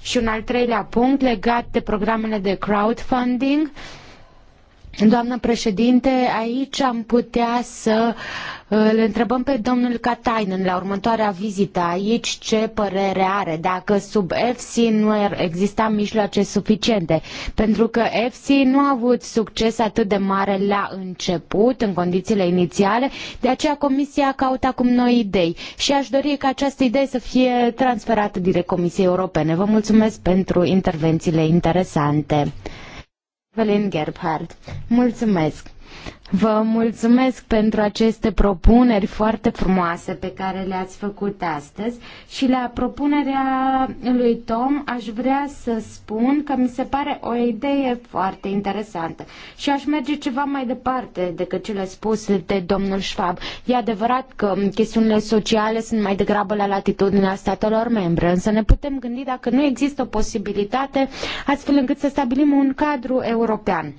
Și un al treilea punct legat de programele de crowdfunding. Doamnă președinte, aici am putea să uh, le întrebăm pe domnul Katainen la următoarea vizită aici ce părere are, dacă sub EFSI nu exista mijloace suficiente, pentru că EFSI nu a avut succes atât de mare la început, în condițiile inițiale, de aceea Comisia caută acum noi idei și aș dori ca această idee să fie transferată direct Comisiei Europene. Vă mulțumesc pentru intervențiile interesante. Valen Gerhard. Mulțumesc! Vă mulțumesc pentru aceste propuneri foarte frumoase pe care le-ați făcut astăzi și la propunerea lui Tom aș vrea să spun că mi se pare o idee foarte interesantă și aș merge ceva mai departe decât cele spuse de domnul Schwab. E adevărat că chestiunile sociale sunt mai degrabă la latitudinea statelor membre, însă ne putem gândi dacă nu există o posibilitate astfel încât să stabilim un cadru european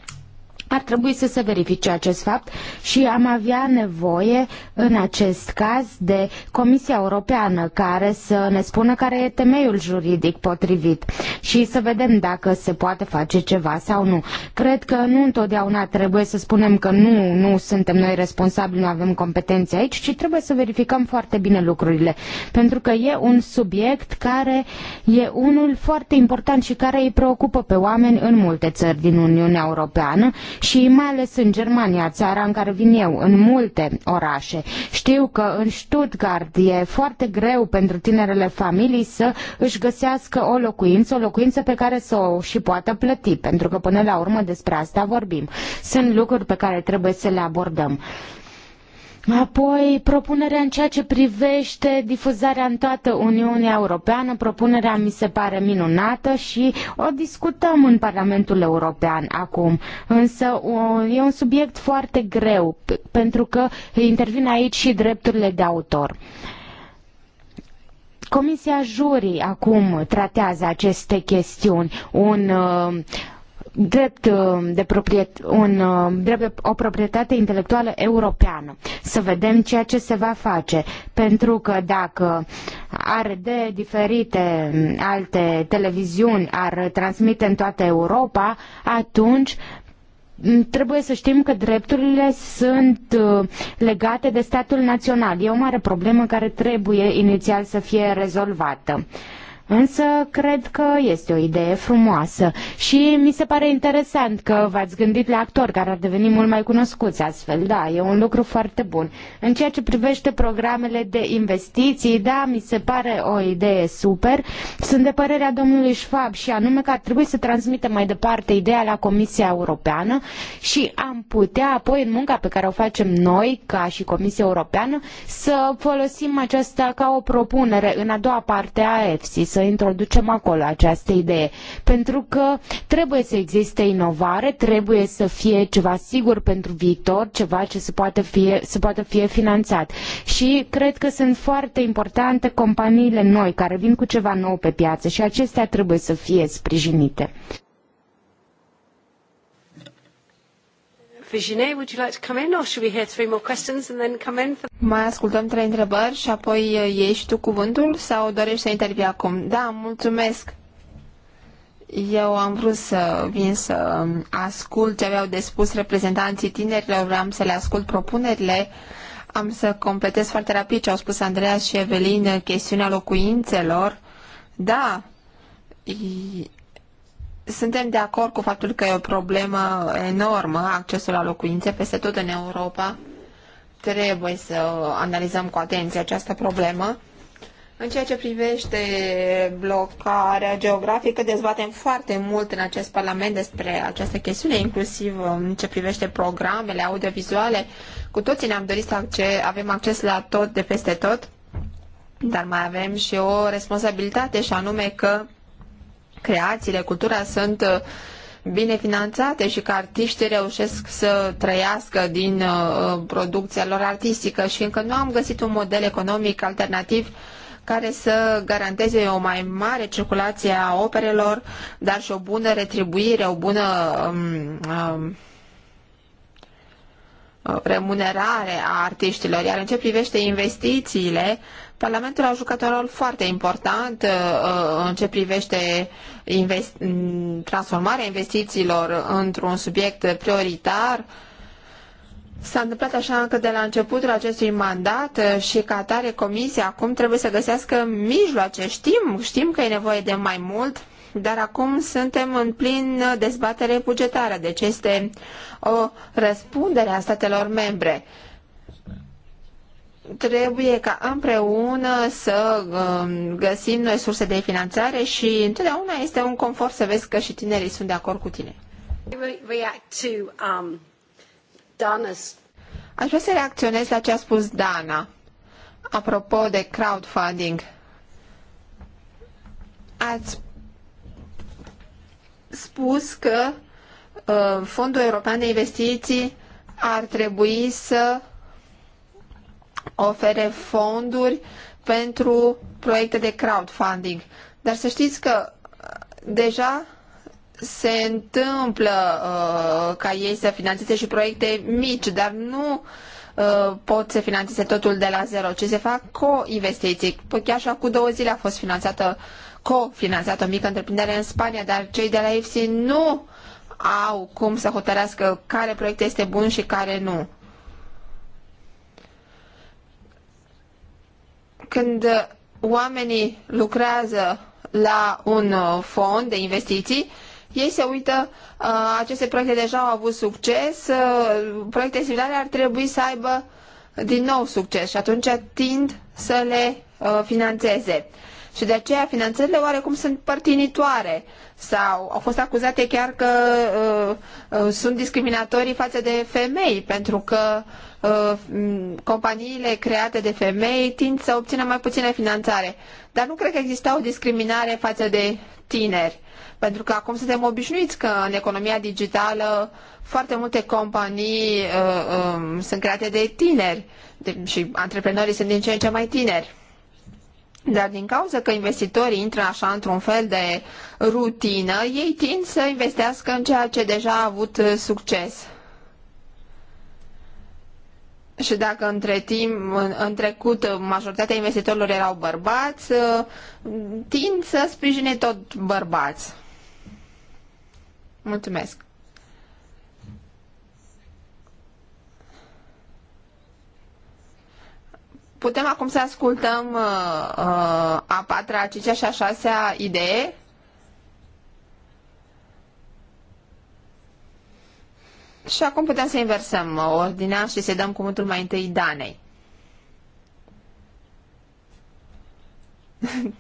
ar trebui să se verifice acest fapt și am avea nevoie în acest caz de Comisia Europeană care să ne spună care e temeiul juridic potrivit și să vedem dacă se poate face ceva sau nu. Cred că nu întotdeauna trebuie să spunem că nu, nu suntem noi responsabili, nu avem competențe aici, ci trebuie să verificăm foarte bine lucrurile. Pentru că e un subiect care e unul foarte important și care îi preocupă pe oameni în multe țări din Uniunea Europeană și mai ales în Germania, țara în care vin eu, în multe orașe. Știu că în Stuttgart e foarte greu pentru tinerele familii să își găsească o locuință, o locuință pe care să o și poată plăti, pentru că până la urmă despre asta vorbim. Sunt lucruri pe care trebuie să le abordăm. Apoi, propunerea în ceea ce privește difuzarea în toată Uniunea Europeană, propunerea mi se pare minunată și o discutăm în Parlamentul European acum. Însă e un subiect foarte greu, pentru că intervin aici și drepturile de autor. Comisia Jurii acum tratează aceste chestiuni. Un... Uh, drept uh, de propriet, un, uh, drept, o proprietate intelectuală europeană. Să vedem ceea ce se va face, pentru că dacă ar de diferite mm, alte televiziuni ar transmite în toată Europa, atunci mm, trebuie să știm că drepturile sunt uh, legate de statul național. E o mare problemă care trebuie inițial să fie rezolvată. Însă cred că este o idee frumoasă și mi se pare interesant că v-ați gândit la actori care ar deveni mult mai cunoscuți astfel. Da, e un lucru foarte bun. În ceea ce privește programele de investiții, da, mi se pare o idee super. Sunt de părerea domnului Schwab și anume că ar trebui să transmitem mai departe ideea la Comisia Europeană și am putea apoi în munca pe care o facem noi ca și Comisia Europeană să folosim aceasta ca o propunere în a doua parte a EFSI, să introducem acolo această idee. Pentru că trebuie să existe inovare, trebuie să fie ceva sigur pentru viitor, ceva ce se poate fi, se poate fi finanțat. Și cred că sunt foarte importante companiile noi care vin cu ceva nou pe piață și acestea trebuie să fie sprijinite. Virginie, would you like to come in or should we hear three more questions and then come in? For... Mai ascultăm trei întrebări și apoi uh, iei și tu cuvântul sau dorești să intervii acum? Da, mulțumesc. Eu am vrut să vin să ascult ce aveau de spus reprezentanții tinerilor, vreau să le ascult propunerile. Am să completez foarte rapid ce au spus Andreea și Evelin, chestiunea locuințelor. Da, suntem de acord cu faptul că e o problemă enormă accesul la locuințe peste tot în Europa. Trebuie să analizăm cu atenție această problemă. În ceea ce privește blocarea geografică, dezbatem foarte mult în acest Parlament despre această chestiune, inclusiv în ce privește programele audiovizuale. Cu toții ne-am dorit să acce- avem acces la tot de peste tot, dar mai avem și o responsabilitate și anume că creațiile, cultura sunt uh, bine finanțate și că artiștii reușesc să trăiască din uh, uh, producția lor artistică și încă nu am găsit un model economic alternativ care să garanteze o mai mare circulație a operelor, dar și o bună retribuire, o bună um, um, remunerare a artiștilor. Iar în ce privește investițiile, Parlamentul a jucat un rol foarte important uh, uh, în ce privește invest transformarea investițiilor într-un subiect prioritar. S-a întâmplat așa încă de la începutul acestui mandat uh, și ca atare comisia acum trebuie să găsească mijloace. Știm, știm că e nevoie de mai mult, dar acum suntem în plin dezbatere bugetară, deci este o răspundere a statelor membre trebuie ca împreună să um, găsim noi surse de finanțare și întotdeauna este un confort să vezi că și tinerii sunt de acord cu tine. Um, Aș vrea să reacționez la ce a spus Dana, apropo de crowdfunding. Ați spus că uh, Fondul European de Investiții ar trebui să ofere fonduri pentru proiecte de crowdfunding. Dar să știți că uh, deja se întâmplă uh, ca ei să finanțeze și proiecte mici, dar nu uh, pot să finanțeze totul de la zero, ci se fac co-investiții. Păi chiar așa cu două zile a fost finanțată, co-finanțată o mică întreprindere în Spania, dar cei de la EFSI nu au cum să hotărească care proiect este bun și care nu. când oamenii lucrează la un uh, fond de investiții, ei se uită, uh, aceste proiecte deja au avut succes, uh, proiecte similare ar trebui să aibă din nou succes și atunci tind să le finanțeze. Și de aceea finanțările oarecum sunt părtinitoare sau au fost acuzate chiar că uh, uh, sunt discriminatorii față de femei pentru că uh, Uh, companiile create de femei tind să obțină mai puține finanțare. Dar nu cred că exista o discriminare față de tineri. Pentru că acum suntem obișnuiți că în economia digitală foarte multe companii uh, um, sunt create de tineri de, și antreprenorii sunt din ce în ce mai tineri. Dar din cauza că investitorii intră așa într-un fel de rutină, ei tind să investească în ceea ce deja a avut succes. Și dacă între timp, în, în trecut majoritatea investitorilor erau bărbați, tind să sprijine tot bărbați. Mulțumesc. Putem acum să ascultăm uh, uh a patra, a cincea și a șasea idee? Și acum putem să inversăm ordinea și să dăm cuvântul mai întâi Danei.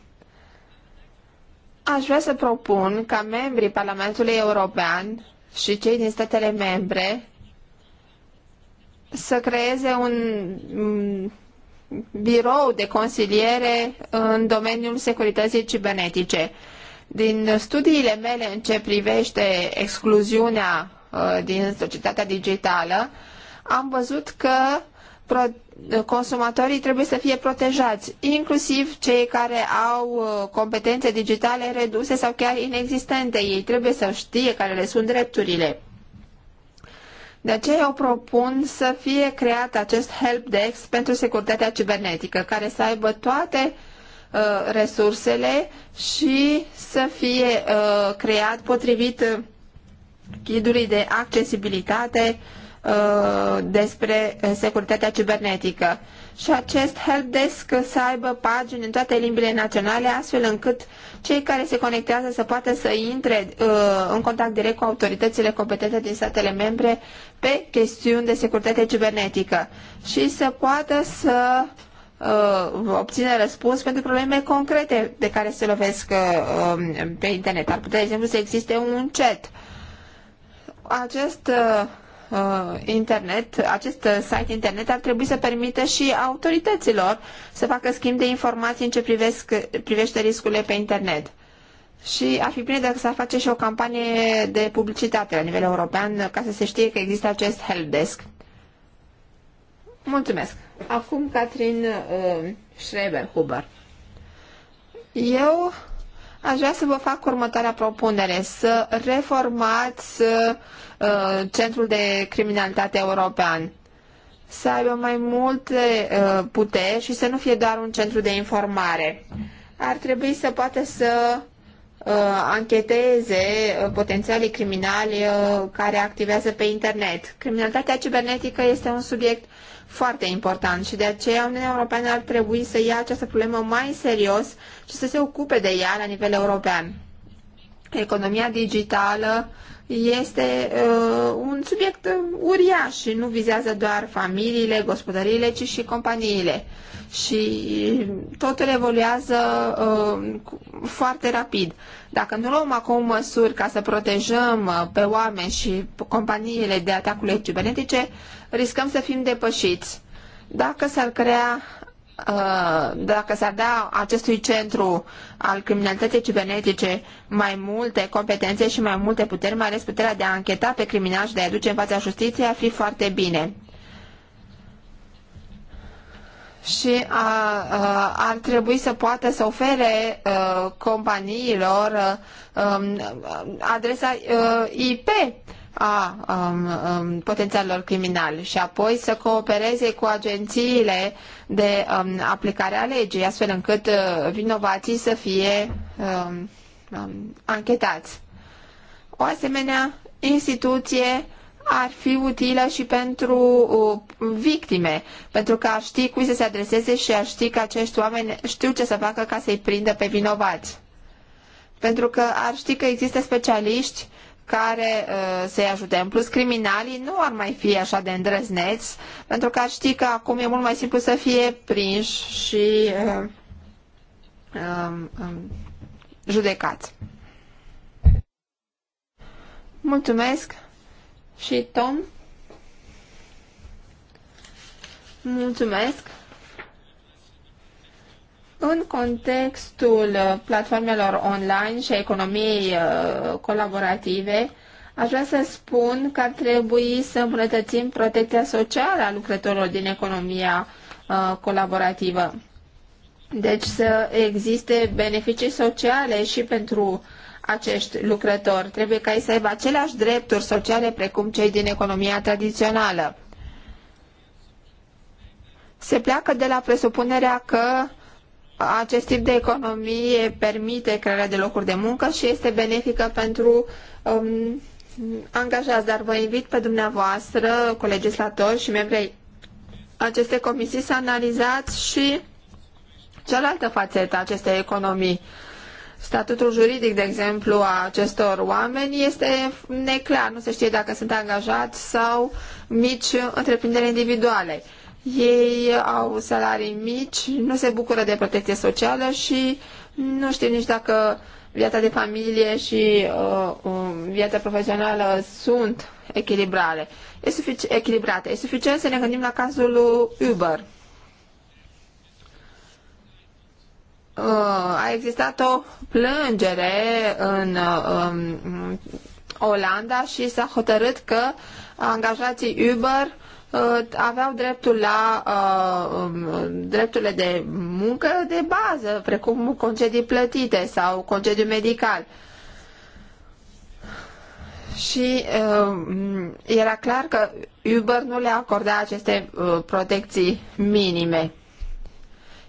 Aș vrea să propun ca membrii Parlamentului European și cei din statele membre să creeze un birou de consiliere în domeniul securității cibernetice. Din studiile mele în ce privește excluziunea Uh, din societatea digitală, am văzut că consumatorii trebuie să fie protejați, inclusiv cei care au uh, competențe digitale reduse sau chiar inexistente. Ei trebuie să știe care le sunt drepturile. De aceea eu propun să fie creat acest helpdesk pentru securitatea cibernetică, care să aibă toate uh, resursele și să fie uh, creat potrivit ghidului de accesibilitate uh, despre uh, securitatea cibernetică și acest helpdesk să aibă pagini în toate limbile naționale astfel încât cei care se conectează să poată să intre uh, în contact direct cu autoritățile competente din statele membre pe chestiuni de securitate cibernetică și să poată să obține răspuns pentru probleme concrete de care se lovesc pe internet. Ar putea, de exemplu, să existe un chat acest uh, internet, acest site internet ar trebui să permită și autorităților să facă schimb de informații în ce privesc, privește riscurile pe internet. Și ar fi bine dacă s-ar face și o campanie de publicitate la nivel european ca să se știe că există acest helpdesk. Mulțumesc. Acum Catherine uh, Schreiber-Huber. Eu aș vrea să vă fac următoarea propunere, să reformați uh, Centrul de Criminalitate European, să aibă mai multe uh, puteri și să nu fie doar un centru de informare. Ar trebui să poată să uh, ancheteze uh, potențialii criminali uh, care activează pe internet. Criminalitatea cibernetică este un subiect uh, foarte important și de aceea Uniunea Europeană ar trebui să ia această problemă mai serios și să se ocupe de ea la nivel european. Economia digitală este uh, un subiect uh, uriaș și nu vizează doar familiile, gospodăriile, ci și companiile. Și totul evoluează uh, foarte rapid. Dacă nu luăm acum măsuri ca să protejăm uh, pe oameni și companiile de atacurile cibernetice, riscăm să fim depășiți. Dacă s-ar crea Uh, dacă s-ar da acestui centru al criminalității cibernetice mai multe competențe și mai multe puteri, mai ales puterea de a încheta pe criminal și de a aduce în fața justiției, ar fi foarte bine. Și a, a, ar trebui să poată să ofere a, uh, companiilor a, uh, a, um, adresa a, IP a um, um, potențialilor criminali și apoi să coopereze cu agențiile de um, aplicare a legii, astfel încât uh, vinovații să fie um, um, anchetați. O asemenea instituție ar fi utilă și pentru uh, victime, pentru că ar ști cui să se adreseze și ar ști că acești oameni știu ce să facă ca să-i prindă pe vinovați. Pentru că ar ști că există specialiști care uh, să-i ajute. În plus, criminalii nu ar mai fi așa de îndrăzneți, pentru că ar ști că acum e mult mai simplu să fie prinși și uh, um, um, judecați. Mulțumesc și Tom. Mulțumesc. În contextul uh, platformelor online și a economiei uh, colaborative, aș vrea să spun că ar trebui să îmbunătățim protecția socială a lucrătorilor din economia uh, colaborativă. Deci să existe beneficii sociale și pentru acești lucrători. Trebuie ca ei să aibă aceleași drepturi sociale precum cei din economia tradițională. Se pleacă de la presupunerea că acest tip de economie permite crearea de locuri de muncă și este benefică pentru um, angajați, dar vă invit pe dumneavoastră, colegislatori și membrii acestei comisii să analizați și cealaltă fațetă a acestei economii. Statutul juridic, de exemplu, a acestor oameni este neclar. Nu se știe dacă sunt angajați sau mici întreprinderi individuale. Ei au salarii mici, nu se bucură de protecție socială și nu știu nici dacă viața de familie și uh, um, viața profesională sunt echilibrate. E sufic- echilibrate. E suficient să ne gândim la cazul Uber. Uh, a existat o plângere în uh, um, Olanda și s-a hotărât că angajații Uber Uh, aveau dreptul la uh, um, drepturile de muncă de bază, precum concedii plătite sau concediu medical. Și uh, era clar că Uber nu le acorda aceste uh, protecții minime.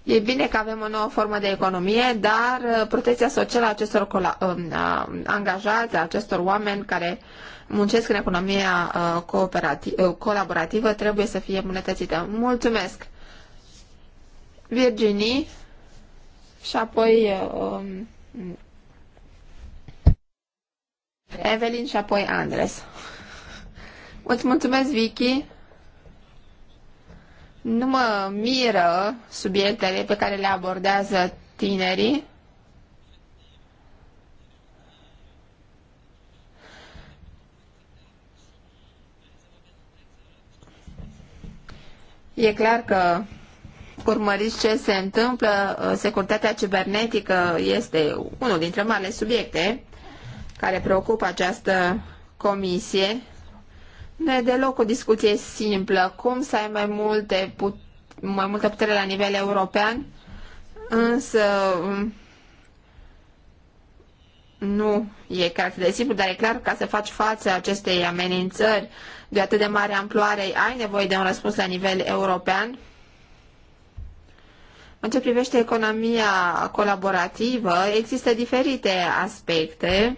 E bine că avem o nouă formă de economie, dar uh, protecția socială a acestor uh, angajați, a acestor oameni care uh, muncesc în economia uh, uh, colaborativă trebuie să fie îmbunătățită. Mulțumesc! Virginie și apoi uh, um, Evelyn și apoi Andres. Îți mulțumesc, Vicky! Nu mă miră subiectele pe care le abordează tinerii, E clar că urmăriți ce se întâmplă. Uh, securitatea cibernetică este unul dintre marile subiecte care preocupă această comisie. Nu e deloc o discuție simplă. Cum să ai mai, multe put- mai multă putere la nivel european, însă um, nu e chiar atât de simplu, dar e clar că ca să faci față acestei amenințări de atât de mare amploare, ai nevoie de un răspuns la nivel european. În ce privește economia colaborativă, există diferite aspecte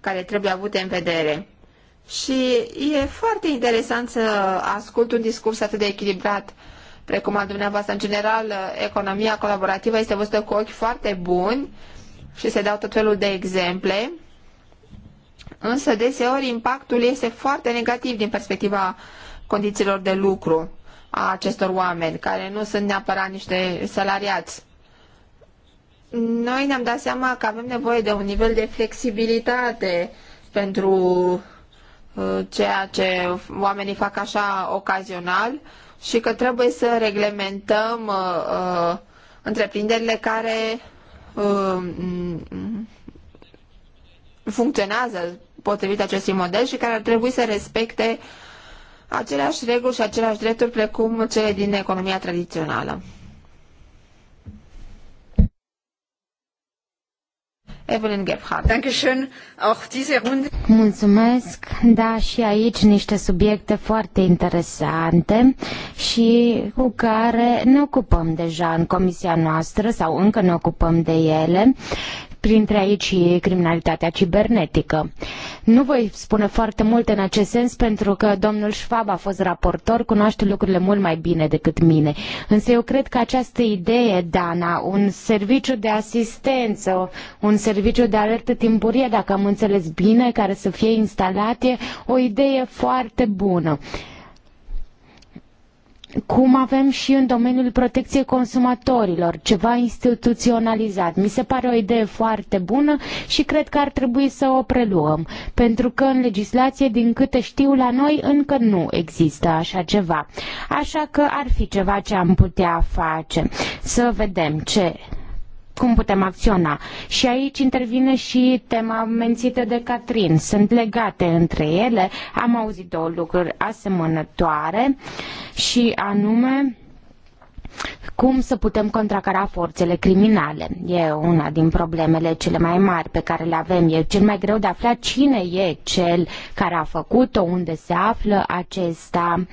care trebuie avute în vedere. Și e foarte interesant să ascult un discurs atât de echilibrat precum al dumneavoastră. În general, economia colaborativă este văzută cu ochi foarte buni și se dau tot felul de exemple însă deseori impactul este foarte negativ din perspectiva condițiilor de lucru a acestor oameni, care nu sunt neapărat niște salariați. Noi ne-am dat seama că avem nevoie de un nivel de flexibilitate pentru uh, ceea ce oamenii fac așa ocazional și că trebuie să reglementăm uh, uh, întreprinderile care uh, funcționează potrivit acestui model și care ar trebui să respecte aceleași reguli și aceleași drepturi precum cele din economia tradițională. Evelyn Gebhardt. Auch diese Runde. Mulțumesc. Da, și aici niște subiecte foarte interesante și cu care ne ocupăm deja în comisia noastră sau încă ne ocupăm de ele printre aici e criminalitatea cibernetică. Nu voi spune foarte multe în acest sens pentru că domnul Schwab a fost raportor, cunoaște lucrurile mult mai bine decât mine. Însă eu cred că această idee, Dana, un serviciu de asistență, un serviciu de alertă timpurie, dacă am înțeles bine, care să fie instalat, e o idee foarte bună cum avem și în domeniul protecției consumatorilor, ceva instituționalizat. Mi se pare o idee foarte bună și cred că ar trebui să o preluăm, pentru că în legislație, din câte știu la noi, încă nu există așa ceva. Așa că ar fi ceva ce am putea face, să vedem ce cum putem acționa. Și aici intervine și tema mențită de Catrin. Sunt legate între ele. Am auzit două lucruri asemănătoare și anume cum să putem contracara forțele criminale. E una din problemele cele mai mari pe care le avem. E cel mai greu de aflat cine e cel care a făcut-o, unde se află acesta. Uh,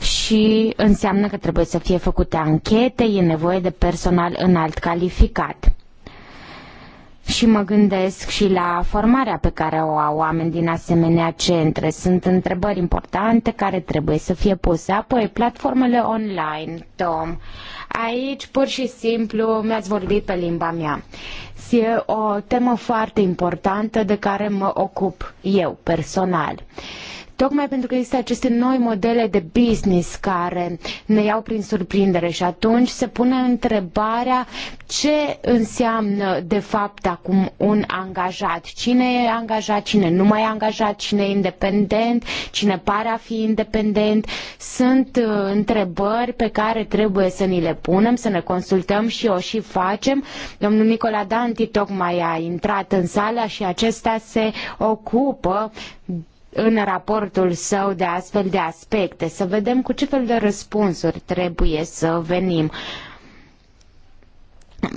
și înseamnă că trebuie să fie făcute anchete, e nevoie de personal înalt calificat. Și mă gândesc și la formarea pe care o au oameni din asemenea centre. Sunt întrebări importante care trebuie să fie puse. Apoi, platformele online, Tom. Aici, pur și simplu, mi-ați vorbit pe limba mea. E o temă foarte importantă de care mă ocup eu, personal. Uh, Tocmai pentru că există aceste noi modele de business care ne iau prin surprindere și atunci se pune întrebarea ce înseamnă de fapt acum un angajat. Cine e angajat, cine nu mai e angajat, cine e independent, cine pare a fi independent. Sunt uh, întrebări pe care trebuie să ni le punem, să ne consultăm și o și facem. Domnul Nicola Danti tocmai a intrat în sală și acesta se ocupă în raportul său de astfel de aspecte, să vedem cu ce fel de răspunsuri trebuie să venim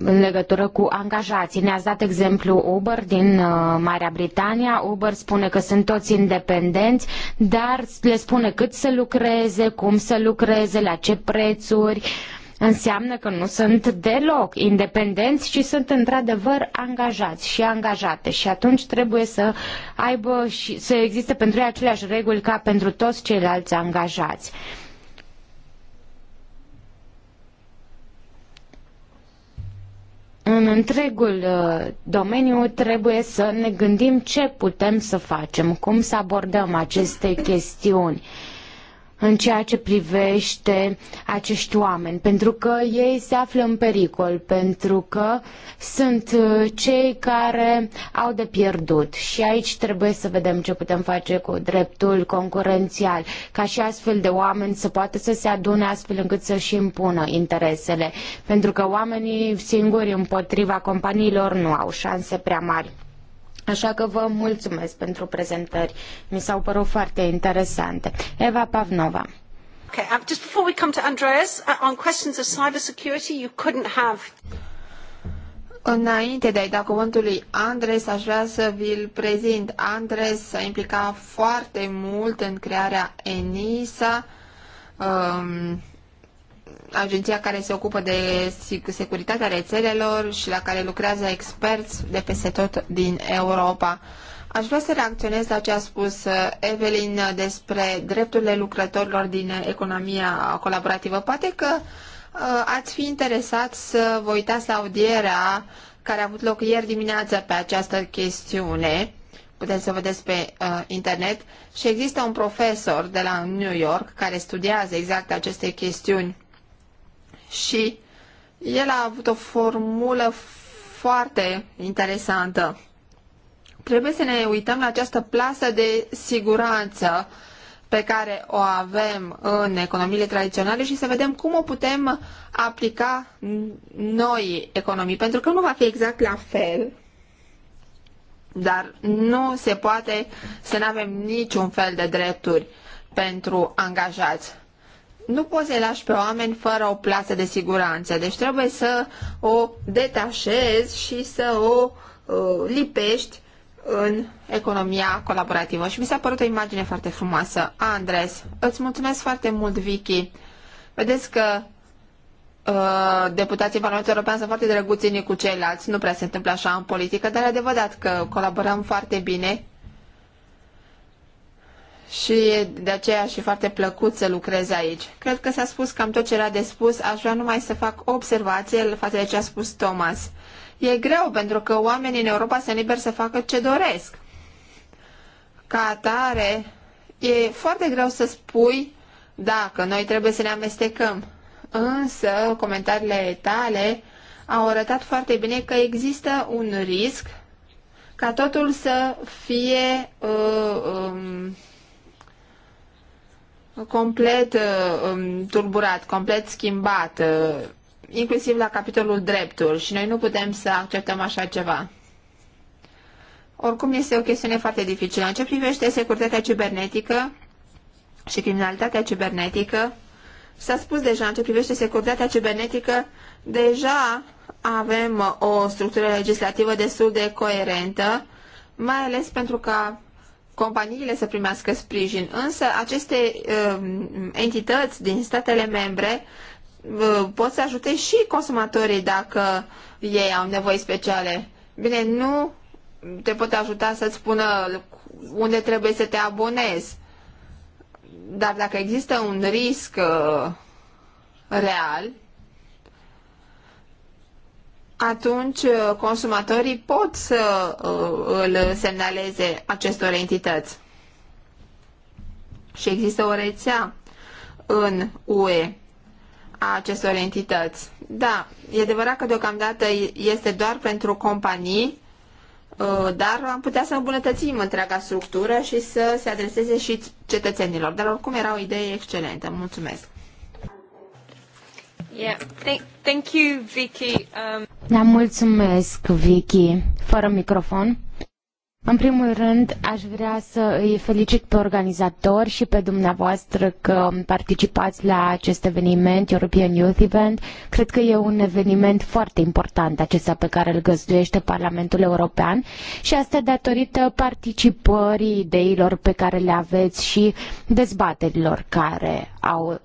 în legătură cu angajații. Ne-ați dat exemplu Uber din uh, Marea Britania. Uber spune că sunt toți independenți, dar le spune cât să lucreze, cum să lucreze, la ce prețuri. Uh, înseamnă că nu sunt deloc independenți și sunt într-adevăr angajați și angajate și atunci trebuie să aibă și să existe pentru ei aceleași reguli ca pentru toți ceilalți angajați. în întregul uh, domeniu trebuie să ne gândim ce putem să facem, cum să abordăm aceste chestiuni. Uh, în ceea ce privește acești oameni, pentru că ei se află în pericol, pentru că sunt uh, cei care au de pierdut și aici trebuie să vedem ce putem face cu dreptul concurențial, ca și astfel de oameni să poată să se adune astfel încât să-și impună interesele, pentru că oamenii singuri împotriva companiilor nu au șanse prea mari. Așa că vă mulțumesc pentru prezentări. Mi s-au părut foarte interesante. Eva Pavnova. Okay, um, just before we come to Andreas, uh, on questions of cybersecurity, you couldn't have Înainte de a-i da cuvântul lui Andres, aș vrea să vi-l prezint. Andres s-a implicat foarte mult în crearea ENISA. Um, agenția care se ocupă de securitatea rețelelor și la care lucrează experți de peste tot din Europa. Aș vrea să reacționez la ce a spus uh, Evelyn uh, despre drepturile lucrătorilor din uh, economia colaborativă. Poate că ați fi interesat să vă uitați la audierea care a avut loc ieri dimineață pe această chestiune. Puteți să vedeți pe uh, internet. Și există un profesor de la New York care studiază exact aceste chestiuni și el a avut o formulă foarte interesantă. Trebuie să ne uităm la această plasă de siguranță pe care o avem în economiile tradiționale și să vedem cum o putem aplica noi economii, pentru că nu va fi exact la fel, dar nu se poate să nu avem niciun fel de drepturi pentru angajați nu poți să-i lași pe oameni fără o plasă de siguranță, deci trebuie să o detașezi și să o uh, lipești în economia colaborativă. Și mi s-a părut o imagine foarte frumoasă. Andres, îți mulțumesc foarte mult, Vicky. Vedeți că uh, deputații Parlamentului European sunt foarte drăguți unii cu ceilalți, nu prea se întâmplă așa în politică, dar e adevărat că colaborăm foarte bine și de aceea și foarte plăcut să lucrez aici. Cred că s-a spus cam tot ce era de spus, aș vrea numai să fac observație față de ce a spus Thomas. E greu pentru că oamenii în Europa sunt liberi să facă ce doresc. Ca atare, e foarte greu să spui dacă noi trebuie să ne amestecăm. Însă, comentariile tale au arătat foarte bine că există un risc ca totul să fie uh, um, complet uh, um, turburat, complet schimbat, uh, inclusiv la capitolul drepturi și noi nu putem să acceptăm așa ceva. Oricum este o chestiune foarte dificilă. În ce privește securitatea cibernetică și criminalitatea cibernetică, s-a spus deja în ce privește securitatea cibernetică, deja avem o structură legislativă destul de coerentă, mai ales pentru că companiile să primească sprijin, însă aceste uh, entități din statele membre uh, pot să ajute și consumatorii dacă ei au nevoi speciale. Bine, nu te pot ajuta să-ți spună unde trebuie să te abonezi, dar dacă există un risc uh, real, atunci uh, consumatorii pot să uh, îl semnaleze acestor entități. Și există o rețea în UE a acestor entități. Da, e adevărat că deocamdată este doar pentru companii, uh, dar am putea să îmbunătățim întreaga structură și să se adreseze și cetățenilor. Dar oricum era o idee excelentă. Mulțumesc! Yeah. Thank, thank you, Vicky. Um... Da, mulțumesc, Vicky. Fără microfon. În primul rând, aș vrea să îi felicit pe organizatori și pe dumneavoastră că participați la acest eveniment, European Youth Event. Cred că e un eveniment foarte important acesta pe care îl găzduiește Parlamentul European și asta datorită participării ideilor pe care le aveți și dezbaterilor care au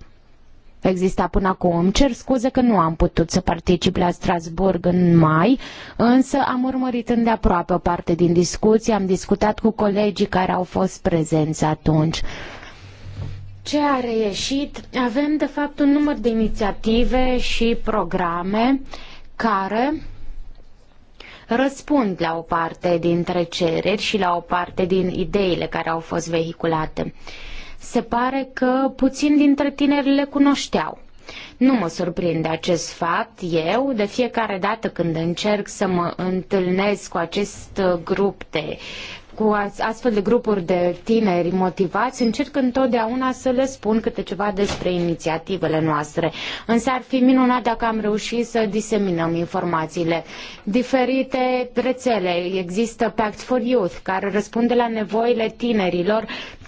exista până acum. Îmi cer scuze că nu am putut să particip la Strasburg în mai, însă am urmărit îndeaproape o parte din discuții, am discutat cu colegii care au fost prezenți atunci. Ce a reieșit? Avem, de fapt, un număr de inițiative și programe care răspund la o parte dintre cereri și la o parte din ideile care au fost vehiculate. Uh, se pare că puțin dintre tineri le cunoșteau. Nu mă surprinde acest fapt. Eu, de fiecare dată când încerc să mă întâlnesc cu acest grup de cu astfel de grupuri de tineri motivați, încerc întotdeauna să le spun câte ceva despre inițiativele noastre. Însă ar fi minunat dacă am reușit să diseminăm informațiile. Diferite rețele există Pact for Youth, care răspunde la nevoile tinerilor,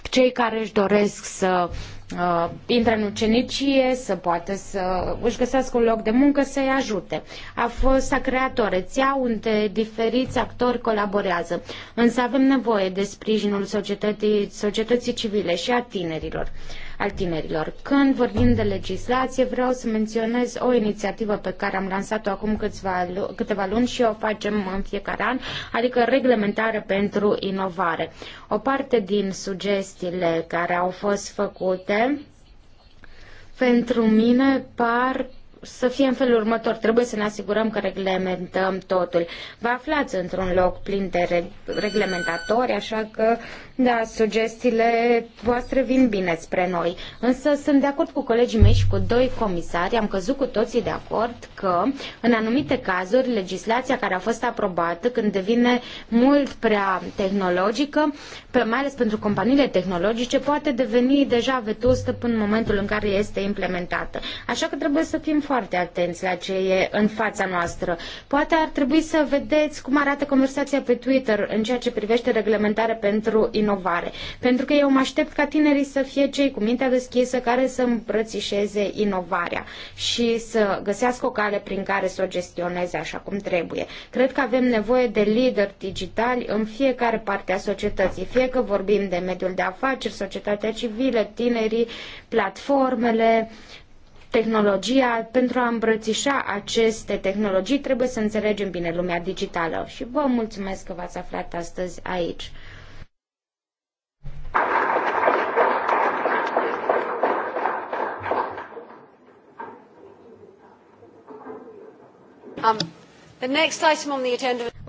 cei care își doresc să uh, intre în ucenicie, să poată să își găsească un loc de muncă, să-i ajute. A fost, s-a creat o rețea unde diferiți actori colaborează, însă avem nevoie de sprijinul societății, societății civile și a tinerilor. Uh, al tinerilor. Când vorbim de legislație, vreau să menționez o inițiativă pe care am lansat-o acum câțiva, câteva luni și o facem în fiecare an, adică reglementare pentru inovare. O parte din sugestiile care au fost făcute pentru mine par să fie în felul următor. Trebuie să ne asigurăm că reglementăm totul. Vă aflați într-un loc plin de reglementatori, așa că da, sugestiile voastre vin bine spre noi, însă sunt de acord cu colegii mei și cu doi comisari. Am căzut cu toții de acord că, în anumite cazuri, legislația care a fost aprobată, când devine mult prea tehnologică, pe, mai ales pentru companiile tehnologice, poate deveni deja vetustă până în momentul în care este implementată. Așa că trebuie să fim foarte atenți la ce e în fața noastră. Poate ar trebui să vedeți cum arată conversația pe Twitter în ceea ce privește reglementarea pentru inovație inovare. Pentru că eu mă aștept ca tinerii să fie cei cu mintea deschisă care să îmbrățișeze inovarea și să găsească o cale prin care să o gestioneze așa cum trebuie. Cred că avem nevoie de lideri digitali în fiecare parte a societății, fie că vorbim de mediul de afaceri, societatea civilă, tinerii, platformele, tehnologia, pentru a îmbrățișa aceste tehnologii, trebuie să înțelegem bine lumea digitală. Și vă mulțumesc că v-ați aflat astăzi aici. Um,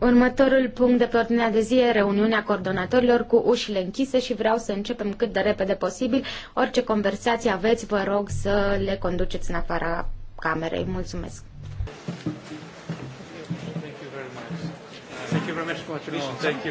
Următorul punct de pe ordinea de zi e reuniunea coordonatorilor cu ușile închise și vreau să începem cât de repede posibil. Orice conversații aveți, vă rog să le conduceți în afara camerei. Mulțumesc! Thank you very much. Thank you very much for Thank you.